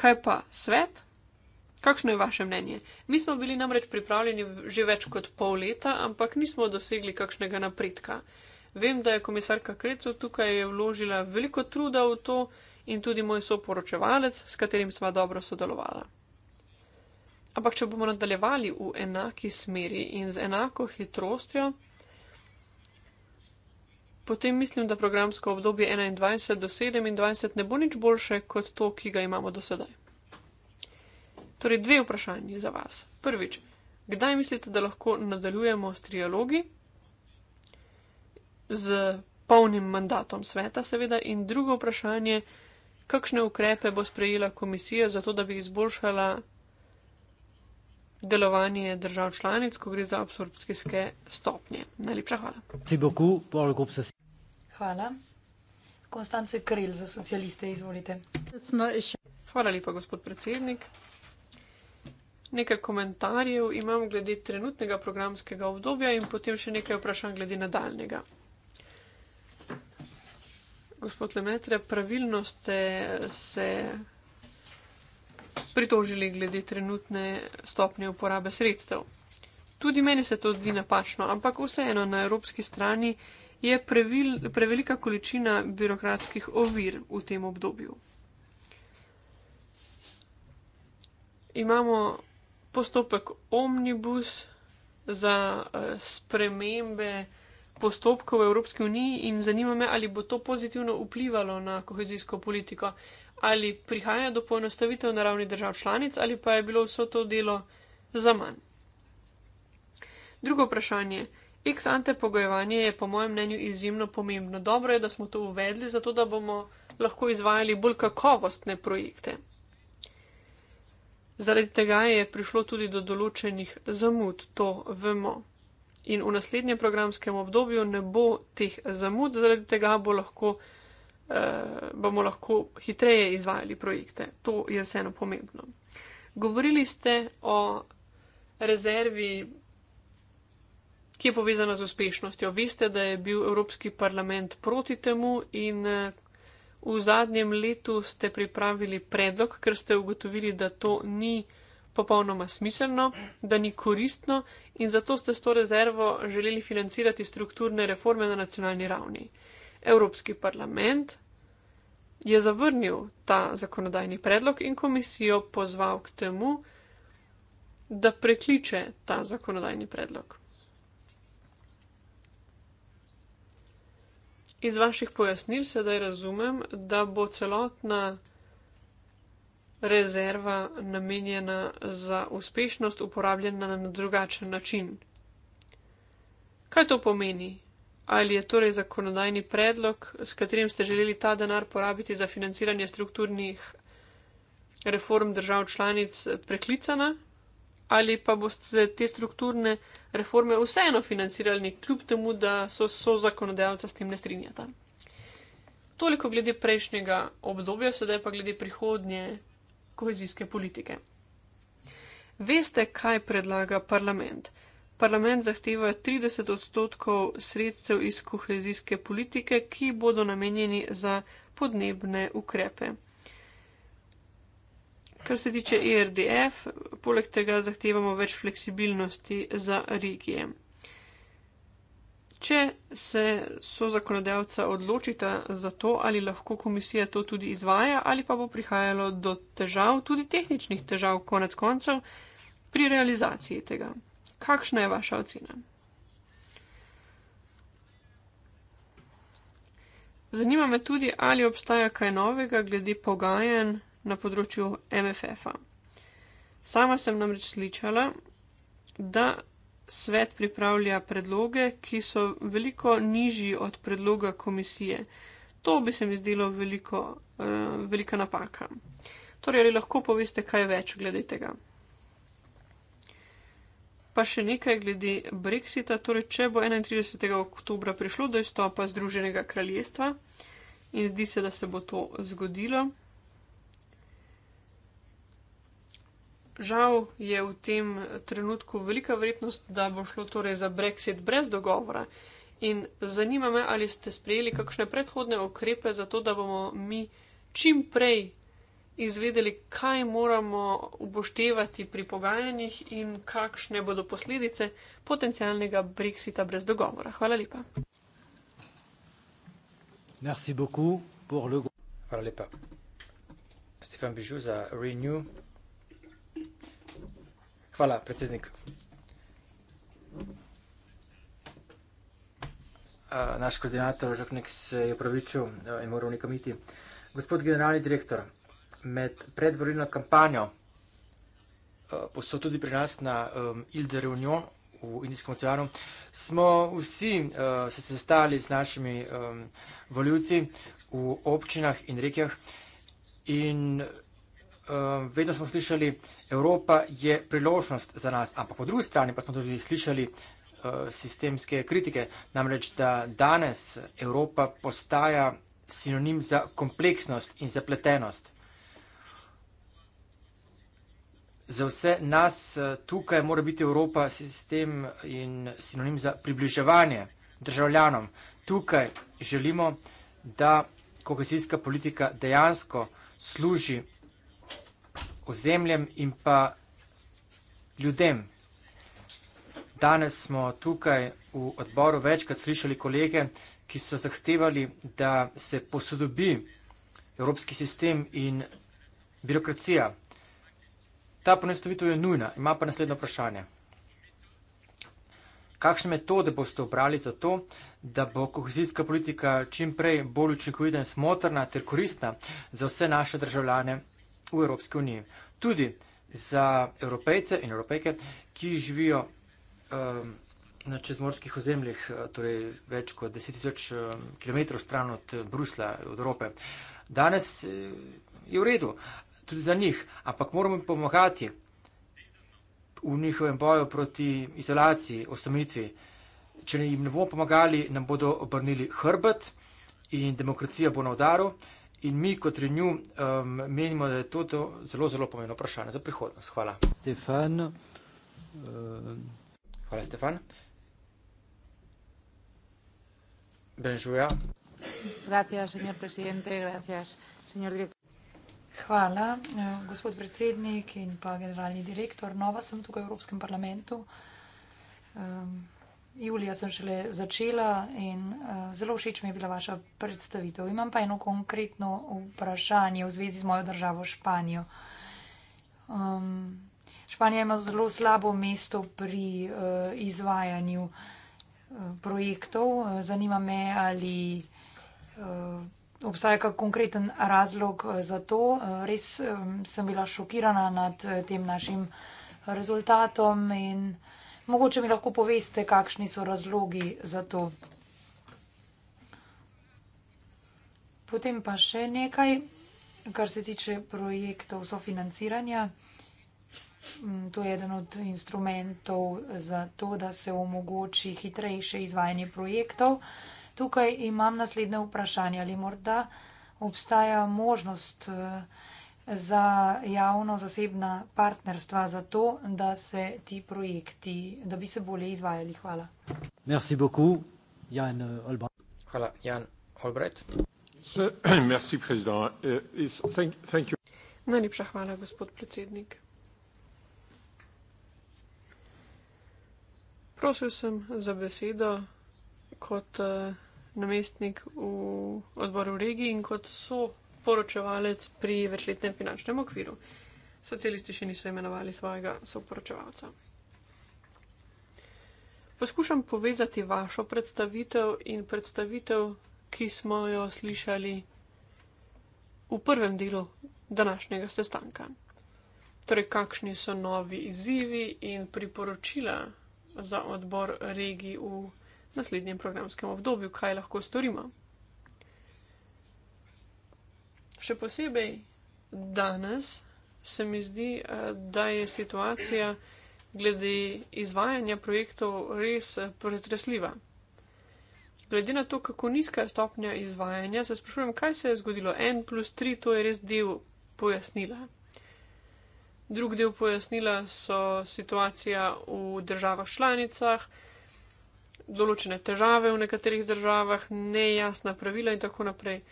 Kaj pa svet? Kakšno je vaše mnenje? Mi smo bili namreč pripravljeni že več kot pol leta, ampak nismo dosegli kakšnega napredka. Vem, da je komisarka Krecov tukaj vložila veliko truda v to in tudi moj soporočevalec, s katerim sva dobro sodelovala. Ampak če bomo nadaljevali v enaki smeri in z enako hitrostjo, potem mislim, da programsko obdobje 21 do 27 ne bo nič boljše kot to, ki ga imamo do sedaj. Torej, dve vprašanje za vas. Prvič, kdaj mislite, da lahko nadaljujemo s trialogi z polnim mandatom sveta, seveda, in drugo vprašanje, kakšne ukrepe bo sprejela komisija za to, da bi izboljšala delovanje držav članic, ko gre za absorpcijske stopnje. Najlepša hvala. Hvala. Konstance Kril za socialiste, izvolite. Hvala lepa, gospod predsednik nekaj komentarjev imam glede trenutnega programskega obdobja in potem še nekaj vprašanj glede nadaljnega. Gospod Lemetre, pravilno ste se pritožili glede trenutne stopnje uporabe sredstev. Tudi meni se to zdi napačno, ampak vseeno na evropski strani je previl, prevelika količina birokratskih ovir v tem obdobju. Imamo postopek omnibus za uh, spremembe postopkov v Evropski uniji in zanima me, ali bo to pozitivno vplivalo na kohezijsko politiko, ali prihaja do poenostavitev na ravni držav članic ali pa je bilo vso to delo za manj. Drugo vprašanje. Ex ante pogojevanje je po mojem mnenju izjemno pomembno. Dobro je, da smo to uvedli, zato da bomo lahko izvajali bolj kakovostne projekte. Zaradi tega je prišlo tudi do določenih zamud, to vemo. In v naslednjem programskem obdobju ne bo teh zamud, zaradi tega bo lahko, eh, bomo lahko hitreje izvajali projekte. To je vseeno pomembno. Govorili ste o rezervi, ki je povezana z uspešnostjo. Veste, da je bil Evropski parlament proti temu in eh, v zadnjem letu ste pripravili predlog, ker ste ugotovili, da to ni popolnoma smiselno, da ni koristno in zato ste s to rezervo želeli financirati strukturne reforme na nacionalni ravni. Evropski parlament je zavrnil ta zakonodajni predlog in komisijo pozval k temu, da prekliče ta zakonodajni predlog. Iz vaših pojasnil sedaj razumem, da bo celotna rezerva namenjena za uspešnost uporabljena na drugačen način. Kaj to pomeni? Ali je torej zakonodajni predlog, s katerim ste želeli ta denar porabiti za financiranje strukturnih reform držav članic, preklicana? ali pa boste te strukturne reforme vseeno financirali, kljub temu, da so, so zakonodajalca s tem ne strinjata. Toliko glede prejšnjega obdobja, sedaj pa glede prihodnje kohezijske politike. Veste, kaj predlaga parlament? Parlament zahteva 30 odstotkov sredstev iz kohezijske politike, ki bodo namenjeni za podnebne ukrepe. Kar se tiče ERDF, poleg tega zahtevamo več fleksibilnosti za regije. Če se so zakonodajalca odločita za to, ali lahko komisija to tudi izvaja, ali pa bo prihajalo do težav, tudi tehničnih težav, konec koncev, pri realizaciji tega. Kakšna je vaša ocena? Zanima me tudi, ali obstaja kaj novega glede pogajanj na področju MFF-a. Sama sem namreč slišala, da svet pripravlja predloge, ki so veliko nižji od predloga komisije. To bi se mi zdelo veliko, uh, velika napaka. Torej, ali lahko poveste kaj več glede tega? Pa še nekaj glede Brexita. Torej, če bo 31. oktober prišlo do izstopa Združenega kraljestva in zdi se, da se bo to zgodilo. Žal je v tem trenutku velika verjetnost, da bo šlo torej za brexit brez dogovora. In zanima me, ali ste sprejeli kakšne predhodne okrepe za to, da bomo mi čim prej izvedeli, kaj moramo upoštevati pri pogajanjih in kakšne bodo posledice potencialnega brexita brez dogovora. Hvala lepa. Hvala lepa. Stefan Bižu za Renew. Hvala, predsednik. Naš koordinator Žaknik se je upravičil in moral nekam iti. Gospod generalni direktor, med predvorilno kampanjo so tudi pri nas na um, Ile de Reunion v Indijskem oceanu, smo vsi se sestali z našimi um, voljivci v občinah in rekjah in Ehm, vedno smo slišali, Evropa je priložnost za nas, ampak po drugi strani pa smo tudi slišali eh, sistemske kritike, namreč da danes Evropa postaja sinonim za kompleksnost in zapletenost. Za vse nas eh, tukaj mora biti Evropa sistem in sinonim za približevanje državljanom. Tukaj želimo, da kohezijska politika dejansko služi ozemljem in pa ljudem. Danes smo tukaj v odboru večkrat slišali kolege, ki so zahtevali, da se posodobi evropski sistem in birokracija. Ta ponestavitev je nujna. Ima pa naslednje vprašanje. Kakšne metode boste obrali za to, da bo kohezijska politika čim prej bolj učinkovita in smotrna ter koristna za vse naše državljane v Evropski uniji. Tudi za evropejce in evropejke, ki živijo um, na čezmorskih ozemljih, uh, torej več kot 10.000 um, km stran od uh, Brusla, od Evrope. Danes uh, je v redu, tudi za njih, ampak moramo jim pomagati v njihovem boju proti izolaciji, osamitvi. Če jim ne bomo pomagali, nam bodo obrnili hrbet in demokracija bo na udaru. In mi kot Renew um, menimo, da je to, to zelo, zelo pomembno vprašanje za prihodnost. Hvala. Stefan. Uh, Hvala, Stefan. Benžuja. Hvala, eh, gospod predsednik in pa generalni direktor. Nova sem tukaj v Evropskem parlamentu. Um, julija sem šele začela in uh, zelo všeč mi je bila vaša predstavitev. Imam pa eno konkretno vprašanje v zvezi z mojo državo Španijo. Um, Španija ima zelo slabo mesto pri uh, izvajanju eh, projektov. Zanima me, ali uh, obstaja kak konkreten razlog za to. Res um, sem bila šokirana nad tem našim rezultatom in uh, Mogoče mi lahko poveste, kakšni so razlogi za to. Potem pa še nekaj, kar se tiče projektov sofinanciranja. Mm, to je eden od instrumentov za to, da se omogoči hitrejše izvajanje projektov. Tukaj imam naslednje vprašanje, ali morda obstaja možnost. Eh, za javno-zasebna partnerstva, za to, da se ti projekti, da bi se bolje izvajali. Hvala. Merci beaucoup, Jan euh, Albrecht. Hvala, Jan Albrecht. <clears throat> Merci, predsednik. Euh, thank you. Najlepša hvala, gospod predsednik. Prosil sem za besedo kot eh, namestnik v odboru regiji in kot so soporočevalec pri večletnem finančnem okviru. Socialisti še niso imenovali svojega soporočevalca. Poskušam povezati vašo predstavitev in predstavitev, ki smo jo slišali v prvem delu današnjega sestanka. Torej, kakšni so novi izzivi in priporočila za odbor regij v naslednjem programskem obdobju, kaj lahko storimo. Še posebej danes se mi zdi, eh, da je situacija glede izvajanja projektov res eh, pretresljiva. Glede na to, kako nizka je stopnja izvajanja, se sprašujem, kaj se je zgodilo. N plus 3, to je res del pojasnila. Drugi del pojasnila so situacija v državah članicah, določene težave v nekaterih državah, nejasna pravila in tako naprej.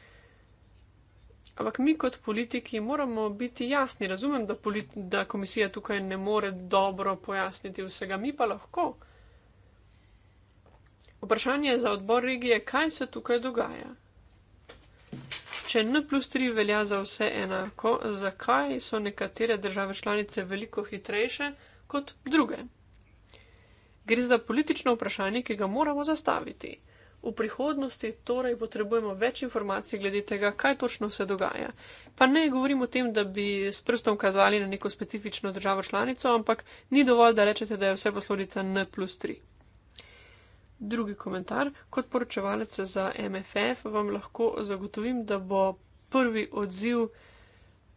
Ampak mi kot politiki moramo biti jasni. Razumem, da, da komisija tukaj ne more dobro pojasniti vsega, mi pa lahko. Vprašanje za odbor regije, kaj se tukaj dogaja. Če N plus 3 velja za vse enako, zakaj so nekatere države članice veliko hitrejše kot druge? Gre za politično vprašanje, ki ga moramo zastaviti. V prihodnosti torej potrebujemo več informacij glede tega, kaj točno se dogaja. Pa ne govorim o tem, da bi s prstom kazali na neko specifično državo članico, ampak ni dovolj, da rečete, da je vse poslovnica N plus 3. Drugi komentar. Kot poročevalec za MFF vam lahko zagotovim, da bo prvi odziv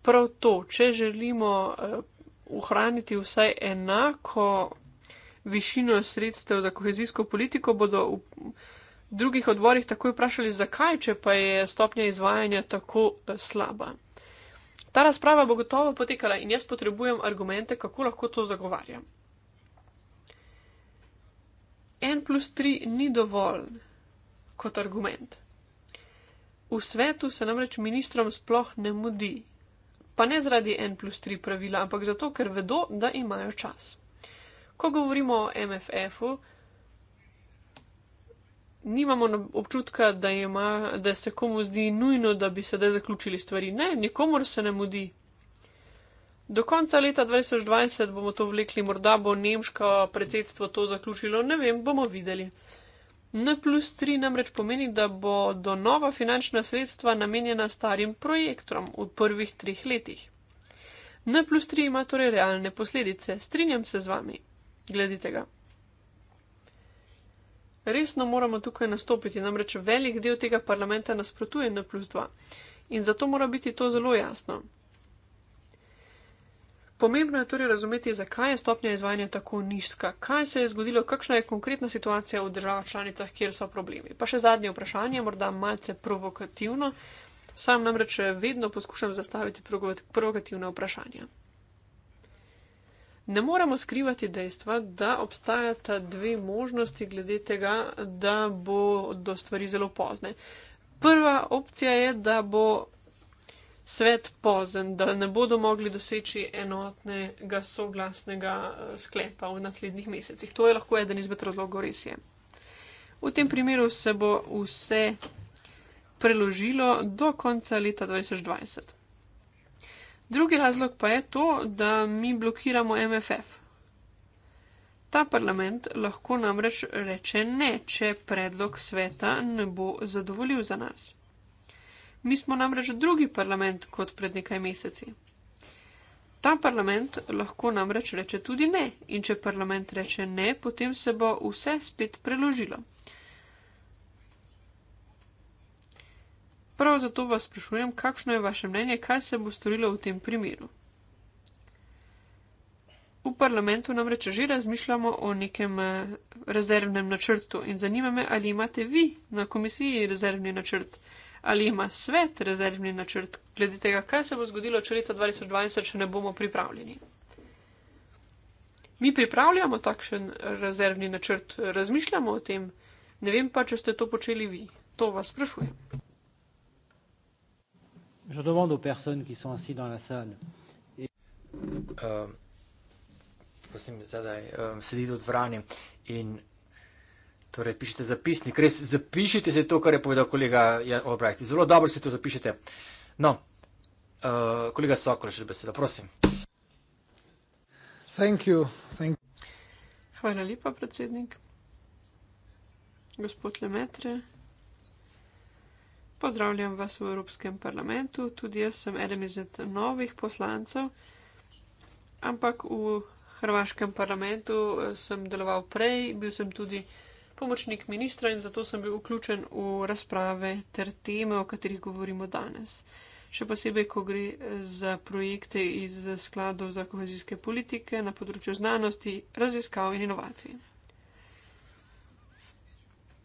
prav to, če želimo eh, ohraniti uh, vsaj enako višino sredstev za kohezijsko politiko, bodo. Uh, drugih odborih takoj vprašali, zakaj, če pa je stopnja izvajanja tako eh, slaba. Ta razprava bo gotovo potekala in jaz potrebujem argumente, kako lahko to zagovarjam. En plus tri ni dovolj kot argument. V svetu se namreč ministrom sploh ne mudi, pa ne zaradi en plus tri pravila, ampak zato, ker vedo, da imajo čas. Ko govorimo o MFF-u, nimamo no- občutka, da, ima, da se komu zdi nujno, da bi sedaj zaključili stvari. Ne, nikomor se ne mudi. Do konca leta 2020 bomo to vlekli, morda bo nemško predsedstvo to zaključilo, ne vem, bomo videli. N plus 3 namreč pomeni, da bo do nova finančna sredstva namenjena starim projektom v prvih treh letih. N plus 3 ima torej realne posledice, strinjam se z vami. Gledite ga resno moramo tukaj nastopiti, namreč velik del tega parlamenta nasprotuje N plus 2 in zato mora biti to zelo jasno. Pomembno je torej razumeti, zakaj je stopnja izvajanja tako nizka, kaj se je zgodilo, kakšna je konkretna situacija v državah članicah, kjer so problemi. Pa še zadnje vprašanje, morda malce provokativno. Sam namreč vedno poskušam zastaviti provokativna vprašanja. Ne moremo skrivati dejstva, da obstajata dve možnosti glede tega, da bo do stvari zelo pozne. Prva opcija je, da bo svet pozen, da ne bodo mogli doseči enotnega soglasnega eh, sklepa v naslednjih mesecih. To je lahko eden izmed razlogov res je. V tem primeru se bo vse preložilo do konca leta 2020. Drugi razlog pa je to, da mi blokiramo MFF. Ta parlament lahko namreč reče ne, če predlog sveta ne bo zadovoljil za nas. Mi smo namreč drugi parlament kot pred nekaj meseci. Ta parlament lahko namreč reče tudi ne in če parlament reče ne, potem se bo vse spet preložilo. Prav zato vas sprašujem, kakšno je vaše mnenje, kaj se bo storilo v tem primeru. V parlamentu namreč že razmišljamo o nekem eh, rezervnem načrtu in zanima me, ali imate vi na komisiji rezervni načrt, ali ima svet rezervni načrt, glede tega, kaj se bo zgodilo, če leta 2020 še ne bomo pripravljeni. Mi pripravljamo takšen rezervni načrt, razmišljamo o tem, ne vem pa, če ste to počeli vi. To vas sprašujem. Je demande aux personnes qui sont assises dans la salle. Et... Uh, prosim, zadaj, uh, ehm, sedite v dvorani in torej, pišite zapisnik. Res zapišite se to, kar je povedal kolega Obrajti. Zelo dobro si to zapišete. No, uh, kolega Sokol, še beseda, prosim. Thank you. Thank you. Hvala lepa, predsednik. Gospod Lemetre. Pozdravljam vas v Evropskem parlamentu, tudi jaz sem eden izmed novih poslancev, ampak v Hrvaškem parlamentu eh, sem deloval prej, bil sem tudi pomočnik ministra in zato sem bil vključen v razprave ter teme, o katerih govorimo danes. Še posebej, ko gre eh, za projekte iz skladov za kohezijske politike na področju znanosti, raziskav in inovacij.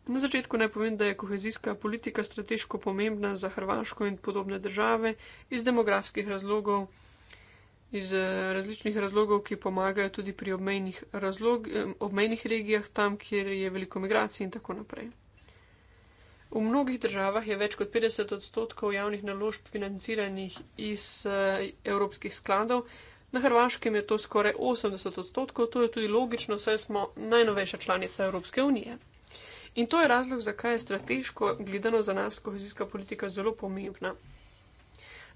Na začetku naj povem, da je kohezijska politika strateško pomembna za Hrvaško in podobne države iz demografskih razlogov, iz eh, različnih razlogov, ki pomagajo tudi pri obmejnih, razlog, eh, obmejnih regijah, tam, kjer je veliko migracij in tako naprej. V mnogih državah je več kot 50 odstotkov javnih naložb financiranih iz eh, evropskih skladov, na Hrvaškem je to skoraj 80 odstotkov, to je tudi logično, saj smo najnovejša članica Evropske unije. In to je razlog, zakaj je strateško gledano za nas kohezijska politika zelo pomembna.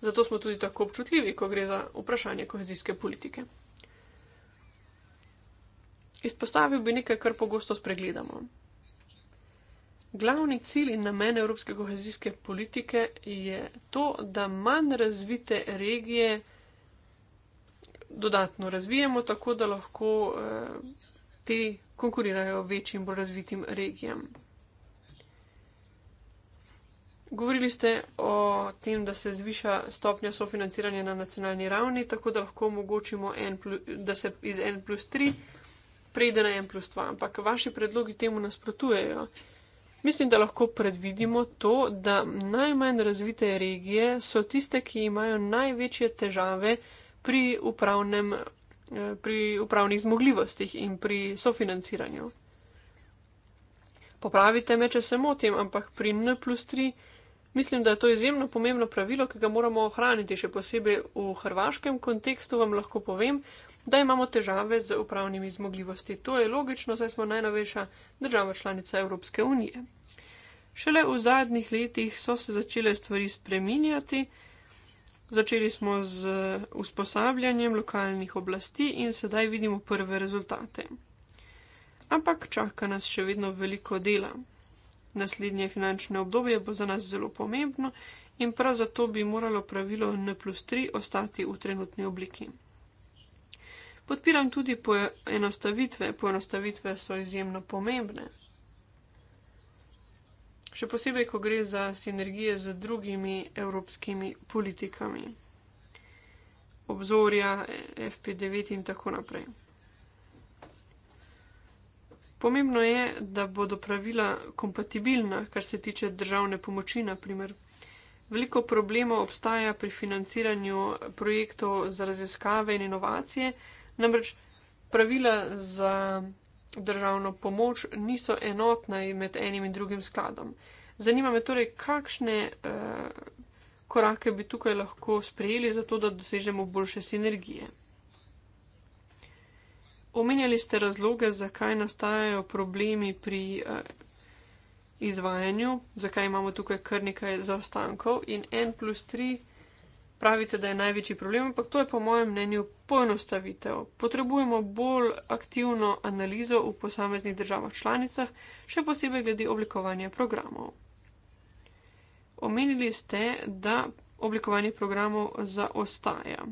Zato smo tudi tako občutljivi, ko gre za vprašanje kohezijske politike. Izpostavil bi nekaj, kar pogosto spregledamo. Glavni cilj in namen evropske kohezijske politike je to, da manj razvite regije dodatno razvijemo, tako da lahko eh, te konkurirajo večjim, bolj razvitim regijam. Govorili ste o tem, da se zviša stopnja sofinanciranja na nacionalni ravni, tako da lahko omogočimo, da se iz N plus 3 prejde na N plus 2, ampak vaši predlogi temu nasprotujejo. Mislim, da lahko predvidimo to, da najmanj razvite regije so tiste, ki imajo največje težave pri upravnem Eh, pri upravnih zmogljivostih in pri sofinanciranju. Popravite me, če se motim, ampak pri N plus 3 mislim, da je to izjemno pomembno pravilo, ki ga moramo ohraniti, še posebej v hrvaškem kontekstu vam lahko povem, da imamo težave z upravnimi zmogljivosti. To je logično, saj smo najnovejša država članica Evropske unije. Šele v zadnjih letih so se začele stvari spreminjati. Začeli smo z usposabljanjem lokalnih oblasti in sedaj vidimo prve rezultate. Ampak čaka nas še vedno veliko dela. Naslednje finančne obdobje bo za nas zelo pomembno in prav zato bi moralo pravilo N plus 3 ostati v trenutni obliki. Podpiram tudi poenostavitve, poenostavitve so izjemno pomembne še posebej, ko gre za sinergije z drugimi evropskimi politikami, obzorja FP9 in tako naprej. Pomembno je, da bodo pravila kompatibilna, kar se tiče državne pomoči, naprimer. Veliko problemov obstaja pri financiranju projektov za raziskave in inovacije, namreč pravila za državno pomoč niso enotne med enim in drugim skladom. Zanima me torej, kakšne uh, korake bi tukaj lahko sprejeli, zato da dosežemo boljše sinergije. Omenjali ste razloge, zakaj nastajajo problemi pri uh, izvajanju, zakaj imamo tukaj kar nekaj zaostankov in en plus tri pravite, da je največji problem, ampak to je po mojem mnenju poenostavitev. Potrebujemo bolj aktivno analizo v posameznih državah članicah, še posebej glede oblikovanja programov. Omenili ste, da oblikovanje programov zaostaja.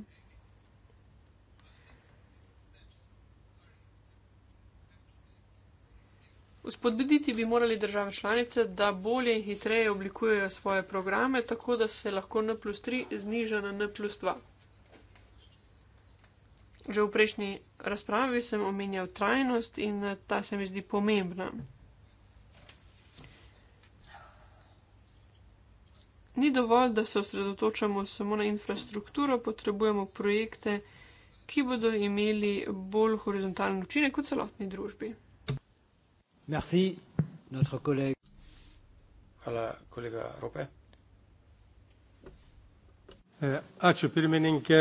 Spodbuditi bi morali države članice, da bolje in hitreje oblikujejo svoje programe, tako da se lahko N plus 3 zniža na N plus 2. Že v prejšnji razpravi sem omenjal trajnost in eh, ta se mi zdi pomembna. Ni dovolj, da se osredotočamo samo na infrastrukturo, potrebujemo projekte, ki bodo imeli bolj horizontalen učinek v celotni družbi. Merci. Notre collègue. Hvala, kolega Rope. E, ačiū pirmininkė.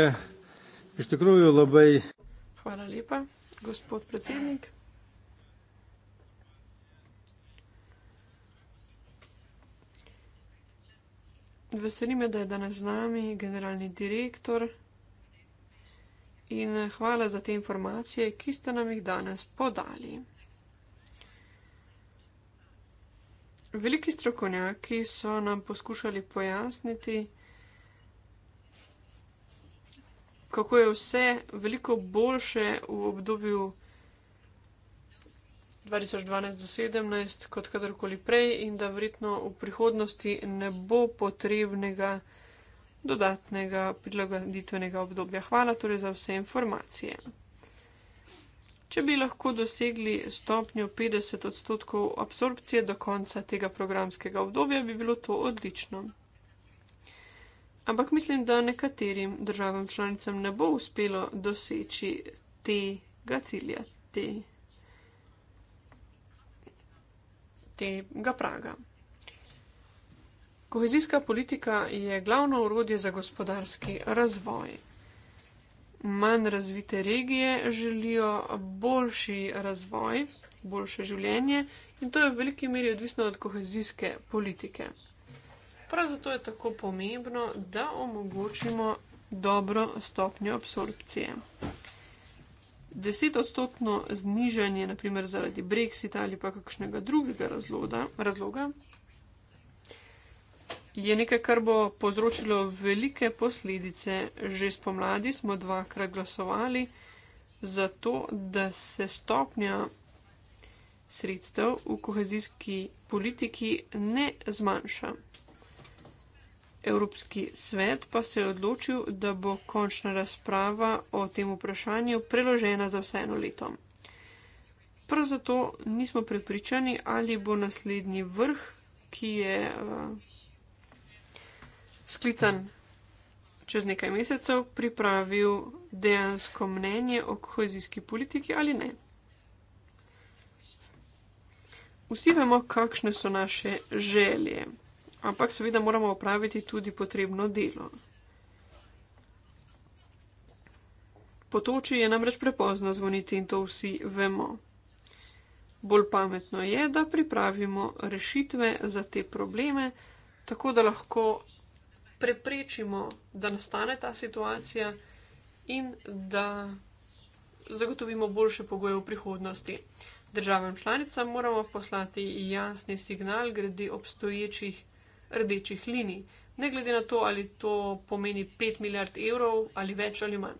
Iš tikrųjų labai. Hvala lepa, gospod predsednik. Veselime, da je danes z nami generalni direktor in hvala za te informacije, ki ste nam jih danes podali. Veliki strokovnjaki so nam poskušali pojasniti, kako je vse veliko boljše v obdobju 2012-2017 kot kadarkoli prej in da verjetno v prihodnosti ne bo potrebnega dodatnega prilagoditvenega obdobja. Hvala torej za vse informacije če bi lahko dosegli stopnjo 50 odstotkov absorpcije do konca tega programskega obdobja, bi bilo to odlično. Ampak mislim, da nekaterim državam članicam ne bo uspelo doseči tega cilja, te, tega praga. Kohezijska politika je glavno urodje za gospodarski razvoj manj razvite regije želijo boljši razvoj, boljše življenje in to je v veliki meri odvisno od kohezijske politike. Prav zato je tako pomembno, da omogočimo dobro stopnjo absorpcije. Desetodstotno znižanje, naprimer zaradi Brexita ali pa kakšnega drugega razloga, razloga, je nekaj, kar bo povzročilo velike posledice. Že spomladi smo dvakrat glasovali za to, da se stopnja sredstev v kohezijski politiki ne zmanjša. Evropski svet pa se je odločil, da bo končna razprava o tem vprašanju preložena za vseeno leto. Prav zato nismo prepričani, ali bo naslednji vrh, ki je uh, sklican čez nekaj mesecev, pripravil dejansko mnenje o kohezijski politiki ali ne. Vsi vemo, kakšne so naše želje, ampak seveda moramo opraviti tudi potrebno delo. Potoči je namreč prepozno zvoniti in to vsi vemo. Bolj pametno je, da pripravimo rešitve za te probleme, tako da lahko preprečimo, da nastane ta situacija in da zagotovimo boljše pogoje v prihodnosti. Državam članicam moramo poslati jasni signal glede obstoječih rdečih linij, ne glede na to, ali to pomeni 5 milijard evrov ali več ali manj.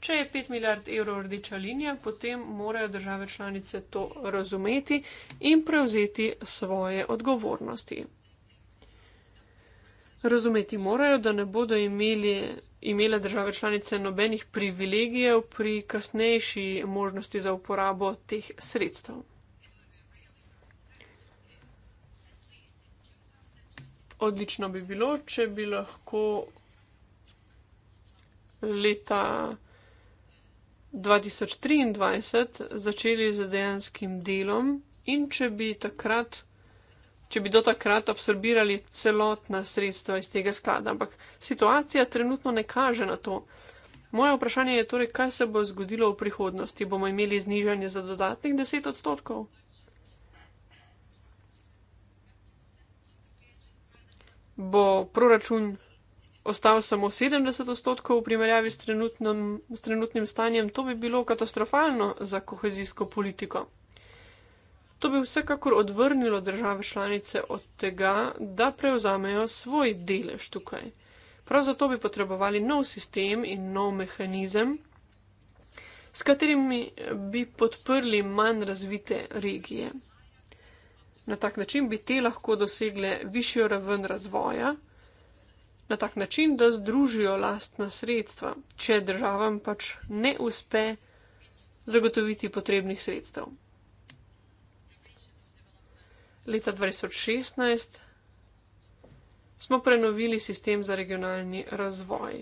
Če je 5 milijard evrov rdeča linija, potem morajo države članice to razumeti in prevzeti svoje odgovornosti. Razumeti morajo, da ne bodo imeli, imele države članice nobenih privilegijev pri kasnejši možnosti za uporabo teh sredstev. Odlično bi bilo, če bi lahko leta 2023 začeli z dejanskim delom in če bi takrat če bi do takrat absorbirali celotna sredstva iz tega sklada. Ampak situacija trenutno ne kaže na to. Moje vprašanje je torej, kaj se bo zgodilo v prihodnosti? Bomo imeli znižanje za dodatnih 10 odstotkov? Bo proračun ostal samo 70 odstotkov v primerjavi s trenutnim, s trenutnim stanjem? To bi bilo katastrofalno za kohezijsko politiko. To bi vsekakor odvrnilo države članice od tega, da prevzamejo svoj delež tukaj. Prav zato bi potrebovali nov sistem in nov mehanizem, s katerimi bi podprli manj razvite regije. Na tak način bi te lahko dosegle višjo raven razvoja, na tak način, da združijo lastna sredstva, če državam pač ne uspe zagotoviti potrebnih sredstev leta 2016 smo prenovili sistem za regionalni razvoj.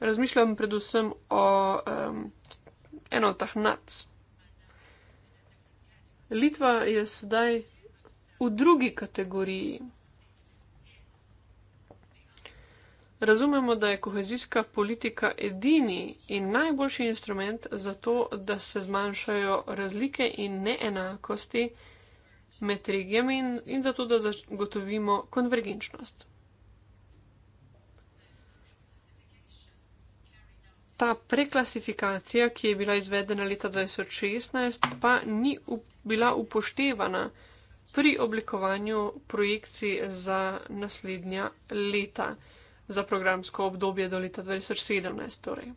Razmišljam predvsem o um, enotah NAC. Litva je sedaj v drugi kategoriji. Razumemo, da je kohezijska politika edini in najboljši instrument za to, da se zmanjšajo razlike in neenakosti med regijami in, in zato, da zagotovimo konvergenčnost. Ta preklasifikacija, ki je bila izvedena leta 2016, pa ni up bila upoštevana pri oblikovanju projekcij za naslednja leta, za programsko obdobje do leta 2017. Torej.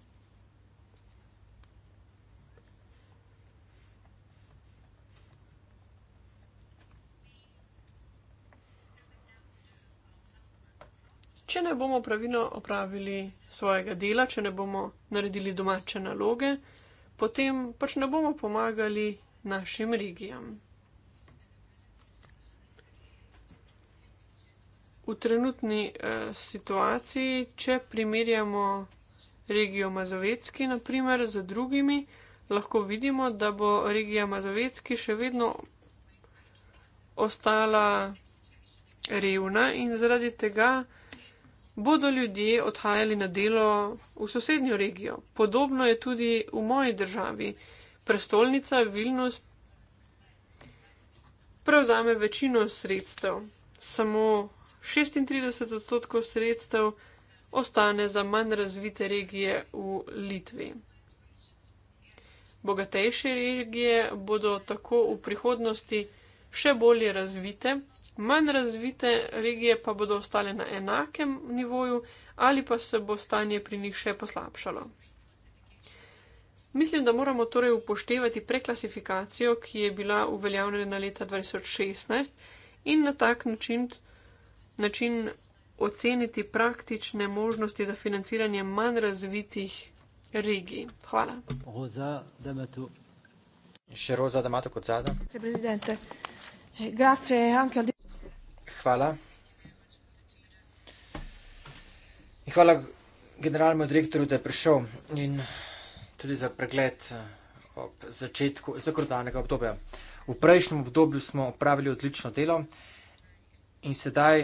če ne bomo pravilno opravili svojega dela, če ne bomo naredili domače naloge, potem pač ne bomo pomagali našim regijam. V trenutni eh, situaciji, če primerjamo regijo Mazovetski naprimer z drugimi, lahko vidimo, da bo regija Mazovetski še vedno ostala revna in zaradi tega bodo ljudje odhajali na delo v sosednjo regijo. Podobno je tudi v moji državi. Prestolnica Vilnus prevzame večino sredstev, samo 36 odstotkov sredstev ostane za manj razvite regije v Litvi. Bogatejše regije bodo tako v prihodnosti še bolje razvite manj razvite regije pa bodo ostale na enakem nivoju ali pa se bo stanje pri njih še poslabšalo. Mislim, da moramo torej upoštevati preklasifikacijo, ki je bila uveljavljena leta 2016 in na tak način, način oceniti praktične možnosti za financiranje manj razvitih regij. Hvala. Roza, da me tu. Še Roza, da imate kot zadnja. Grazie anche al hvala. In hvala generalnemu direktorju, da je prišel in tudi za pregled eh, ob začetku zakonodajnega obdobja. V prejšnjem obdobju smo opravili odlično delo in sedaj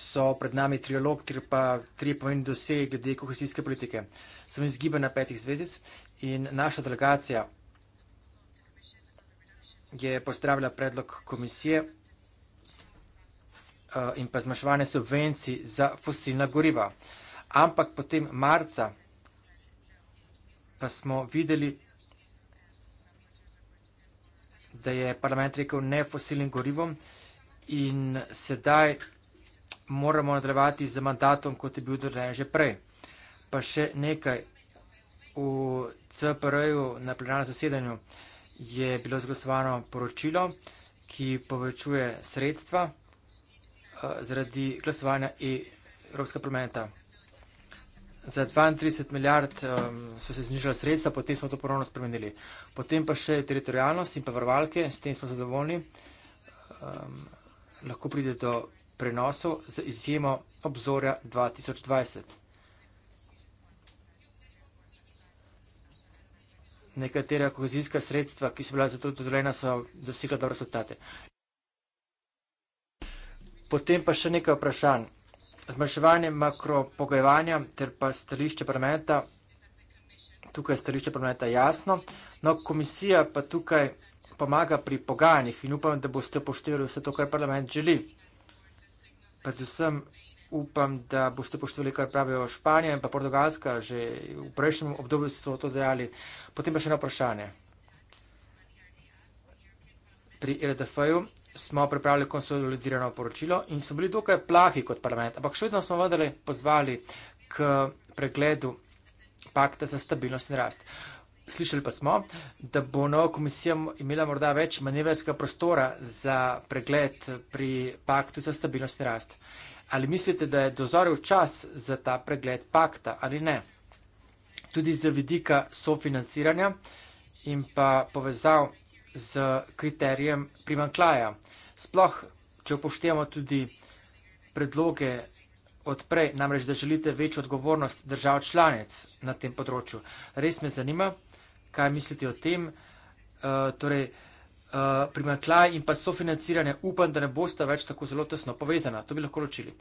so pred nami trialog, ter pa tri pomeni dosege glede kohesijske politike. Sem iz Gibanja petih zvezic in naša delegacija je pozdravila predlog komisije Eh, in pa zmanjševanje subvencij za fosilna goriva. Ampak potem marca pa smo videli, da je parlament rekel ne fosilnim gorivom in sedaj moramo nadaljevati z mandatom, kot je bil dorejen že prej. Pa še nekaj, v CPR-ju na plenarnem zasedanju je bilo zgostovano poročilo, ki povečuje sredstva, Eh, zaradi glasovanja Evropskega parlamenta. Za 32 milijard um, so se znižala sredstva, potem smo to ponovno spremenili. Potem pa še teritorijalnost in pa varovalke, s tem smo zadovoljni. Um, lahko pride do prenosov z izjemo obzorja 2020. Nekatera kohezijska sredstva, ki so bila za to dodeljena, so dosegla dobre rezultate. Potem pa še nekaj vprašanj. Zmanjševanje makropogojevanja ter pa stališče parlamenta. Tukaj je stališče parlamenta jasno. No, komisija pa tukaj pomaga pri pogajanjih in upam, da boste upoštevali vse to, kar parlament želi. Predvsem upam, da boste upoštevali, kar pravijo Španija in pa Portugalska, že v prejšnjem obdobju so to dejali. Potem pa še eno vprašanje. Pri RDF-ju smo pripravili konsolidirano poročilo in so bili dokaj plahi kot parlament, ampak še vedno smo vendarle pozvali k pregledu pakta za stabilnost in rast. Slišali pa smo, da bo nova komisija imela morda več manevrskega prostora za pregled pri paktu za stabilnost in rast. Ali mislite, da je dozorel čas za ta pregled pakta ali ne? Tudi z vidika sofinanciranja in pa povezal z kriterijem primankljaja. Sploh, če upoštevamo tudi predloge odprej, namreč, da želite večjo odgovornost držav članic na tem področju. Res me zanima, kaj mislite o tem. Uh, torej, uh, primankljaj in pa sofinanciranje, upam, da ne boste več tako zelo tesno povezana. To bi lahko ločili.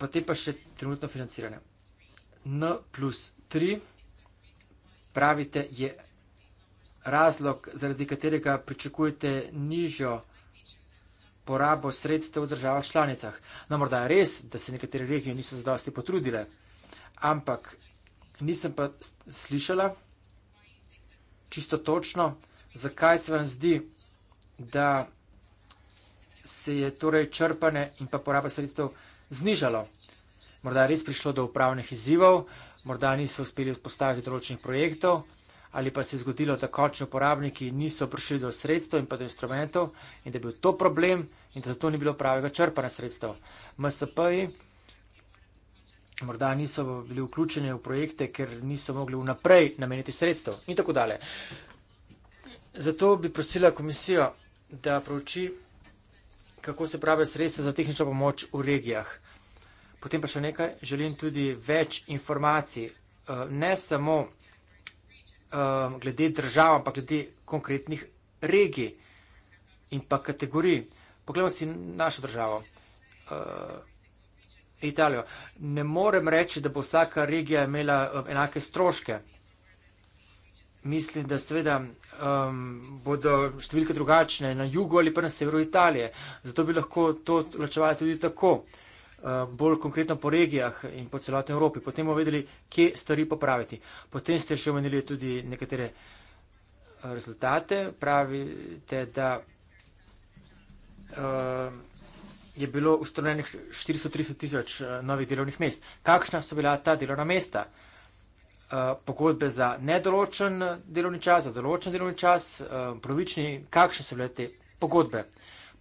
Potem pa še trenutno financiranje. N plus 3, pravite, je razlog, zaradi katerega pričakujete nižjo porabo sredstev v državah članicah. No, morda je res, da se nekatere regije niso zadosti potrudile, ampak nisem pa slišala čisto točno, zakaj se vam zdi, da se je torej črpane in pa poraba sredstev znižalo. Morda je res prišlo do upravnih izzivov, morda niso uspeli vzpostaviti določenih projektov, ali pa se je zgodilo, da končni uporabniki niso prišli do sredstev in pa do instrumentov in da je bil to problem in da zato ni bilo pravega črpanja sredstev. MSP-ji morda niso bili vključeni v projekte, ker niso mogli vnaprej nameniti sredstev in tako dalje. Zato bi prosila komisijo, da prouči, kako se prave sredstva za tehnično pomoč v regijah. Potem pa še nekaj, želim tudi več informacij, eh, ne samo um, glede držav, ampak glede konkretnih regij in pa kategorij. Poglejmo si našo državo, uh, Italijo. Ne morem reči, da bo vsaka regija imela um, enake stroške. Mislim, da seveda um, bodo številke drugačne na jugu ali pa na severu Italije. Zato bi lahko to ločevali tudi tako. Uh, Eh, bolj konkretno po regijah in po celotni Evropi. Potem bomo vedeli, kje stvari popraviti. Potem ste še omenili tudi nekatere eh, rezultate. Pravite, da eh, je bilo ustanovljenih 430 tisoč novih delovnih mest. Kakšna so bila ta delovna mesta? Pogodbe za nedoločen delovni čas, za določen delovni čas, provični, kakšne so bile te pogodbe?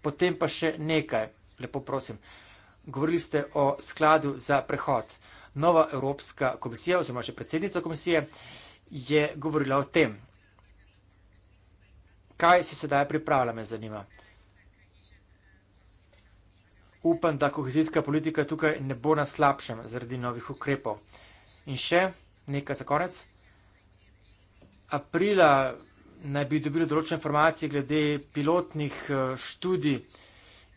Potem pa še nekaj, lepo prosim govorili ste o skladu za prehod. Nova Evropska komisija, oziroma še predsednica komisije, je govorila o tem. Kaj se sedaj pripravlja, me zanima. Upam, da kohezijska politika tukaj ne bo na slabšem zaradi novih ukrepov. In še nekaj za konec. Aprila naj bi dobili določene informacije glede pilotnih eh, študij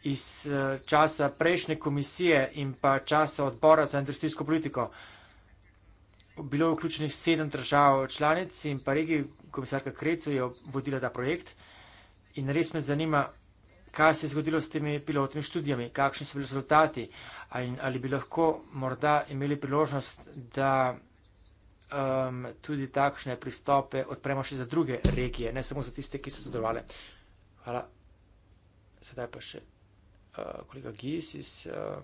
iz eh, časa prejšnje komisije in pa časa odbora za industrijsko politiko. Bilo je vključenih sedem držav članic in pa regij, komisarka Krecu je vodila ta projekt in res me zanima, kaj se je zgodilo s temi pilotnimi študijami, kakšni so bili rezultati in ali bi lahko morda imeli priložnost, da um, tudi takšne pristope odpremo še za druge regije, ne samo za tiste, ki so sodelovali. Hvala. Sedaj pa še Eh, Kollege Gies ist äh, eh,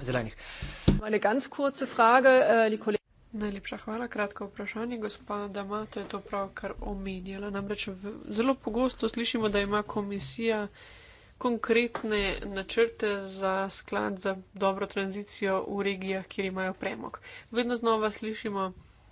sehr leinig. Eine ganz kurze Frage, äh, die Kollegin. Najlepša hvala, kratko vprašanje. Gospa Dama, to je to prav, kar omenjala. Namreč v, zelo pogosto slišimo, da ima komisija konkretne načrte za sklad za dobro tranzicijo v regijah, kjer imajo premog. Vedno znova slišimo,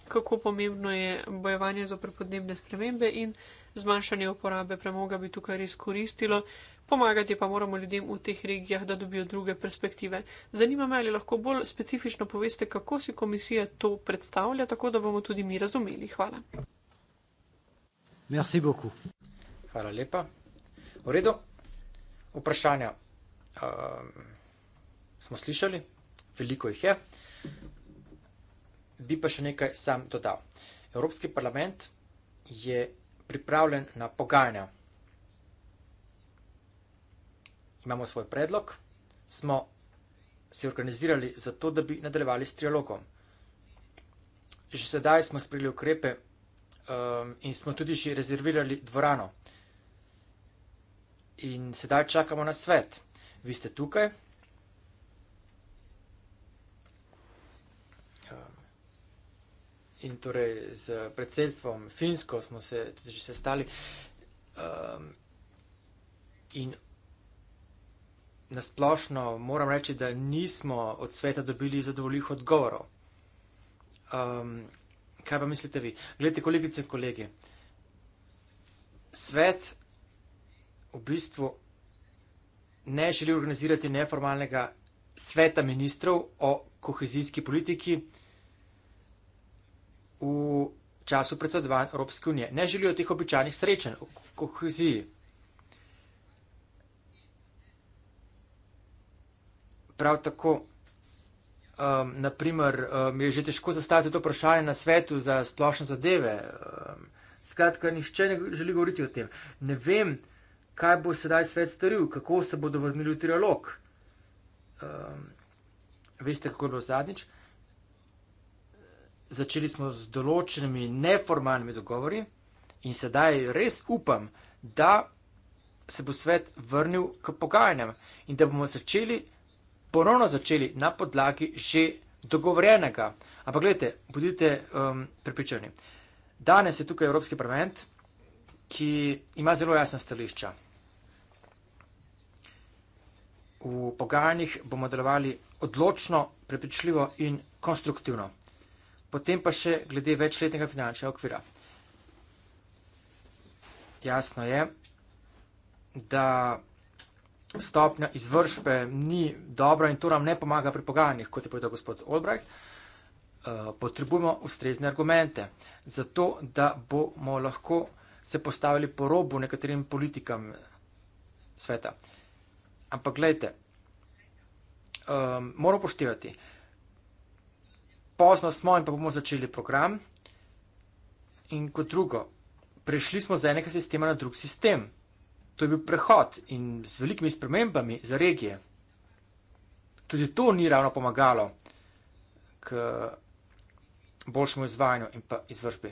kako pomembno je bojevanje zopr podnebne spremembe in zmanjšanje uporabe premoga bi tukaj res koristilo pomagati pa moramo ljudem v teh regijah, da dobijo druge perspektive. Zanima me, ali lahko bolj specifično poveste, kako si komisija to predstavlja, tako da bomo tudi mi razumeli. Hvala. Merci beaucoup. Hvala lepa. V redu, vprašanja um, smo slišali, veliko jih je. Bi pa še nekaj sam dodal. Evropski parlament je pripravljen na pogajanja imamo svoj predlog, smo se organizirali zato, da bi nadaljevali s trialogom. Že sedaj smo sprejeli ukrepe um, in smo tudi že rezervirali dvorano. In sedaj čakamo na svet. Vi ste tukaj. Um, in torej z predsedstvom Finsko smo se tudi že sestali. Um, in nasplošno moram reči, da nismo od sveta dobili zadovoljih odgovorov. Um, kaj pa mislite vi? Glede, kolegice in kolege, svet v bistvu ne želi organizirati neformalnega sveta ministrov o kohezijski politiki v času predsedovanja Evropske unije. Ne želijo teh običajnih srečanj o koheziji. Prav tako, um, naprimer, um, je že težko zastaviti to vprašanje na svetu za splošne zadeve. Um, skratka, nihče ne želi govoriti o tem. Ne vem, kaj bo sedaj svet storil, kako se bodo vrnili v trialog. Um, veste, kako je bilo zadnjič? Začeli smo z določenimi neformalnimi dogovori in sedaj res upam, da se bo svet vrnil k pogajanjem in da bomo začeli ponovno začeli na podlagi že dogovorjenega. Ampak gledajte, bodite um, pripričani. Danes je tukaj Evropski parlament, ki ima zelo jasna stališča. V pogajanjih bomo delovali odločno, prepričljivo in konstruktivno. Potem pa še glede večletnega finančnega okvira. Jasno je, da stopnja izvršbe ni dobra in to nam ne pomaga pri pogajanjih, kot je povedal gospod Olbrecht, eh, potrebujemo ustrezne argumente, zato da bomo lahko se postavili po robu nekaterim politikam sveta. Ampak gledajte, um, ehm, moramo poštevati, pozno smo in pa bomo začeli program in kot drugo, prešli smo z enega sistema na drug sistem. To je bil prehod in z velikimi spremembami za regije. Tudi to ni ravno pomagalo k boljšemu izvajanju in pa izvršbi.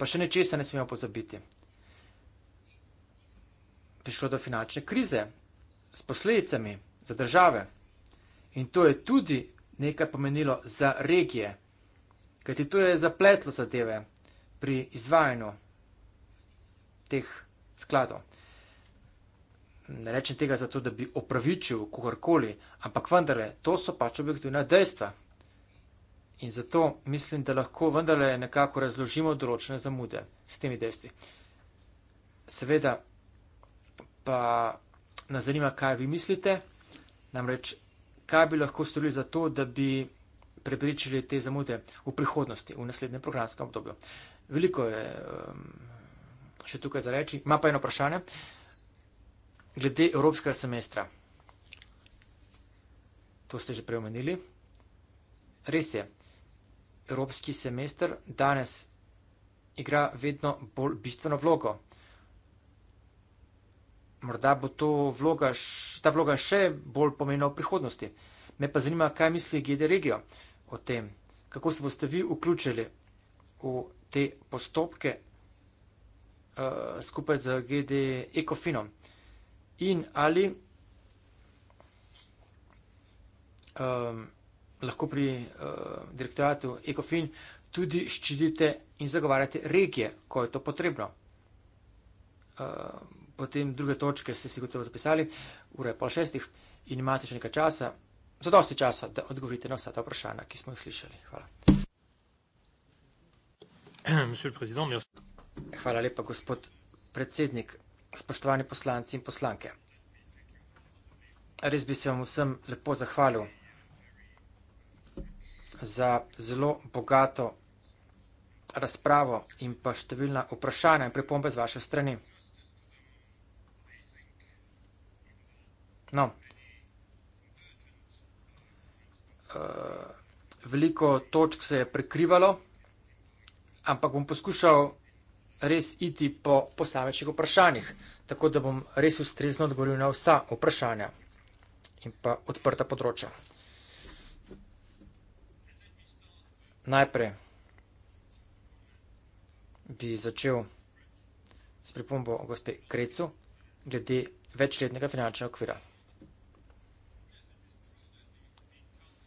Pa še nečesa ne smemo pozabiti. Prišlo do finančne krize s posledicami za države in to je tudi nekaj pomenilo za regije, kajti to je zapletlo zadeve pri izvajanju teh skladov ne rečem tega zato, da bi opravičil kogarkoli, ampak vendarle, to so pač objektivna dejstva. In zato mislim, da lahko vendarle nekako razložimo določene zamude s temi dejstvi. Seveda pa nas zanima, kaj vi mislite, namreč, kaj bi lahko storili za to, da bi prepričali te zamude v prihodnosti, v naslednjem programskem obdobju. Veliko je um, še tukaj za reči. Ima pa eno vprašanje. Uh, glede evropskega semestra. To ste že preomenili. Res je, evropski semester danes igra vedno bolj bistveno vlogo. Morda bo vloga, ta vloga še bolj pomenila v prihodnosti. Me pa zanima, kaj misli GD Regio o tem, kako se boste vi vključili v te postopke uh, skupaj z GD Ecofinom. Uh, in ali um, lahko pri uh, direktoratu Ecofin tudi ščitite in zagovarjate regije, ko je to potrebno. Uh, potem druge točke ste si gotovo zapisali, ura je pol šestih in imate še nekaj časa, za dosti časa, da odgovorite na vsa ta vprašanja, ki smo jih slišali. Hvala. Hvala lepa, gospod predsednik spoštovani poslanci in poslanke. Res bi se vam vsem lepo zahvalil za zelo bogato razpravo in pa številna vprašanja in pripombe z vaše strani. No, eh, veliko točk se je prekrivalo, ampak bom poskušal res iti po posamečnih vprašanjih, tako da bom res ustrezno odgovoril na vsa vprašanja in pa odprta področja. Najprej bi začel s pripombo gospe Krecu glede večletnega finančnega okvira.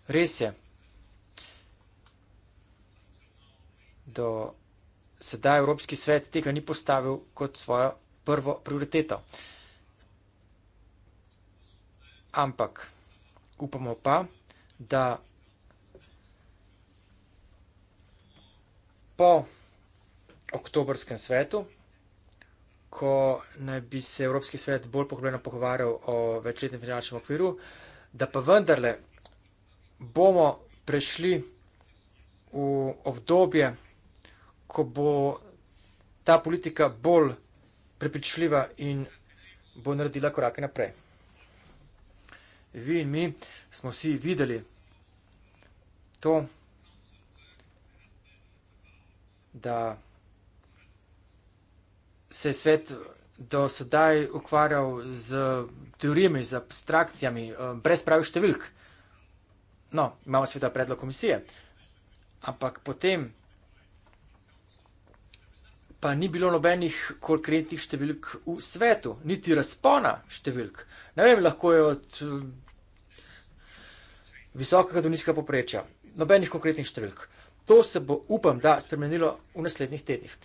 Res je, do sedaj Evropski svet tega ni postavil kot svojo prvo prioriteto. Ampak upamo pa, da po oktobrskem svetu, ko naj bi se Evropski svet bolj poglobljeno pogovarjal o večletnem finančnem okviru, da pa vendarle bomo prešli v obdobje, ko bo ta politika bolj prepričljiva in bo naredila korake naprej. Vi in mi smo vsi videli to, da se je svet do sedaj ukvarjal z teorijami, z abstrakcijami, eh, brez pravih številk. No, imamo sveda predlog komisije. Ampak potem, pa ni bilo nobenih konkretnih številk v svetu, niti razpona številk. Ne vem, lahko je od eh, visokega do nizkega poprečja. Nobenih konkretnih številk. To se bo, upam, da spremenilo v naslednjih tednih.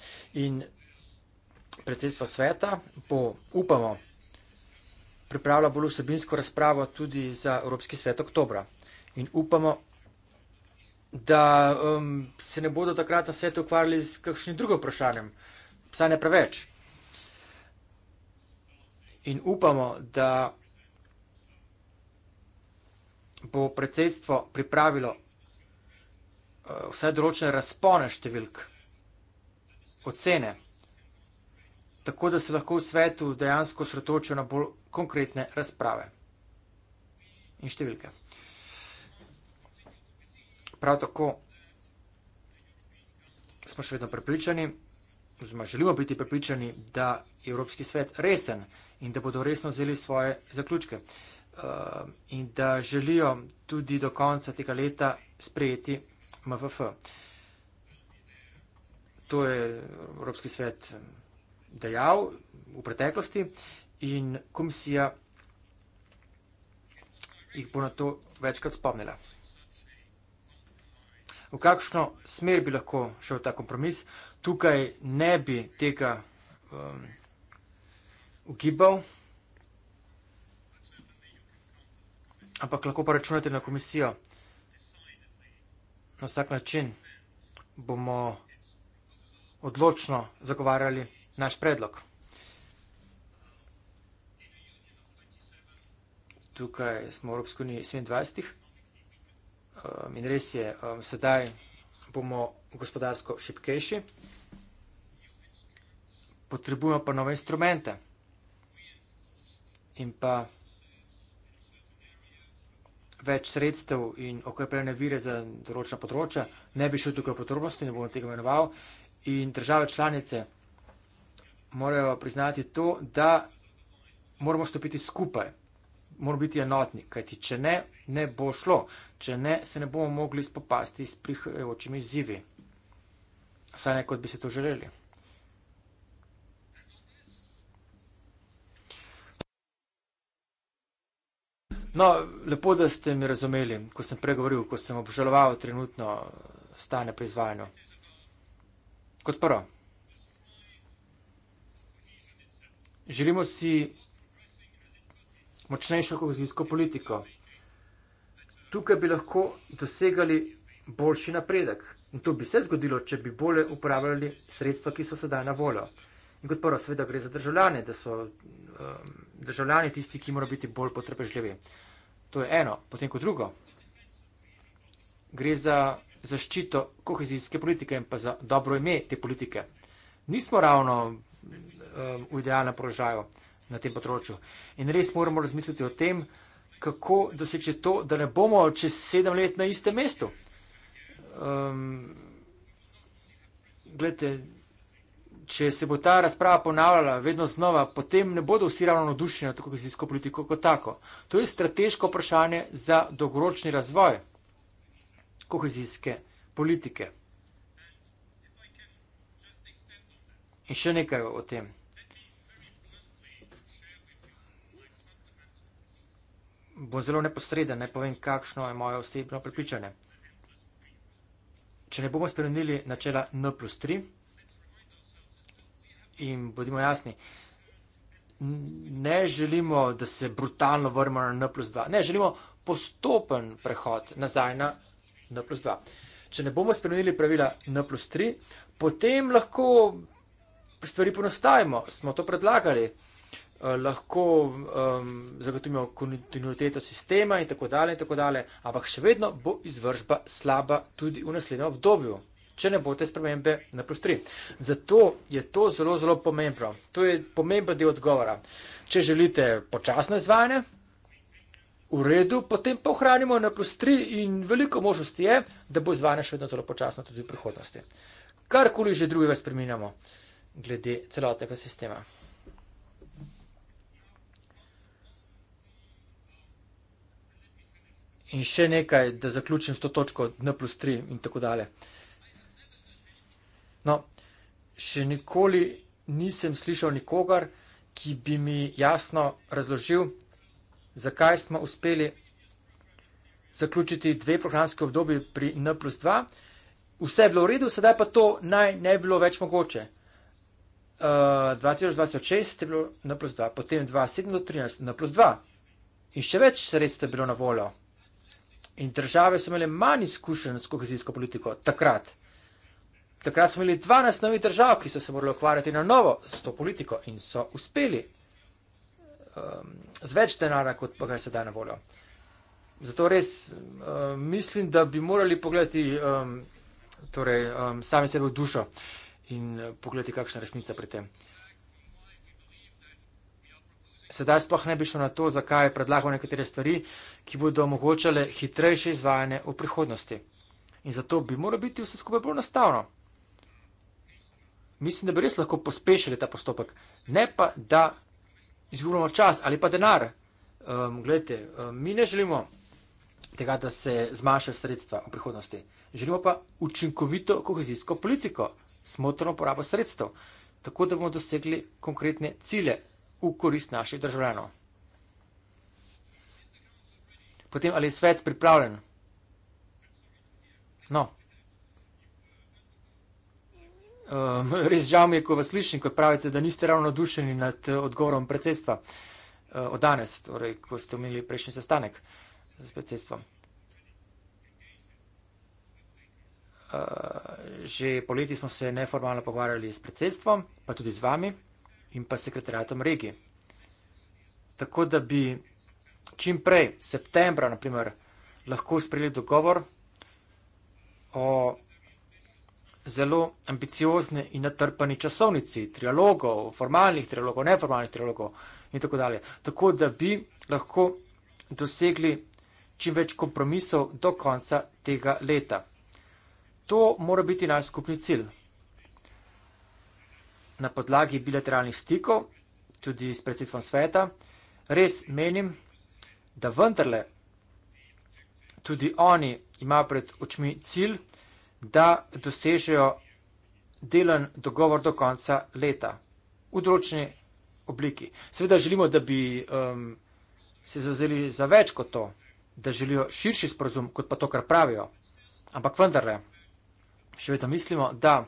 In predsedstvo sveta bo, upamo, pripravila bolj vsebinsko razpravo tudi za Evropski svet oktobra. In upamo, da um, se ne bodo takrat na svetu ukvarjali z kakšnim drugim vprašanjem, saj ne preveč. In upamo, da bo predsedstvo pripravilo uh, vse določene razpone številk, ocene, tako da se lahko v svetu dejansko osredotočijo na bolj konkretne razprave in številke. Prav tako smo še vedno prepričani, oziroma želimo biti prepričani, da je Evropski svet resen in da bodo resno vzeli svoje zaključke eh, in da želijo tudi do konca tega leta sprejeti MVF. To je Evropski svet dejal v preteklosti in komisija jih bo na to večkrat spomnila v kakšno smer bi lahko šel ta kompromis. Tukaj ne bi tega um, ugibal, um, ampak lahko pa računate na komisijo. Na vsak način bomo odločno zagovarjali naš predlog. Tukaj smo v Evropski uniji 27 um, in res je, um, sedaj bomo gospodarsko šipkejši, potrebujemo pa nove instrumente in pa več sredstev in okrepljene vire za določena področja. Ne bi šel tukaj v podrobnosti, ne bom tega imenoval. In države članice morajo priznati to, da moramo stopiti skupaj, moramo biti enotni, kajti če ne, ne bo šlo, če ne, se ne bomo mogli spopasti s prihajajočimi izzivi. Vsaj ne kot bi se to želeli. No, lepo, da ste mi razumeli, ko sem pregovoril, ko sem obžaloval trenutno stanje pri izvajanju. Kot prvo, želimo si močnejšo kohezijsko politiko tukaj bi lahko dosegali boljši napredek. In to bi se zgodilo, če bi bolje uporabljali sredstva, ki so sedaj na voljo. In kot prvo, seveda gre za državljane, da so um, državljani tisti, ki morajo biti bolj potrebežljivi. To je eno. Potem kot drugo, gre za zaščito kohezijske politike in pa za dobro ime te politike. Nismo ravno um, v idealnem položaju na tem področju. In res moramo razmisliti o tem, kako doseči to, da ne bomo čez sedem let na istem mestu. Um, ehm, Glede, če se bo ta razprava ponavljala vedno znova, potem ne bodo vsi ravno navdušeni tako kohezijsko politiko kot tako. To je strateško vprašanje za dolgoročni razvoj kohezijske politike. In še nekaj o tem. bom zelo neposreden, ne povem, kakšno je moje osebno prepričanje. Če ne bomo spremenili načela N plus 3 in bodimo jasni, ne želimo, da se brutalno vrnemo na N plus 2, ne želimo postopen prehod nazaj na N plus 2. Če ne bomo spremenili pravila N plus 3, potem lahko stvari ponostajmo, smo to predlagali. Eh, lahko um, zagotovimo kontinuiteto sistema in tako dalje in tako dalje, ampak še vedno bo izvržba slaba tudi v naslednjem obdobju, če ne bo te spremembe naprostri. Zato je to zelo, zelo pomembno. To je pomemben del odgovora. Če želite počasno izvajanje, v redu, potem pa ohranimo naprostri in veliko možnosti je, da bo izvajanje še vedno zelo počasno tudi v prihodnosti. Karkoli že drugega spreminjamo glede celotnega sistema. In še nekaj, da zaključim s to točko N plus 3 in tako dalje. No, še nikoli nisem slišal nikogar, ki bi mi jasno razložil, zakaj smo uspeli zaključiti dve programske obdobje pri N plus 2. Vse je bilo v redu, sedaj pa to naj ne bi bilo več mogoče. Uh, 2026 je bilo N plus 2, potem 2, 7 do 13, N plus 2. In še več sredstev je bilo na voljo. In države so imele manj izkušenj s kohezijsko politiko takrat. Takrat smo imeli 12 novih držav, ki so se morali ukvarjati na novo s to politiko in so uspeli um, z več denara, kot pa kaj se da na voljo. Zato res um, mislim, da bi morali pogledati um, torej, um, sami sebe v dušo in uh, pogledati, kakšna resnica pri tem sedaj sploh ne bi šlo na to, zakaj predlagamo nekatere stvari, ki bodo omogočale hitrejše izvajanje v prihodnosti. In zato bi moralo biti vse skupaj bolj enostavno. Mislim, da bi res lahko pospešili ta postopek, ne pa da izgubljamo čas ali pa denar. Um, ehm, gledajte, um, ehm, mi ne želimo tega, da se zmanjšajo sredstva v prihodnosti. Želimo pa učinkovito kohezijsko politiko, smotrno porabo sredstev, tako da bomo dosegli konkretne cilje v korist naših državljanov. Potem ali je svet pripravljen? No. Um, res žal mi je, ko vas slišim, ko pravite, da niste ravno odušeni nad eh, odgovorom predsedstva uh, od danes, torej, ko ste imeli prejšnji sestanek s predsedstvom. Uh, že poleti smo se neformalno pogovarjali s predsedstvom, pa tudi z vami in pa sekretariatom regije. Tako da bi čim prej, septembra, naprimer, lahko sprejeli dogovor o zelo ambiciozni in natrpani časovnici trialogov, formalnih trialogov, neformalnih trialogov in tako dalje. Tako da bi lahko dosegli čim več kompromisov do konca tega leta. To mora biti naš skupni cilj na podlagi bilateralnih stikov, tudi s predsedstvom sveta, res menim, da vendarle tudi oni imajo pred očmi cilj, da dosežejo delen dogovor do konca leta v določeni obliki. Seveda želimo, da bi um, se zauzeli za več kot to, da želijo širši sporozum kot pa to, kar pravijo. Ampak vendarle, še vedno mislimo, da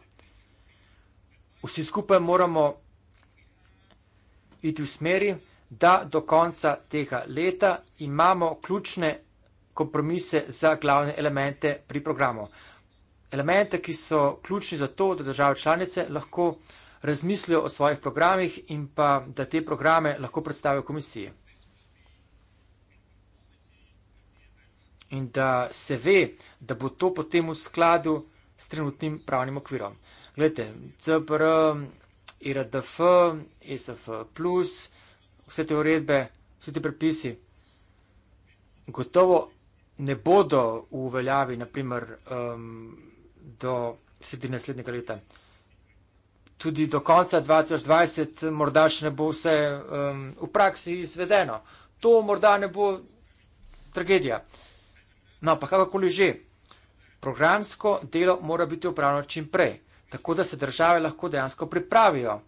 vsi skupaj moramo iti v smeri, da do konca tega leta imamo ključne kompromise za glavne elemente pri programu. Elemente, ki so ključni za to, da države članice lahko razmislijo o svojih programih in pa da te programe lahko predstavijo komisiji. In da se ve, da bo to potem v skladu s trenutnim pravnim okvirom. Glejte, CPR, IRDF, ISF, e vse te uredbe, vse te predpisi, gotovo ne bodo v veljavi, naprimer, um, do sredine naslednjega leta. Tudi do konca 2020 morda še ne bo vse um, v praksi izvedeno. To morda ne bo tragedija. No, pa kakorkoli že, programsko delo mora biti upravljeno čim prej tako da se države lahko dejansko pripravijo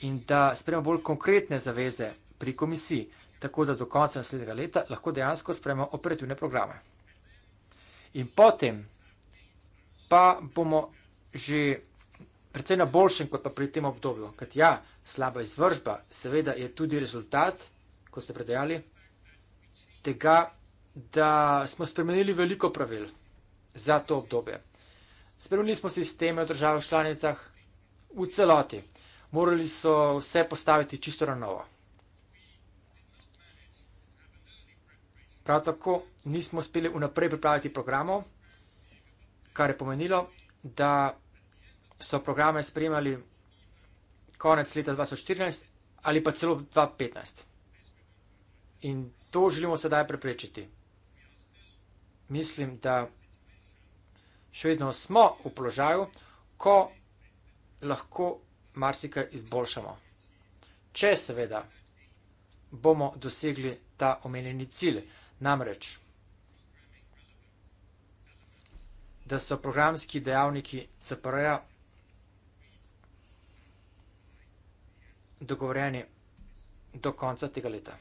in da sprejmo bolj konkretne zaveze pri komisiji, tako da do konca naslednjega leta lahko dejansko sprejmo operativne programe. In potem pa bomo že predvsej na boljšem kot pa pri tem obdobju, kajti ja, slaba izvržba seveda je tudi rezultat, kot ste predajali, tega, da smo spremenili veliko pravil za to obdobje. Spremenili smo sisteme v državah članicah v celoti. Morali so vse postaviti čisto na novo. Prav tako nismo uspeli vnaprej pripraviti programov, kar je pomenilo, da so programe sprejemali konec leta 2014 ali pa celo 2015. In to želimo sedaj preprečiti. Mislim, da še vedno smo v položaju, ko lahko marsikaj izboljšamo. Če seveda bomo dosegli ta omenjeni cilj, namreč, da so programski dejavniki CPR-ja dogovorjeni do konca tega leta.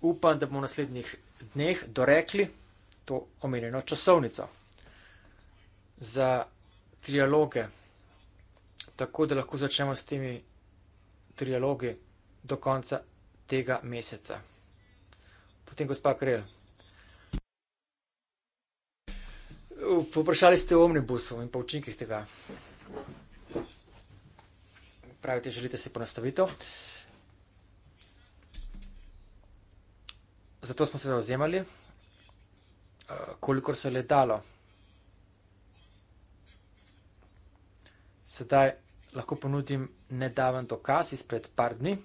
upam, da bomo v naslednjih dneh dorekli to omenjeno časovnico za trialoge, tako da lahko začnemo s temi trialogi do konca tega meseca. Potem, gospa Krel. Poprašali ste o omnibusu in pa učinkih tega. Pravite, želite si ponastavitev. Uh, Zato smo se zauzemali, eh, kolikor se je le dalo. Sedaj lahko ponudim nedaven dokaz izpred par dni. Eh,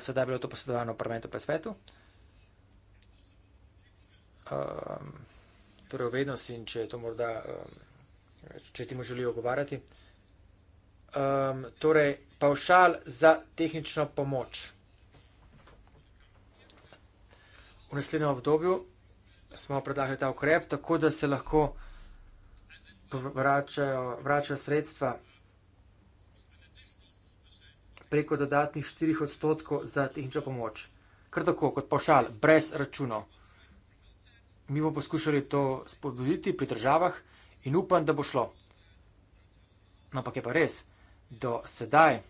sedaj je bilo to posredovano v parlamentu pa svetu. Ehm, torej, vednost in če je to morda, ehm, če ti mu želijo govarjati. Ehm, torej, pa všal za tehnično pomoč. v naslednjem obdobju smo predlagali ta ukrep, tako da se lahko vračajo, vračajo sredstva preko dodatnih 4 odstotkov za tehnično pomoč. Kar tako, kot pošal, brez računov. Mi bomo poskušali to spodbuditi pri državah in upam, da bo šlo. No, ampak je pa res, do sedaj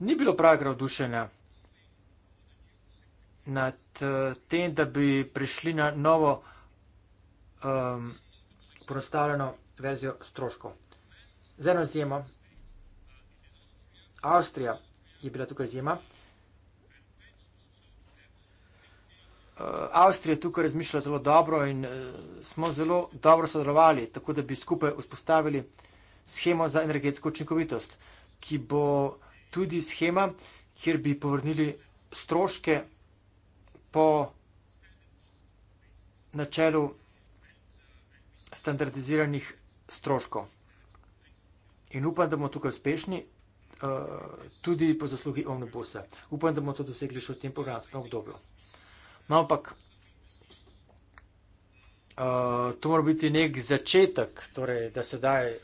ni bilo pravega navdušenja nad uh, tem, da bi prišli na novo um, ehm, ponostavljeno verzijo stroškov. Z eno izjemo, Avstrija je bila tukaj izjema. Uh, Avstrija je tukaj razmišljala zelo dobro in uh, smo zelo dobro sodelovali, tako da bi skupaj vzpostavili schemo za energetsko učinkovitost, ki bo tudi schema, kjer bi povrnili stroške po načelu standardiziranih stroškov. In upam, da bomo tukaj uspešni, eh, tudi po zaslugi omnibusa. Upam, da bomo to dosegli še v tem programskem obdobju. No, ampak eh, to mora biti nek začetek, torej, da sedaj eh,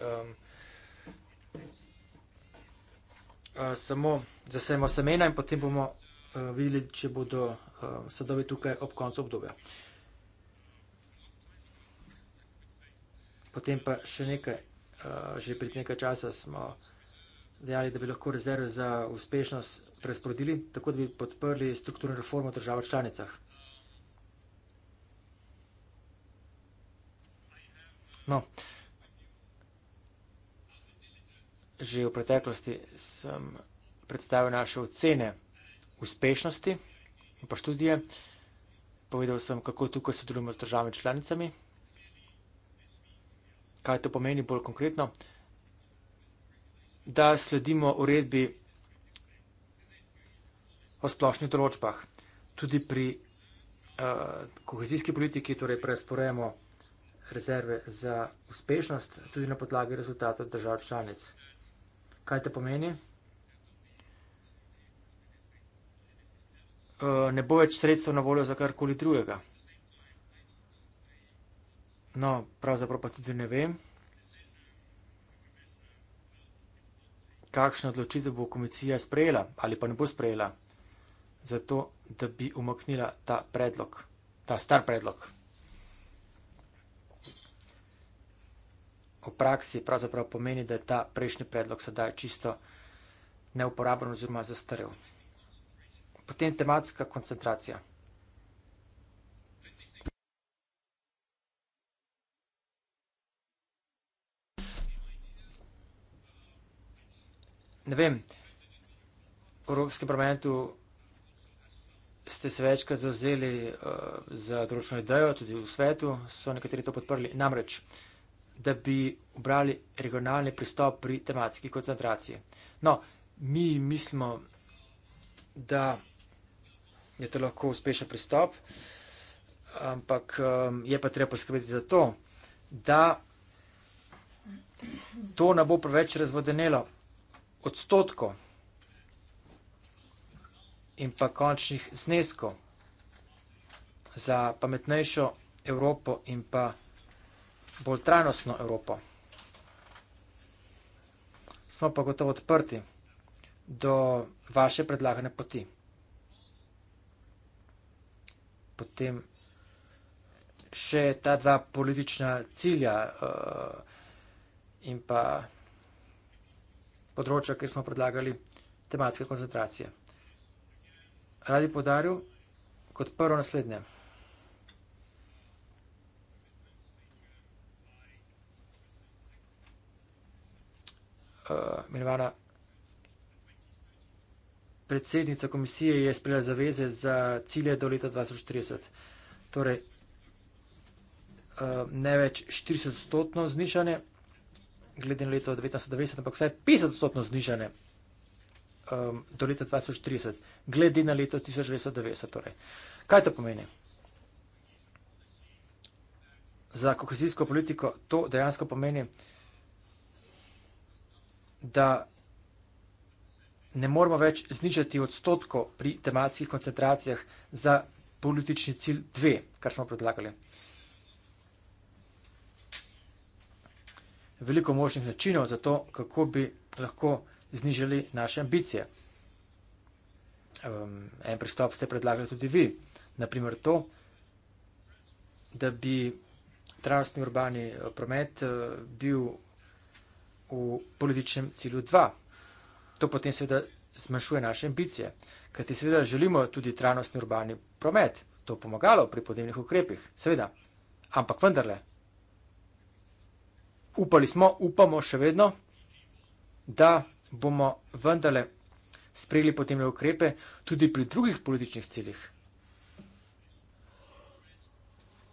samo zasejmo semena in potem bomo videli, če bodo Eh, sadovi tukaj ob koncu obdobja. Potem pa še nekaj, eh, že pred nekaj časa smo dejali, da bi lahko rezerve za uspešnost presprodili, tako da bi podprli strukturno reformo država v članicah. No, že v preteklosti sem predstavil naše ocene uspešnosti in pa študije. Povedal sem, kako tukaj sodelujemo z državami članicami. Kaj to pomeni bolj konkretno? Da sledimo uredbi o splošnih določbah. Tudi pri uh, kohezijski politiki, torej presporejamo rezerve za uspešnost, tudi na podlagi rezultatov držav članic. Kaj to pomeni? Eh, ne bo več sredstva na voljo za karkoli drugega. No, pravzaprav pa tudi ne vem, kakšno odločitev bo komisija sprejela ali pa ne bo sprejela, zato da bi umaknila ta predlog, ta star predlog. V praksi pravzaprav pomeni, da je ta prejšnji predlog sedaj čisto neuporaben oziroma zastarel potem tematska koncentracija. Ne vem, v Evropskem parlamentu ste se večkrat zauzeli uh, eh, za določeno idejo, tudi v svetu so nekateri to podprli, namreč, da bi obrali regionalni pristop pri tematski koncentraciji. No, mi mislimo, da je to lahko uspešen pristop, ampak um, je pa treba poskrbeti za to, da to ne bo preveč razvodenelo odstotko in pa končnih zneskov za pametnejšo Evropo in pa bolj trajnostno Evropo. Smo pa gotovo odprti do vaše predlagane poti potem še ta dva politična cilja uh, in pa področja, ki smo predlagali, tematske koncentracije. Radi podaril kot prvo naslednje. Uh, eh, Milvana, predsednica komisije je sprejela zaveze za cilje do leta 2030. Torej, eh, ne več 400-stotno znižanje, glede na leto 1990, ampak vsaj 500-stotno znižanje eh, do leta 2030, glede na leto 1990. Torej. Kaj to pomeni? Za kohezijsko politiko to dejansko pomeni, da ne moramo več znižati odstotkov pri tematskih koncentracijah za politični cilj 2, kar smo predlagali. Veliko možnih načinov za to, kako bi lahko znižali naše ambicije. Ehm, en pristop ste predlagali tudi vi. Naprimer to, da bi trajnostni urbani eh, promet eh, bil v političnem cilju 2. To potem seveda zmanjšuje naše ambicije, kajti seveda želimo tudi trajnostni urbani promet, to pomagalo pri podnebnih ukrepih, seveda. Ampak vendarle, upali smo, upamo še vedno, da bomo vendarle sprejeli podnebne ukrepe tudi pri drugih političnih ciljih.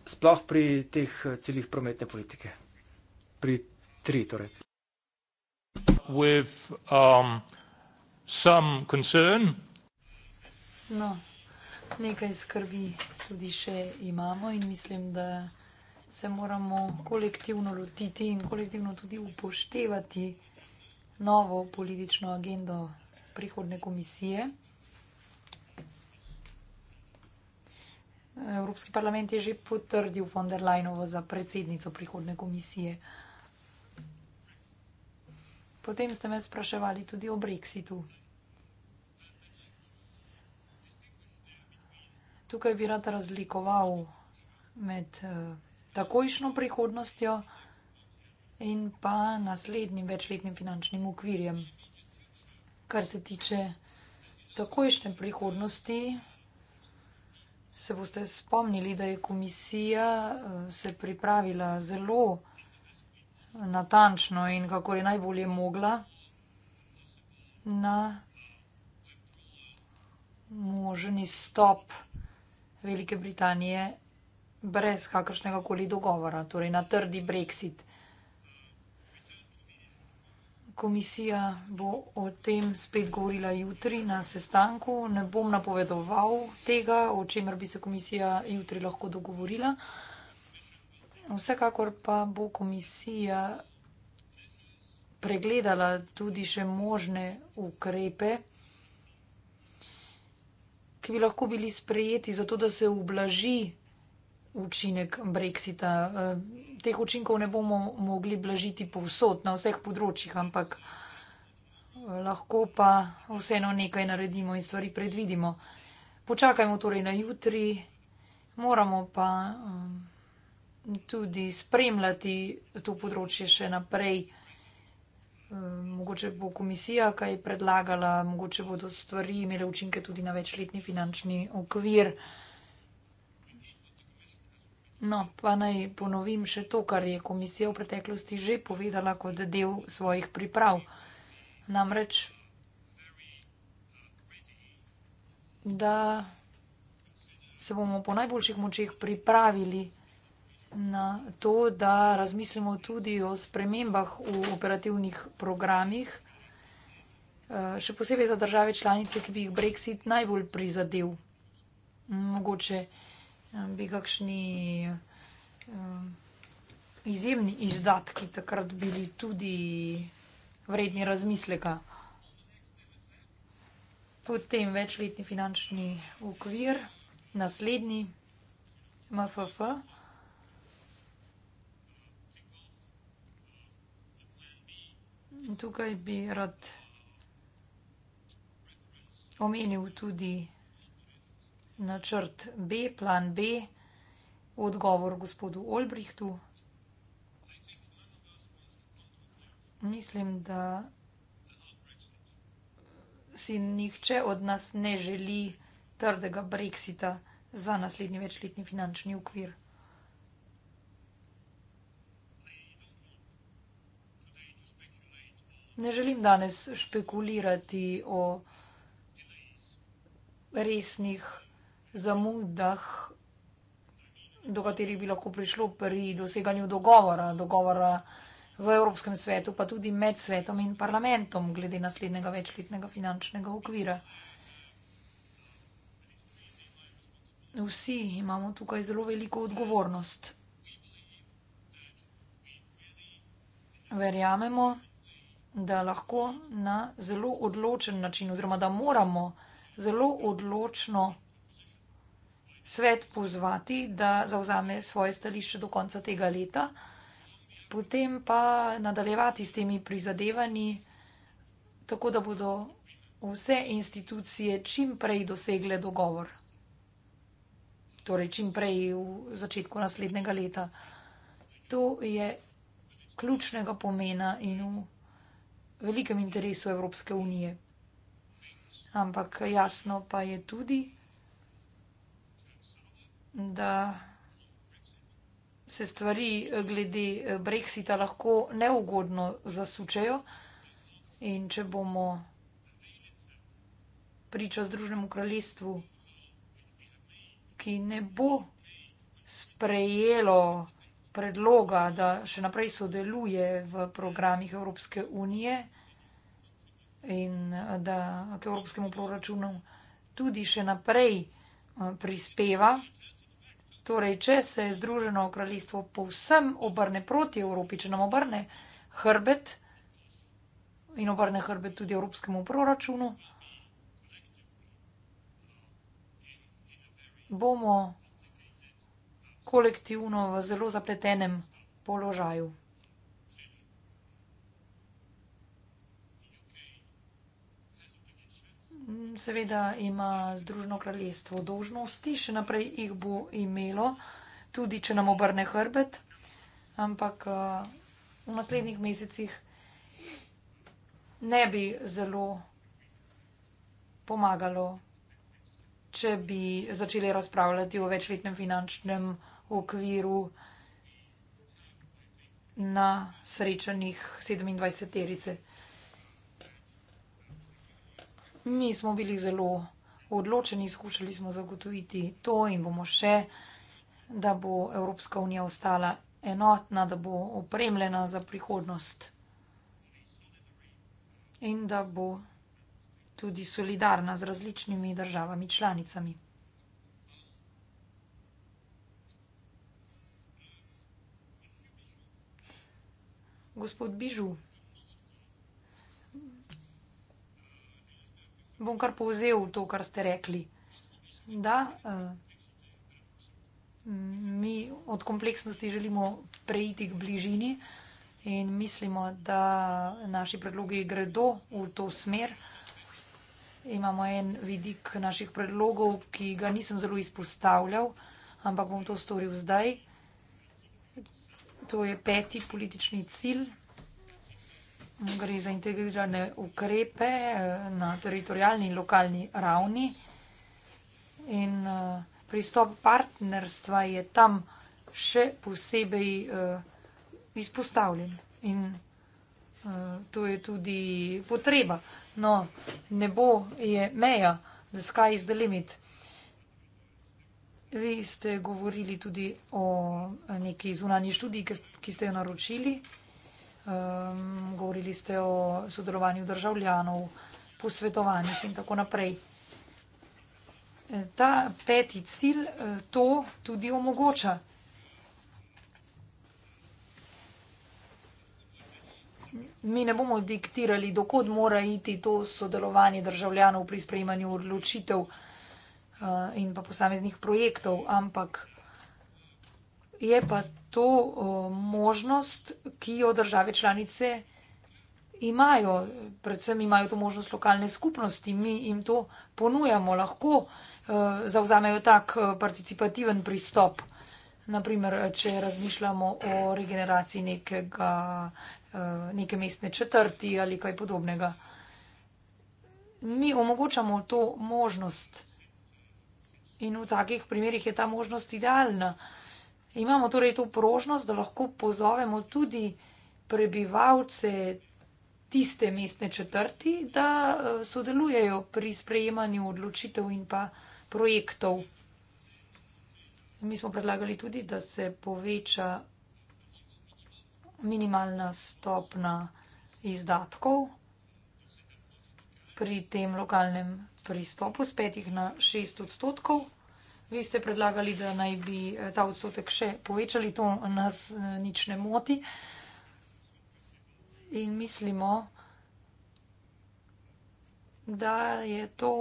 Sploh pri teh eh, ciljih prometne politike. Pri tri torej with um, some concern. No, nekaj skrbi tudi še imamo in mislim, da se moramo kolektivno lotiti in kolektivno tudi upoštevati novo politično agendo prihodne komisije. Evropski parlament je že potrdil von der Leinovo za predsednico prihodne komisije. Potem ste me spraševali tudi o Brexitu. Tukaj bi rad razlikoval med eh, takojšnjo prihodnostjo in pa naslednjim večletnim finančnim ukvirjem. Kar se tiče takojšnje prihodnosti, se boste spomnili, da je komisija eh, se pripravila zelo vsega, natančno in kako je najbolje mogla na možni stop Velike Britanije brez kakršnega koli dogovora, torej na trdi brexit. Komisija bo o tem spet govorila jutri na sestanku. Ne bom napovedoval tega, o čemer bi se komisija jutri lahko dogovorila. Vsekakor pa bo komisija pregledala tudi še možne ukrepe, ki bi lahko bili sprejeti zato, da se ublaži učinek brexita. E, teh učinkov ne bomo mogli blažiti povsod, na vseh področjih, ampak e, lahko pa vseeno nekaj naredimo in stvari predvidimo. Počakajmo torej na jutri, moramo pa. Um, tudi spremljati to področje še naprej. Eh, mogoče bo komisija kaj predlagala, mogoče bodo stvari imele učinke tudi na večletni finančni okvir. No, pa naj ponovim še to, kar je komisija v preteklosti že povedala kot del svojih priprav. Namreč, da se bomo po najboljših močeh pripravili na to, da razmislimo tudi o spremembah v operativnih programih, eh, še posebej za države članice, ki bi jih Brexit najbolj prizadel. Mogoče eh, bi kakšni eh, izjemni izdatki takrat bili tudi vredni razmisleka. Potem večletni finančni okvir, naslednji MFF. In tukaj bi rad omenil tudi načrt B, plan B, odgovor gospodu Olbrihtu. Mislim, da si nihče od nas ne želi trdega brexita za naslednji večletni finančni ukvir. Ne želim danes špekulirati o resnih zamudah, do katerih bi lahko prišlo pri doseganju dogovora, dogovora v Evropskem svetu, pa tudi med svetom in parlamentom glede naslednjega večletnega finančnega okvira. Vsi imamo tukaj zelo veliko odgovornost. Verjamemo, da lahko na zelo odločen način, oziroma da moramo zelo odločno svet pozvati, da zauzame svoje stališče do konca tega leta, potem pa nadaljevati s temi prizadevanji, tako da bodo vse institucije čim prej dosegle dogovor. Torej, čim prej v začetku naslednjega leta. To je ključnega pomena in v velikem interesu Evropske unije. Ampak jasno pa je tudi, da se stvari glede Brexita lahko neugodno zasučejo in če bomo priča Združenemu kraljestvu, ki ne bo sprejelo predloga, da še naprej sodeluje v programih Evropske unije in eh, da k evropskemu proračunu tudi še naprej eh, prispeva. Torej, če se Združeno kraljestvo povsem obrne proti Evropi, če nam obrne hrbet in obrne hrbet tudi evropskemu proračunu, bomo kolektivno v zelo zapletenem položaju. Seveda ima Združeno kraljestvo dožnosti, še naprej jih bo imelo, tudi če nam obrne hrbet, ampak v naslednjih mesecih ne bi zelo pomagalo, če bi začeli razpravljati o večletnem finančnem okviru na srečanjih 27-terice. Mi smo bili zelo odločeni, skušali smo zagotoviti to in bomo še, da bo Evropska unija ostala enotna, da bo opremljena za prihodnost in da bo tudi solidarna z različnimi državami članicami. Gospod Bižu. Bom kar povzel to, kar ste rekli. Da, eh, mi od kompleksnosti želimo preiti k bližini in mislimo, da naši predlogi gredo v to smer. Imamo en vidik naših predlogov, ki ga nisem zelo izpostavljal, ampak bom to storil zdaj. To je peti politični cilj. Gre za integrirane ukrepe eh, na teritorijalni in lokalni ravni. In eh, pristop partnerstva je tam še posebej eh, izpostavljen. In to je tudi potreba. No, ne bo je meja, the sky is the limit. Vi ste govorili tudi o neki zunanji študiji, ki ste jo naročili. Um, govorili ste o sodelovanju državljanov, posvetovanjih in tako naprej. E, ta peti cilj e, to tudi omogoča. Mi ne bomo diktirali, dokud mora iti to sodelovanje državljanov pri sprejemanju odločitev. Uh, uh, in pa posameznih projektov, ampak je pa to uh, možnost, ki jo države članice imajo. Predvsem imajo to možnost lokalne skupnosti, mi jim to ponujamo, lahko uh, eh, zauzamejo tak participativen pristop. Naprimer, če razmišljamo o regeneraciji nekega, neke mestne četrti ali kaj podobnega. Mi omogočamo to možnost. In v takih primerjih je ta možnost idealna. Imamo torej to prožnost, da lahko pozovemo tudi prebivalce tiste mestne četrti, da e, sodelujejo pri sprejemanju odločitev in pa projektov. Mi smo predlagali tudi, da se poveča minimalna stopna izdatkov pri tem lokalnem pristopu z petih na šest odstotkov. Vi ste predlagali, da naj bi eh, ta odstotek še povečali, to nas eh, nič ne moti. In mislimo, da je to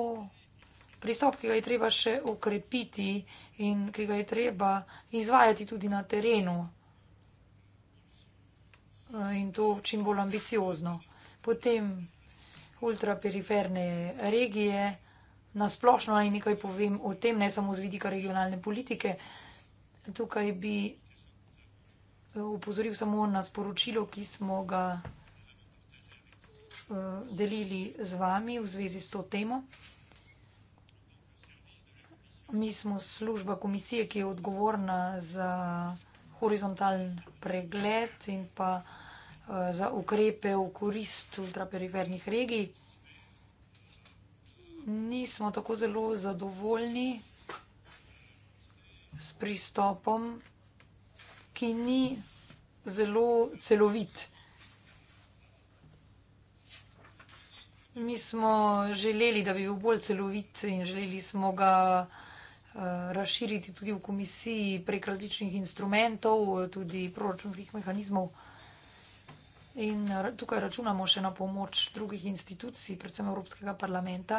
pristop, ki ga je treba še ukrepiti in ki ga je treba izvajati tudi na terenu. Eh, in to čim bolj ambiciozno. Potem ultraperiferne regije, na splošno naj nekaj povem o tem, ne samo z vidika regionalne politike. Tukaj bi upozoril eh, samo na sporočilo, ki smo ga eh, delili z vami v zvezi s to temo. Mi smo služba komisije, ki je odgovorna za horizontalni pregled in pa. Eh, za ukrepe v korist ultrapernih regij. Nismo tako zelo zadovoljni s pristopom, ki ni zelo celovit. Mi smo želeli, da bi bil bolj celovit in želeli smo ga eh, razširiti tudi v komisiji prek različnih instrumentov, tudi proračunskih mehanizmov. In tukaj računamo še na pomoč drugih institucij, predvsem Evropskega parlamenta,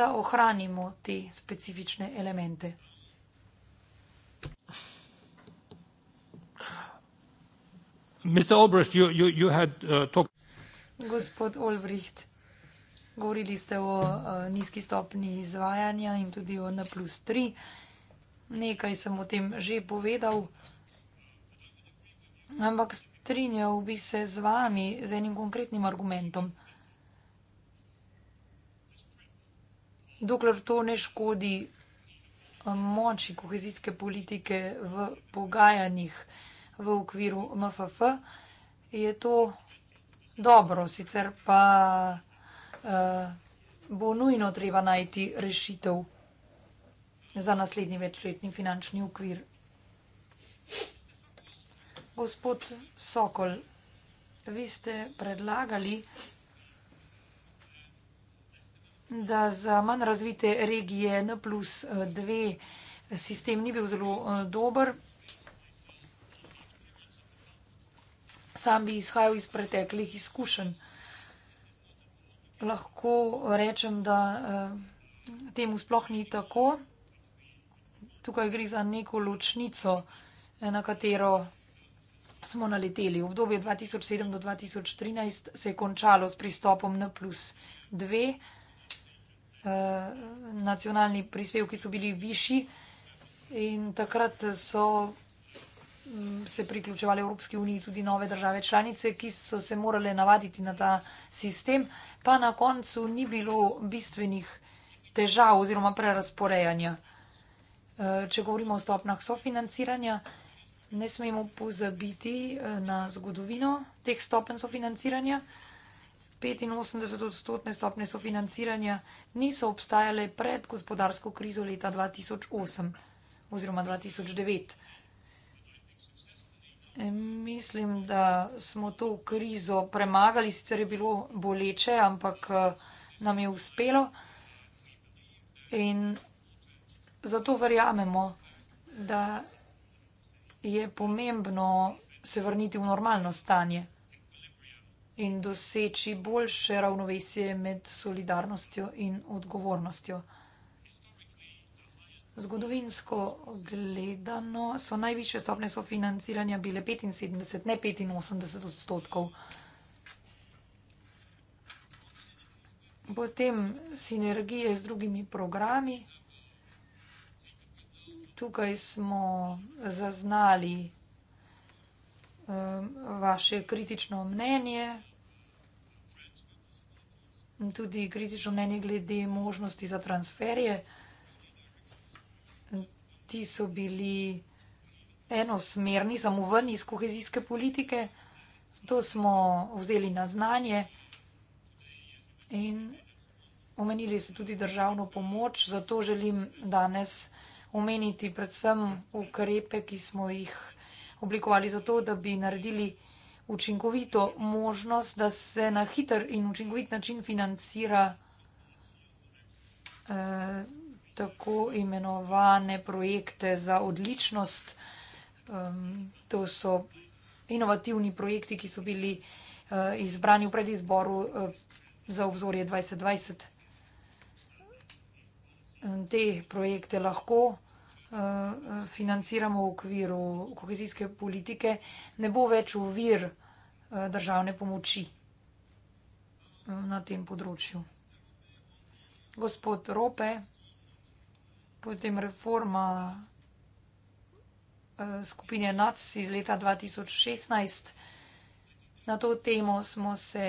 da ohranimo te specifične elemente. Obrecht, you, you, you had, uh, Gospod Olbricht, govorili ste o uh, nizki stopni izvajanja in tudi o N plus 3. Nekaj sem o tem že povedal, ampak strinjal bi se z vami z enim konkretnim argumentom. Dokler to ne škodi eh, moči kohezijske politike v pogajanjih v okviru MFF, je to dobro, sicer pa uh, bo nujno treba najti rešitev za naslednji večletni finančni okvir. Gospod Sokol, vi ste predlagali, da za manj razvite regije N plus 2 eh, eh, sistem ni bil zelo eh, dober. Sam bi izhajal iz preteklih izkušenj. Lahko rečem, da temu sploh ni tako. Tukaj gre za neko ločnico, na katero smo naleteli. V obdobju 2007 do 2013 se je končalo s pristopom N plus 2. Uh, eh, nacionalni prispevki so bili višji in takrat so mm, se priključevali Evropski uniji tudi nove države članice, ki so se morale navaditi na ta sistem, pa na koncu ni bilo bistvenih težav oziroma prerasporejanja. Eh, če govorimo o stopnah sofinanciranja, ne smemo pozabiti eh, na zgodovino teh stopenj sofinanciranja. 85 odstotne stopne sofinanciranja niso obstajale pred gospodarsko krizo leta 2008 oziroma 2009. E, mislim, da smo to krizo premagali, sicer je bilo boleče, ampak eh, nam je uspelo. In zato verjamemo, da je pomembno se vrniti v normalno stanje in doseči boljše ravnovesje med solidarnostjo in odgovornostjo. Zgodovinsko gledano so najvišje stopne sofinanciranja bile 75, ne 85 odstotkov. Potem sinergije z drugimi programi tukaj smo zaznali um, vaše kritično mnenje, tudi kritično mnenje glede možnosti za transferje. Ti so bili enosmerni, samo ven iz kohezijske politike. To smo vzeli na znanje in omenili ste tudi državno pomoč, zato želim danes omeniti predvsem ukrepe, ki smo jih oblikovali zato, da bi naredili učinkovito možnost, da se na hiter in učinkovit način financira eh, tako imenovane projekte za odličnost. Eh, to so inovativni projekti, ki so bili eh, izbrani v predizboru eh, za obzorje 2020. Te projekte lahko Eh, eh, financiramo v okviru kohezijske politike, ne bo več uvir eh, državne pomoči na tem področju. Gospod Rope, potem reforma skupine NACS iz leta 2016. Na to temo smo se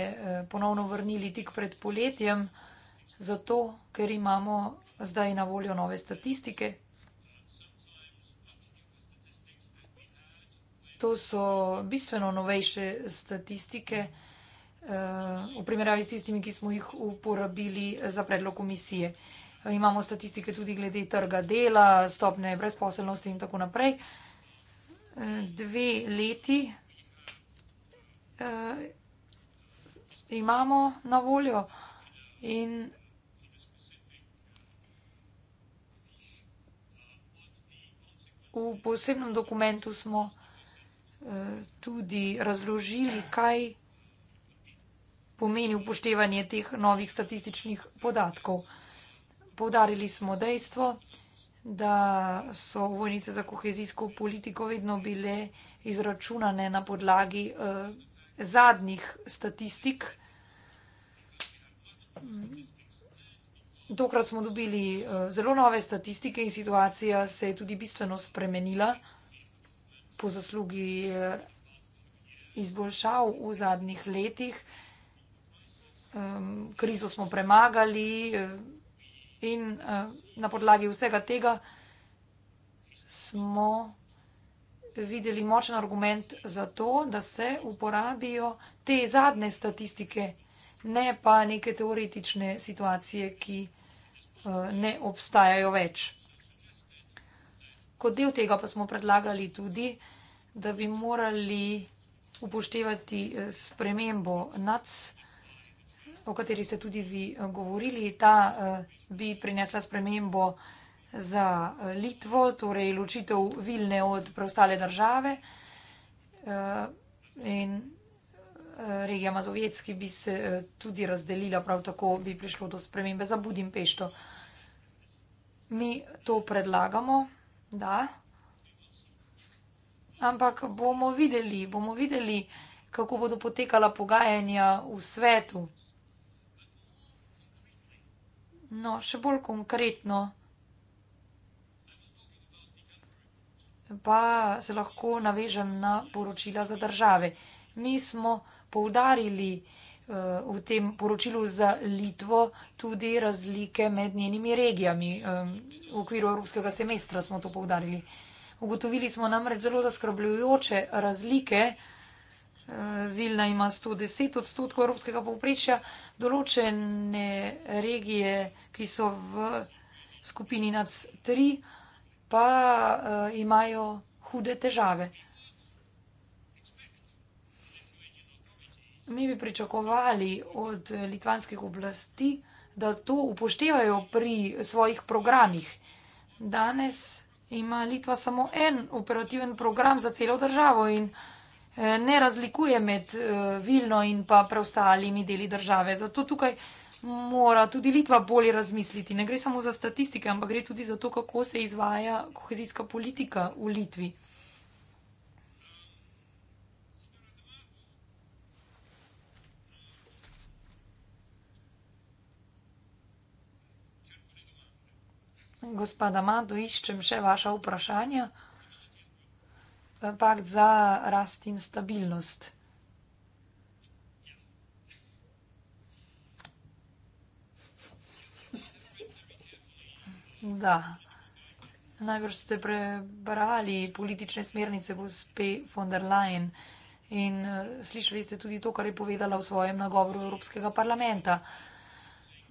ponovno vrnili tik pred poletjem, zato ker imamo zdaj na voljo nove statistike, to so bistveno novejše statistike eh, v primerjavi s tistimi, ki smo jih uporabili za predlog komisije. Eh, imamo statistike tudi glede trga dela, stopne brezposelnosti in tako naprej. Eh, dve leti imamo na voljo in v posebnem dokumentu smo vsega tudi razložili, kaj pomeni upoštevanje teh novih statističnih podatkov. Povdarili smo dejstvo, da so vojnice za kohezijsko politiko vedno bile izračunane na podlagi eh, zadnjih statistik. Tokrat smo dobili eh, zelo nove statistike in situacija se je tudi bistveno spremenila po zaslugi eh, izboljšav v zadnjih letih. Krizo smo premagali eh, in eh, na podlagi vsega tega smo videli močen argument za to, da se uporabijo te zadnje statistike, ne pa neke teoretične situacije, ki ne obstajajo več. Kot del tega pa smo predlagali tudi, da se uporabijo da bi morali upoštevati eh, spremembo NAC, o kateri ste tudi vi eh, govorili. Ta eh, bi prinesla spremembo za Litvo, torej ločitev Vilne od preostale države in regija Mazovjetski bi se tudi razdelila, prav tako bi prišlo do spremembe za Budimpešto. Mi to predlagamo, da ampak bomo videli, bomo videli, kako bodo potekala pogajanja v svetu. No, še bolj konkretno. Pa se lahko navežem na poročila za države. Mi smo poudarili eh, v tem poročilu za Litvo tudi razlike med njenimi regijami. Eh, v okviru evropskega semestra smo to poudarili. Ugotovili smo namreč zelo zaskrbljujoče razlike. Eh, Vilna ima 110 odstotkov evropskega povprečja, določene regije, ki so v skupini nad 3, pa eh, imajo hude težave. Mi bi pričakovali od litvanskih oblasti, da to upoštevajo pri svojih programih. Danes ima Litva samo en operativen program za celo državo in eh, ne razlikuje med eh, Vilno in pa preostalimi deli države. Zato tukaj mora tudi Litva bolje razmisliti. Ne gre samo za statistike, ampak gre tudi za to, kako se izvaja kohezijska politika v Litvi. Gospa Damanto, iščem še vaša vprašanja. Pakt za rast in stabilnost. Da. Najbrž ste prebrali politične smernice gospe von der Leyen in eh, slišali ste tudi to, kar je povedala v svojem nagovoru Evropskega parlamenta.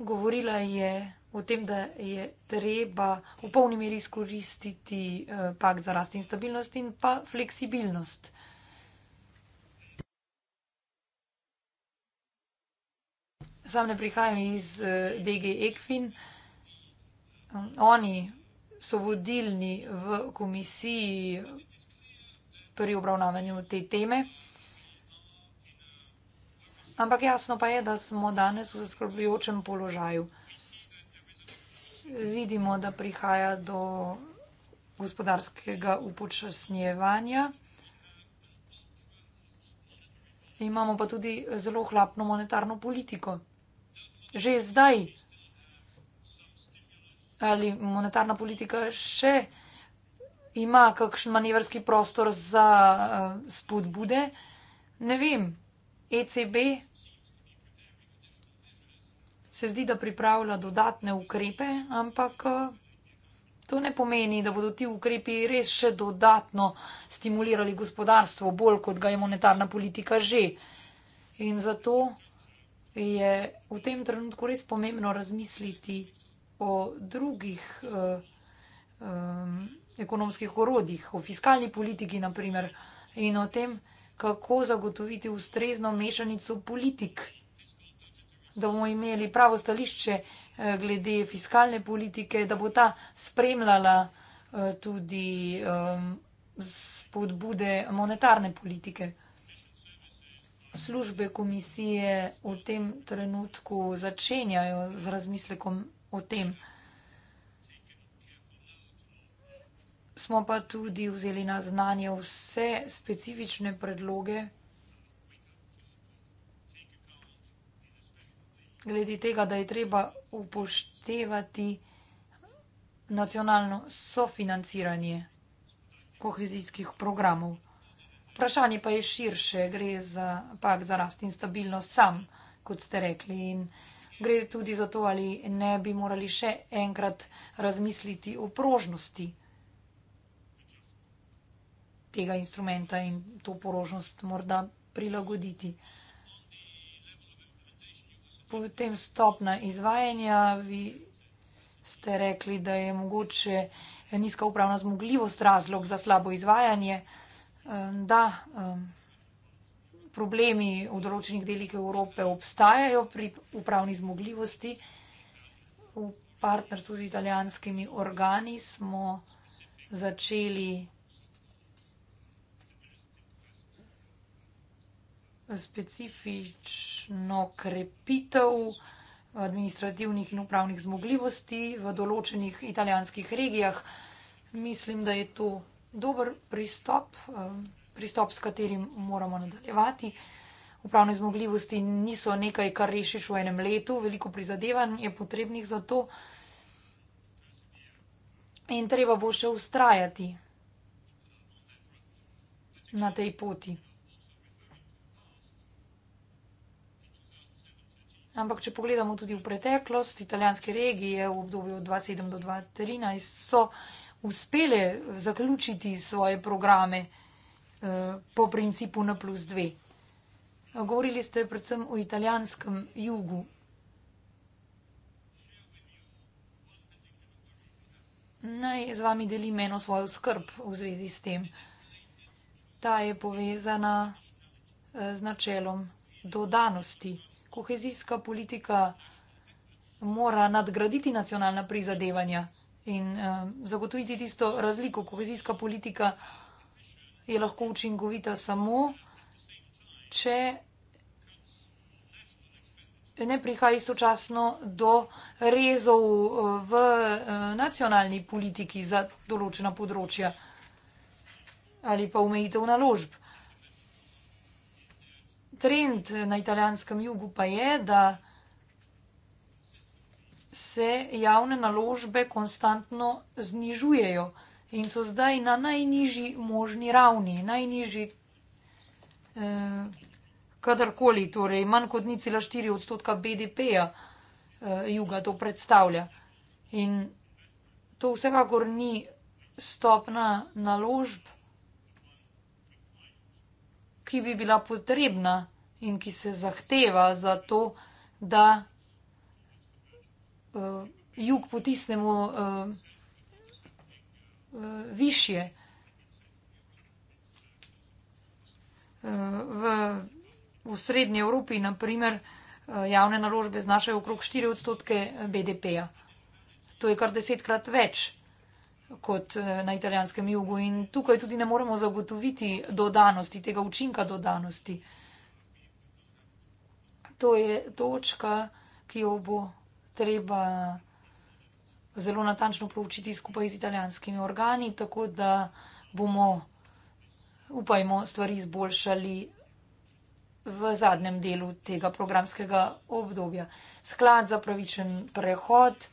Govorila je v tem, da je treba v polni meri izkoristiti eh, pakt za rast in stabilnost in pa fleksibilnost. Sam ne prihajam iz eh, DG Ekfin. Oni so vodilni v komisiji pri obravnavanju te teme. Ampak jasno pa je, da smo danes v zaskrbljujočem položaju vidimo, da prihaja do gospodarskega upočasnjevanja. Imamo pa tudi zelo hlapno monetarno politiko. Že zdaj. Ali monetarna politika še ima kakšen manevrski prostor za eh, spodbude? Ne vem. ECB, se zdi, da pripravlja dodatne ukrepe, ampak eh, to ne pomeni, da bodo ti ukrepi res še dodatno stimulirali gospodarstvo, bolj kot ga je monetarna politika že. In zato je v tem trenutku res pomembno razmisliti o drugih um, ekonomskih orodjih, o fiskalni politiki, naprimer, in o tem, kako zagotoviti ustrezno mešanico politik da bomo imeli pravo stališče eh, glede fiskalne politike, da bo ta spremljala eh, tudi ehm, spodbude monetarne politike. Službe komisije v tem trenutku začenjajo z razmislekom o tem. Smo pa tudi vzeli na znanje vse specifične predloge, glede tega, da je treba upoštevati nacionalno sofinanciranje kohezijskih programov. Vprašanje pa je širše, gre za pak za rast in stabilnost sam, kot ste rekli. In gre tudi za to, ali ne bi morali še enkrat razmisliti o prožnosti tega instrumenta in to prožnost morda prilagoditi. Potem stopna izvajanja, vi ste rekli, da je mogoče nizka upravna zmogljivost razlog za slabo izvajanje. Da, problemi v določenih delih Evrope obstajajo pri upravni zmogljivosti. V partnerstvu z italijanskimi organi smo začeli specifično krepitev administrativnih in upravnih zmogljivosti v določenih italijanskih regijah. Mislim, da je to dober pristop, eh, pristop, s katerim moramo nadaljevati. Upravne zmogljivosti niso nekaj, kar rešiš v enem letu, veliko prizadevanj je potrebnih za to in treba bo še ustrajati na tej poti. Ampak, če pogledamo tudi v preteklost, italijanske regije v obdobju 2007 do 2013 so uspele eh, zaključiti svoje programe eh, po principu N plus 2. Govorili ste predvsem o italijanskem jugu. Naj z vami delim eno svojo skrb v zvezi s tem. Ta je povezana eh, z načelom dodanosti kohezijska politika mora nadgraditi nacionalna prizadevanja in eh, zagotoviti tisto razliko. Kohezijska politika je lahko učinkovita samo, če ne prihaja istočasno do rezov eh, v eh, nacionalni politiki za določena področja ali pa omejitev naložb trend na italijanskem jugu pa je, da se javne naložbe konstantno znižujejo in so zdaj na najnižji možni ravni, najnižji eh, kadarkoli, torej manj kot ni cela 4 odstotka BDP-ja eh, juga to predstavlja. In to vsekakor ni stopna naložb ki bi bila potrebna in ki se zahteva za to, da uh, jug potisnemo uh, eh, uh, eh, više uh, v, v Srednji Evropi, naprimer. Javne naložbe znašajo okrog 4 odstotke BDP-ja. To je kar desetkrat več kot eh, na italijanskem jugu. In tukaj tudi ne moremo zagotoviti dodanosti, tega učinka dodanosti. To je točka, ki jo bo treba zelo natančno proučiti skupaj z italijanskimi organi, tako da bomo, upajmo, stvari izboljšali v zadnjem delu tega programskega obdobja. Sklad za pravičen prehod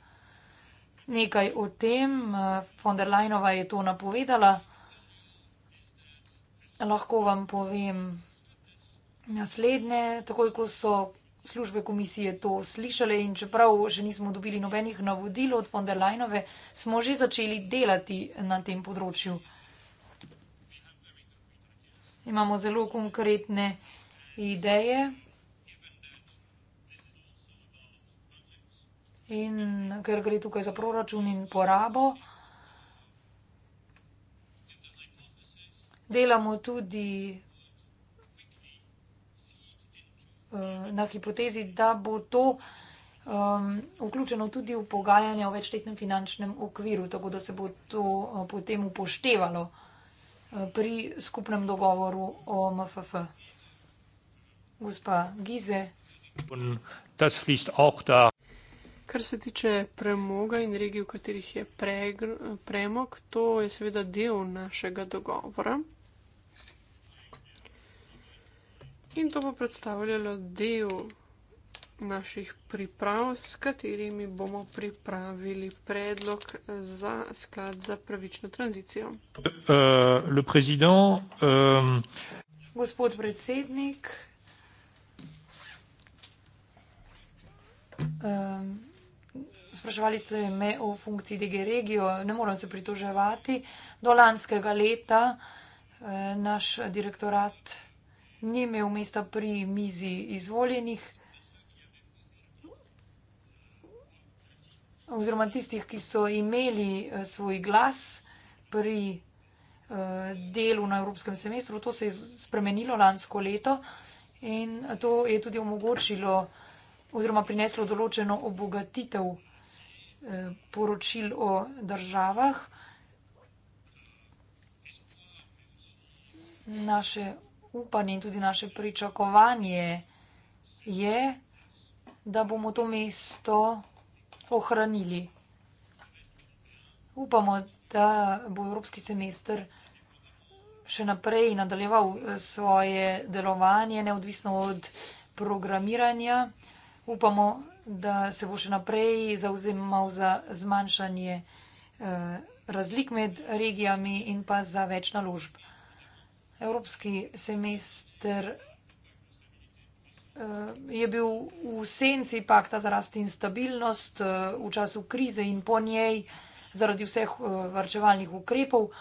nekaj o tem, eh, von der Leinova je to napovedala. Lahko vam povem naslednje, takoj ko so službe komisije to slišale in čeprav še nismo dobili nobenih navodil od von der Leinove, smo že začeli delati na tem področju. Imamo zelo konkretne ideje. in ker gre tukaj za proračun in porabo. Delamo tudi eh, na hipotezi, da bo to vključeno tudi v pogajanje o večletnem finančnem okviru, tako da se bo to eh, potem upoštevalo eh, pri skupnem dogovoru o MFF. Gospa Gize. Das fließt auch da Kar se tiče premoga in regij, v katerih je pre, premog, to je seveda del našega dogovora. In to bo predstavljalo del naših priprav, s katerimi bomo pripravili predlog za sklad za pravično tranzicijo. Euh, euh, Gospod predsednik. Um, spraševali ste me o funkciji DG regijo, ne moram se pritoževati. Do lanskega leta eh, naš direktorat ni imel mesta pri mizi izvoljenih oziroma tistih, ki so imeli eh, svoj glas pri eh, delu na evropskem semestru. To se je spremenilo lansko leto in to je tudi omogočilo oziroma prineslo določeno obogatitev poročil o državah. Naše upanje in tudi naše pričakovanje je, da bomo to mesto ohranili. Upamo, da bo evropski semester še naprej nadaljeval eh, svoje delovanje, neodvisno od programiranja. Upamo, da se bo še naprej zauzemal za zmanjšanje eh, razlik med regijami in pa za več naložb. Evropski semester eh, je bil v senci pakta za rast in stabilnost eh, v času krize in po njej zaradi vseh varčevalnih ukrepov.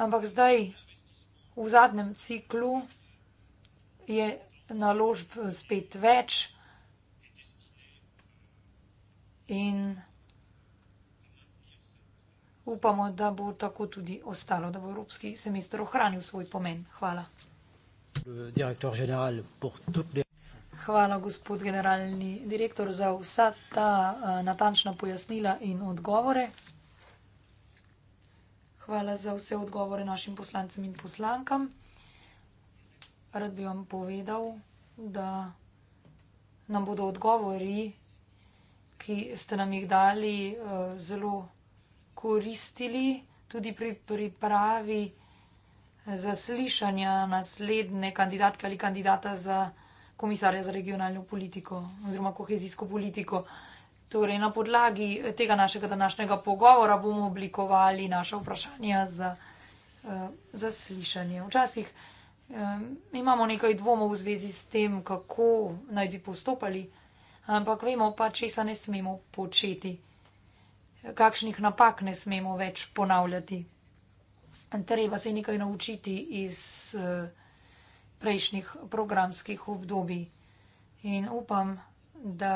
Ampak zdaj v zadnjem ciklu je naložb spet več in upamo, da bo tako tudi ostalo, da bo evropski semester ohranil svoj pomen. Hvala. Hvala, gospod generalni direktor, za vsa ta eh, natančna pojasnila in odgovore. Hvala za vse odgovore našim poslancem in poslankam. Rad bi vam povedal, da nam bodo odgovori vsega, ki ste nam jih dali, eh, zelo koristili tudi pri pripravi eh, zaslišanja naslednje kandidatke ali kandidata za komisarja za regionalno politiko oziroma kohezijsko politiko. Torej, na podlagi tega našega današnjega pogovora bomo oblikovali naša vprašanja za eh, zaslišanje. Včasih imamo nekaj dvomov v zvezi s tem, kako naj bi postopali ampak vemo pa, česa ne smemo početi, kakšnih napak ne smemo več ponavljati. Treba se nekaj naučiti iz eh, prejšnjih programskih obdobij in upam, da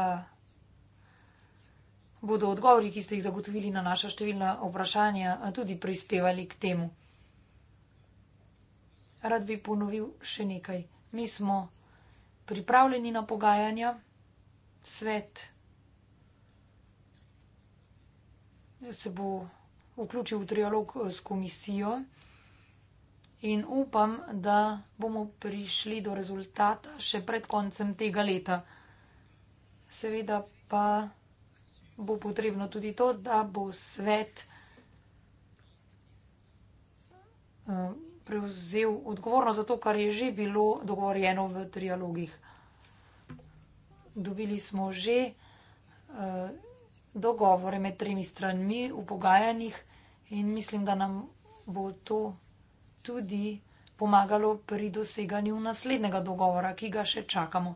bodo odgovori, ki ste jih zagotovili na naša številna vprašanja, tudi prispevali k temu. Rad bi ponovil še nekaj. Mi smo pripravljeni na pogajanja svet, da se bo vključil v trialog eh, s komisijo in upam, da bomo prišli do rezultata še pred koncem tega leta. Seveda pa bo potrebno tudi to, da bo svet eh, prevzel odgovorno za to, kar je že bilo dogovorjeno v trialogih dobili smo že uh, dogovore med tremi stranmi v pogajanjih in mislim, da nam bo to tudi pomagalo pri doseganju naslednjega dogovora, ki ga še čakamo.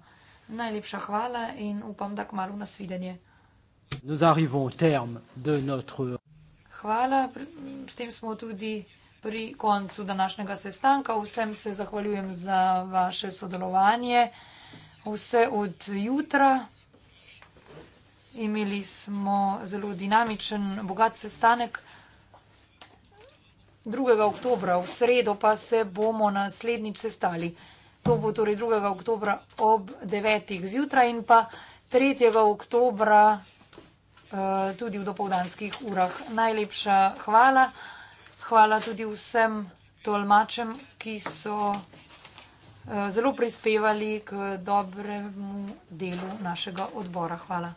Najlepša hvala in upam, da kmalo nasvidenje. Hvala, s tem smo tudi pri koncu današnjega sestanka. Vsem se zahvaljujem za vaše sodelovanje vse od jutra. Imeli smo zelo dinamičen, bogat sestanek 2. oktobra, v sredo pa se bomo naslednjič sestali. To bo torej 2. oktobra ob 9. zjutraj in pa 3. oktobra eh, tudi v dopoldanskih urah. Najlepša hvala. Hvala tudi vsem tolmačem, ki so. Eh, zelo prispevali k dobremu delu našega odbora. Hvala.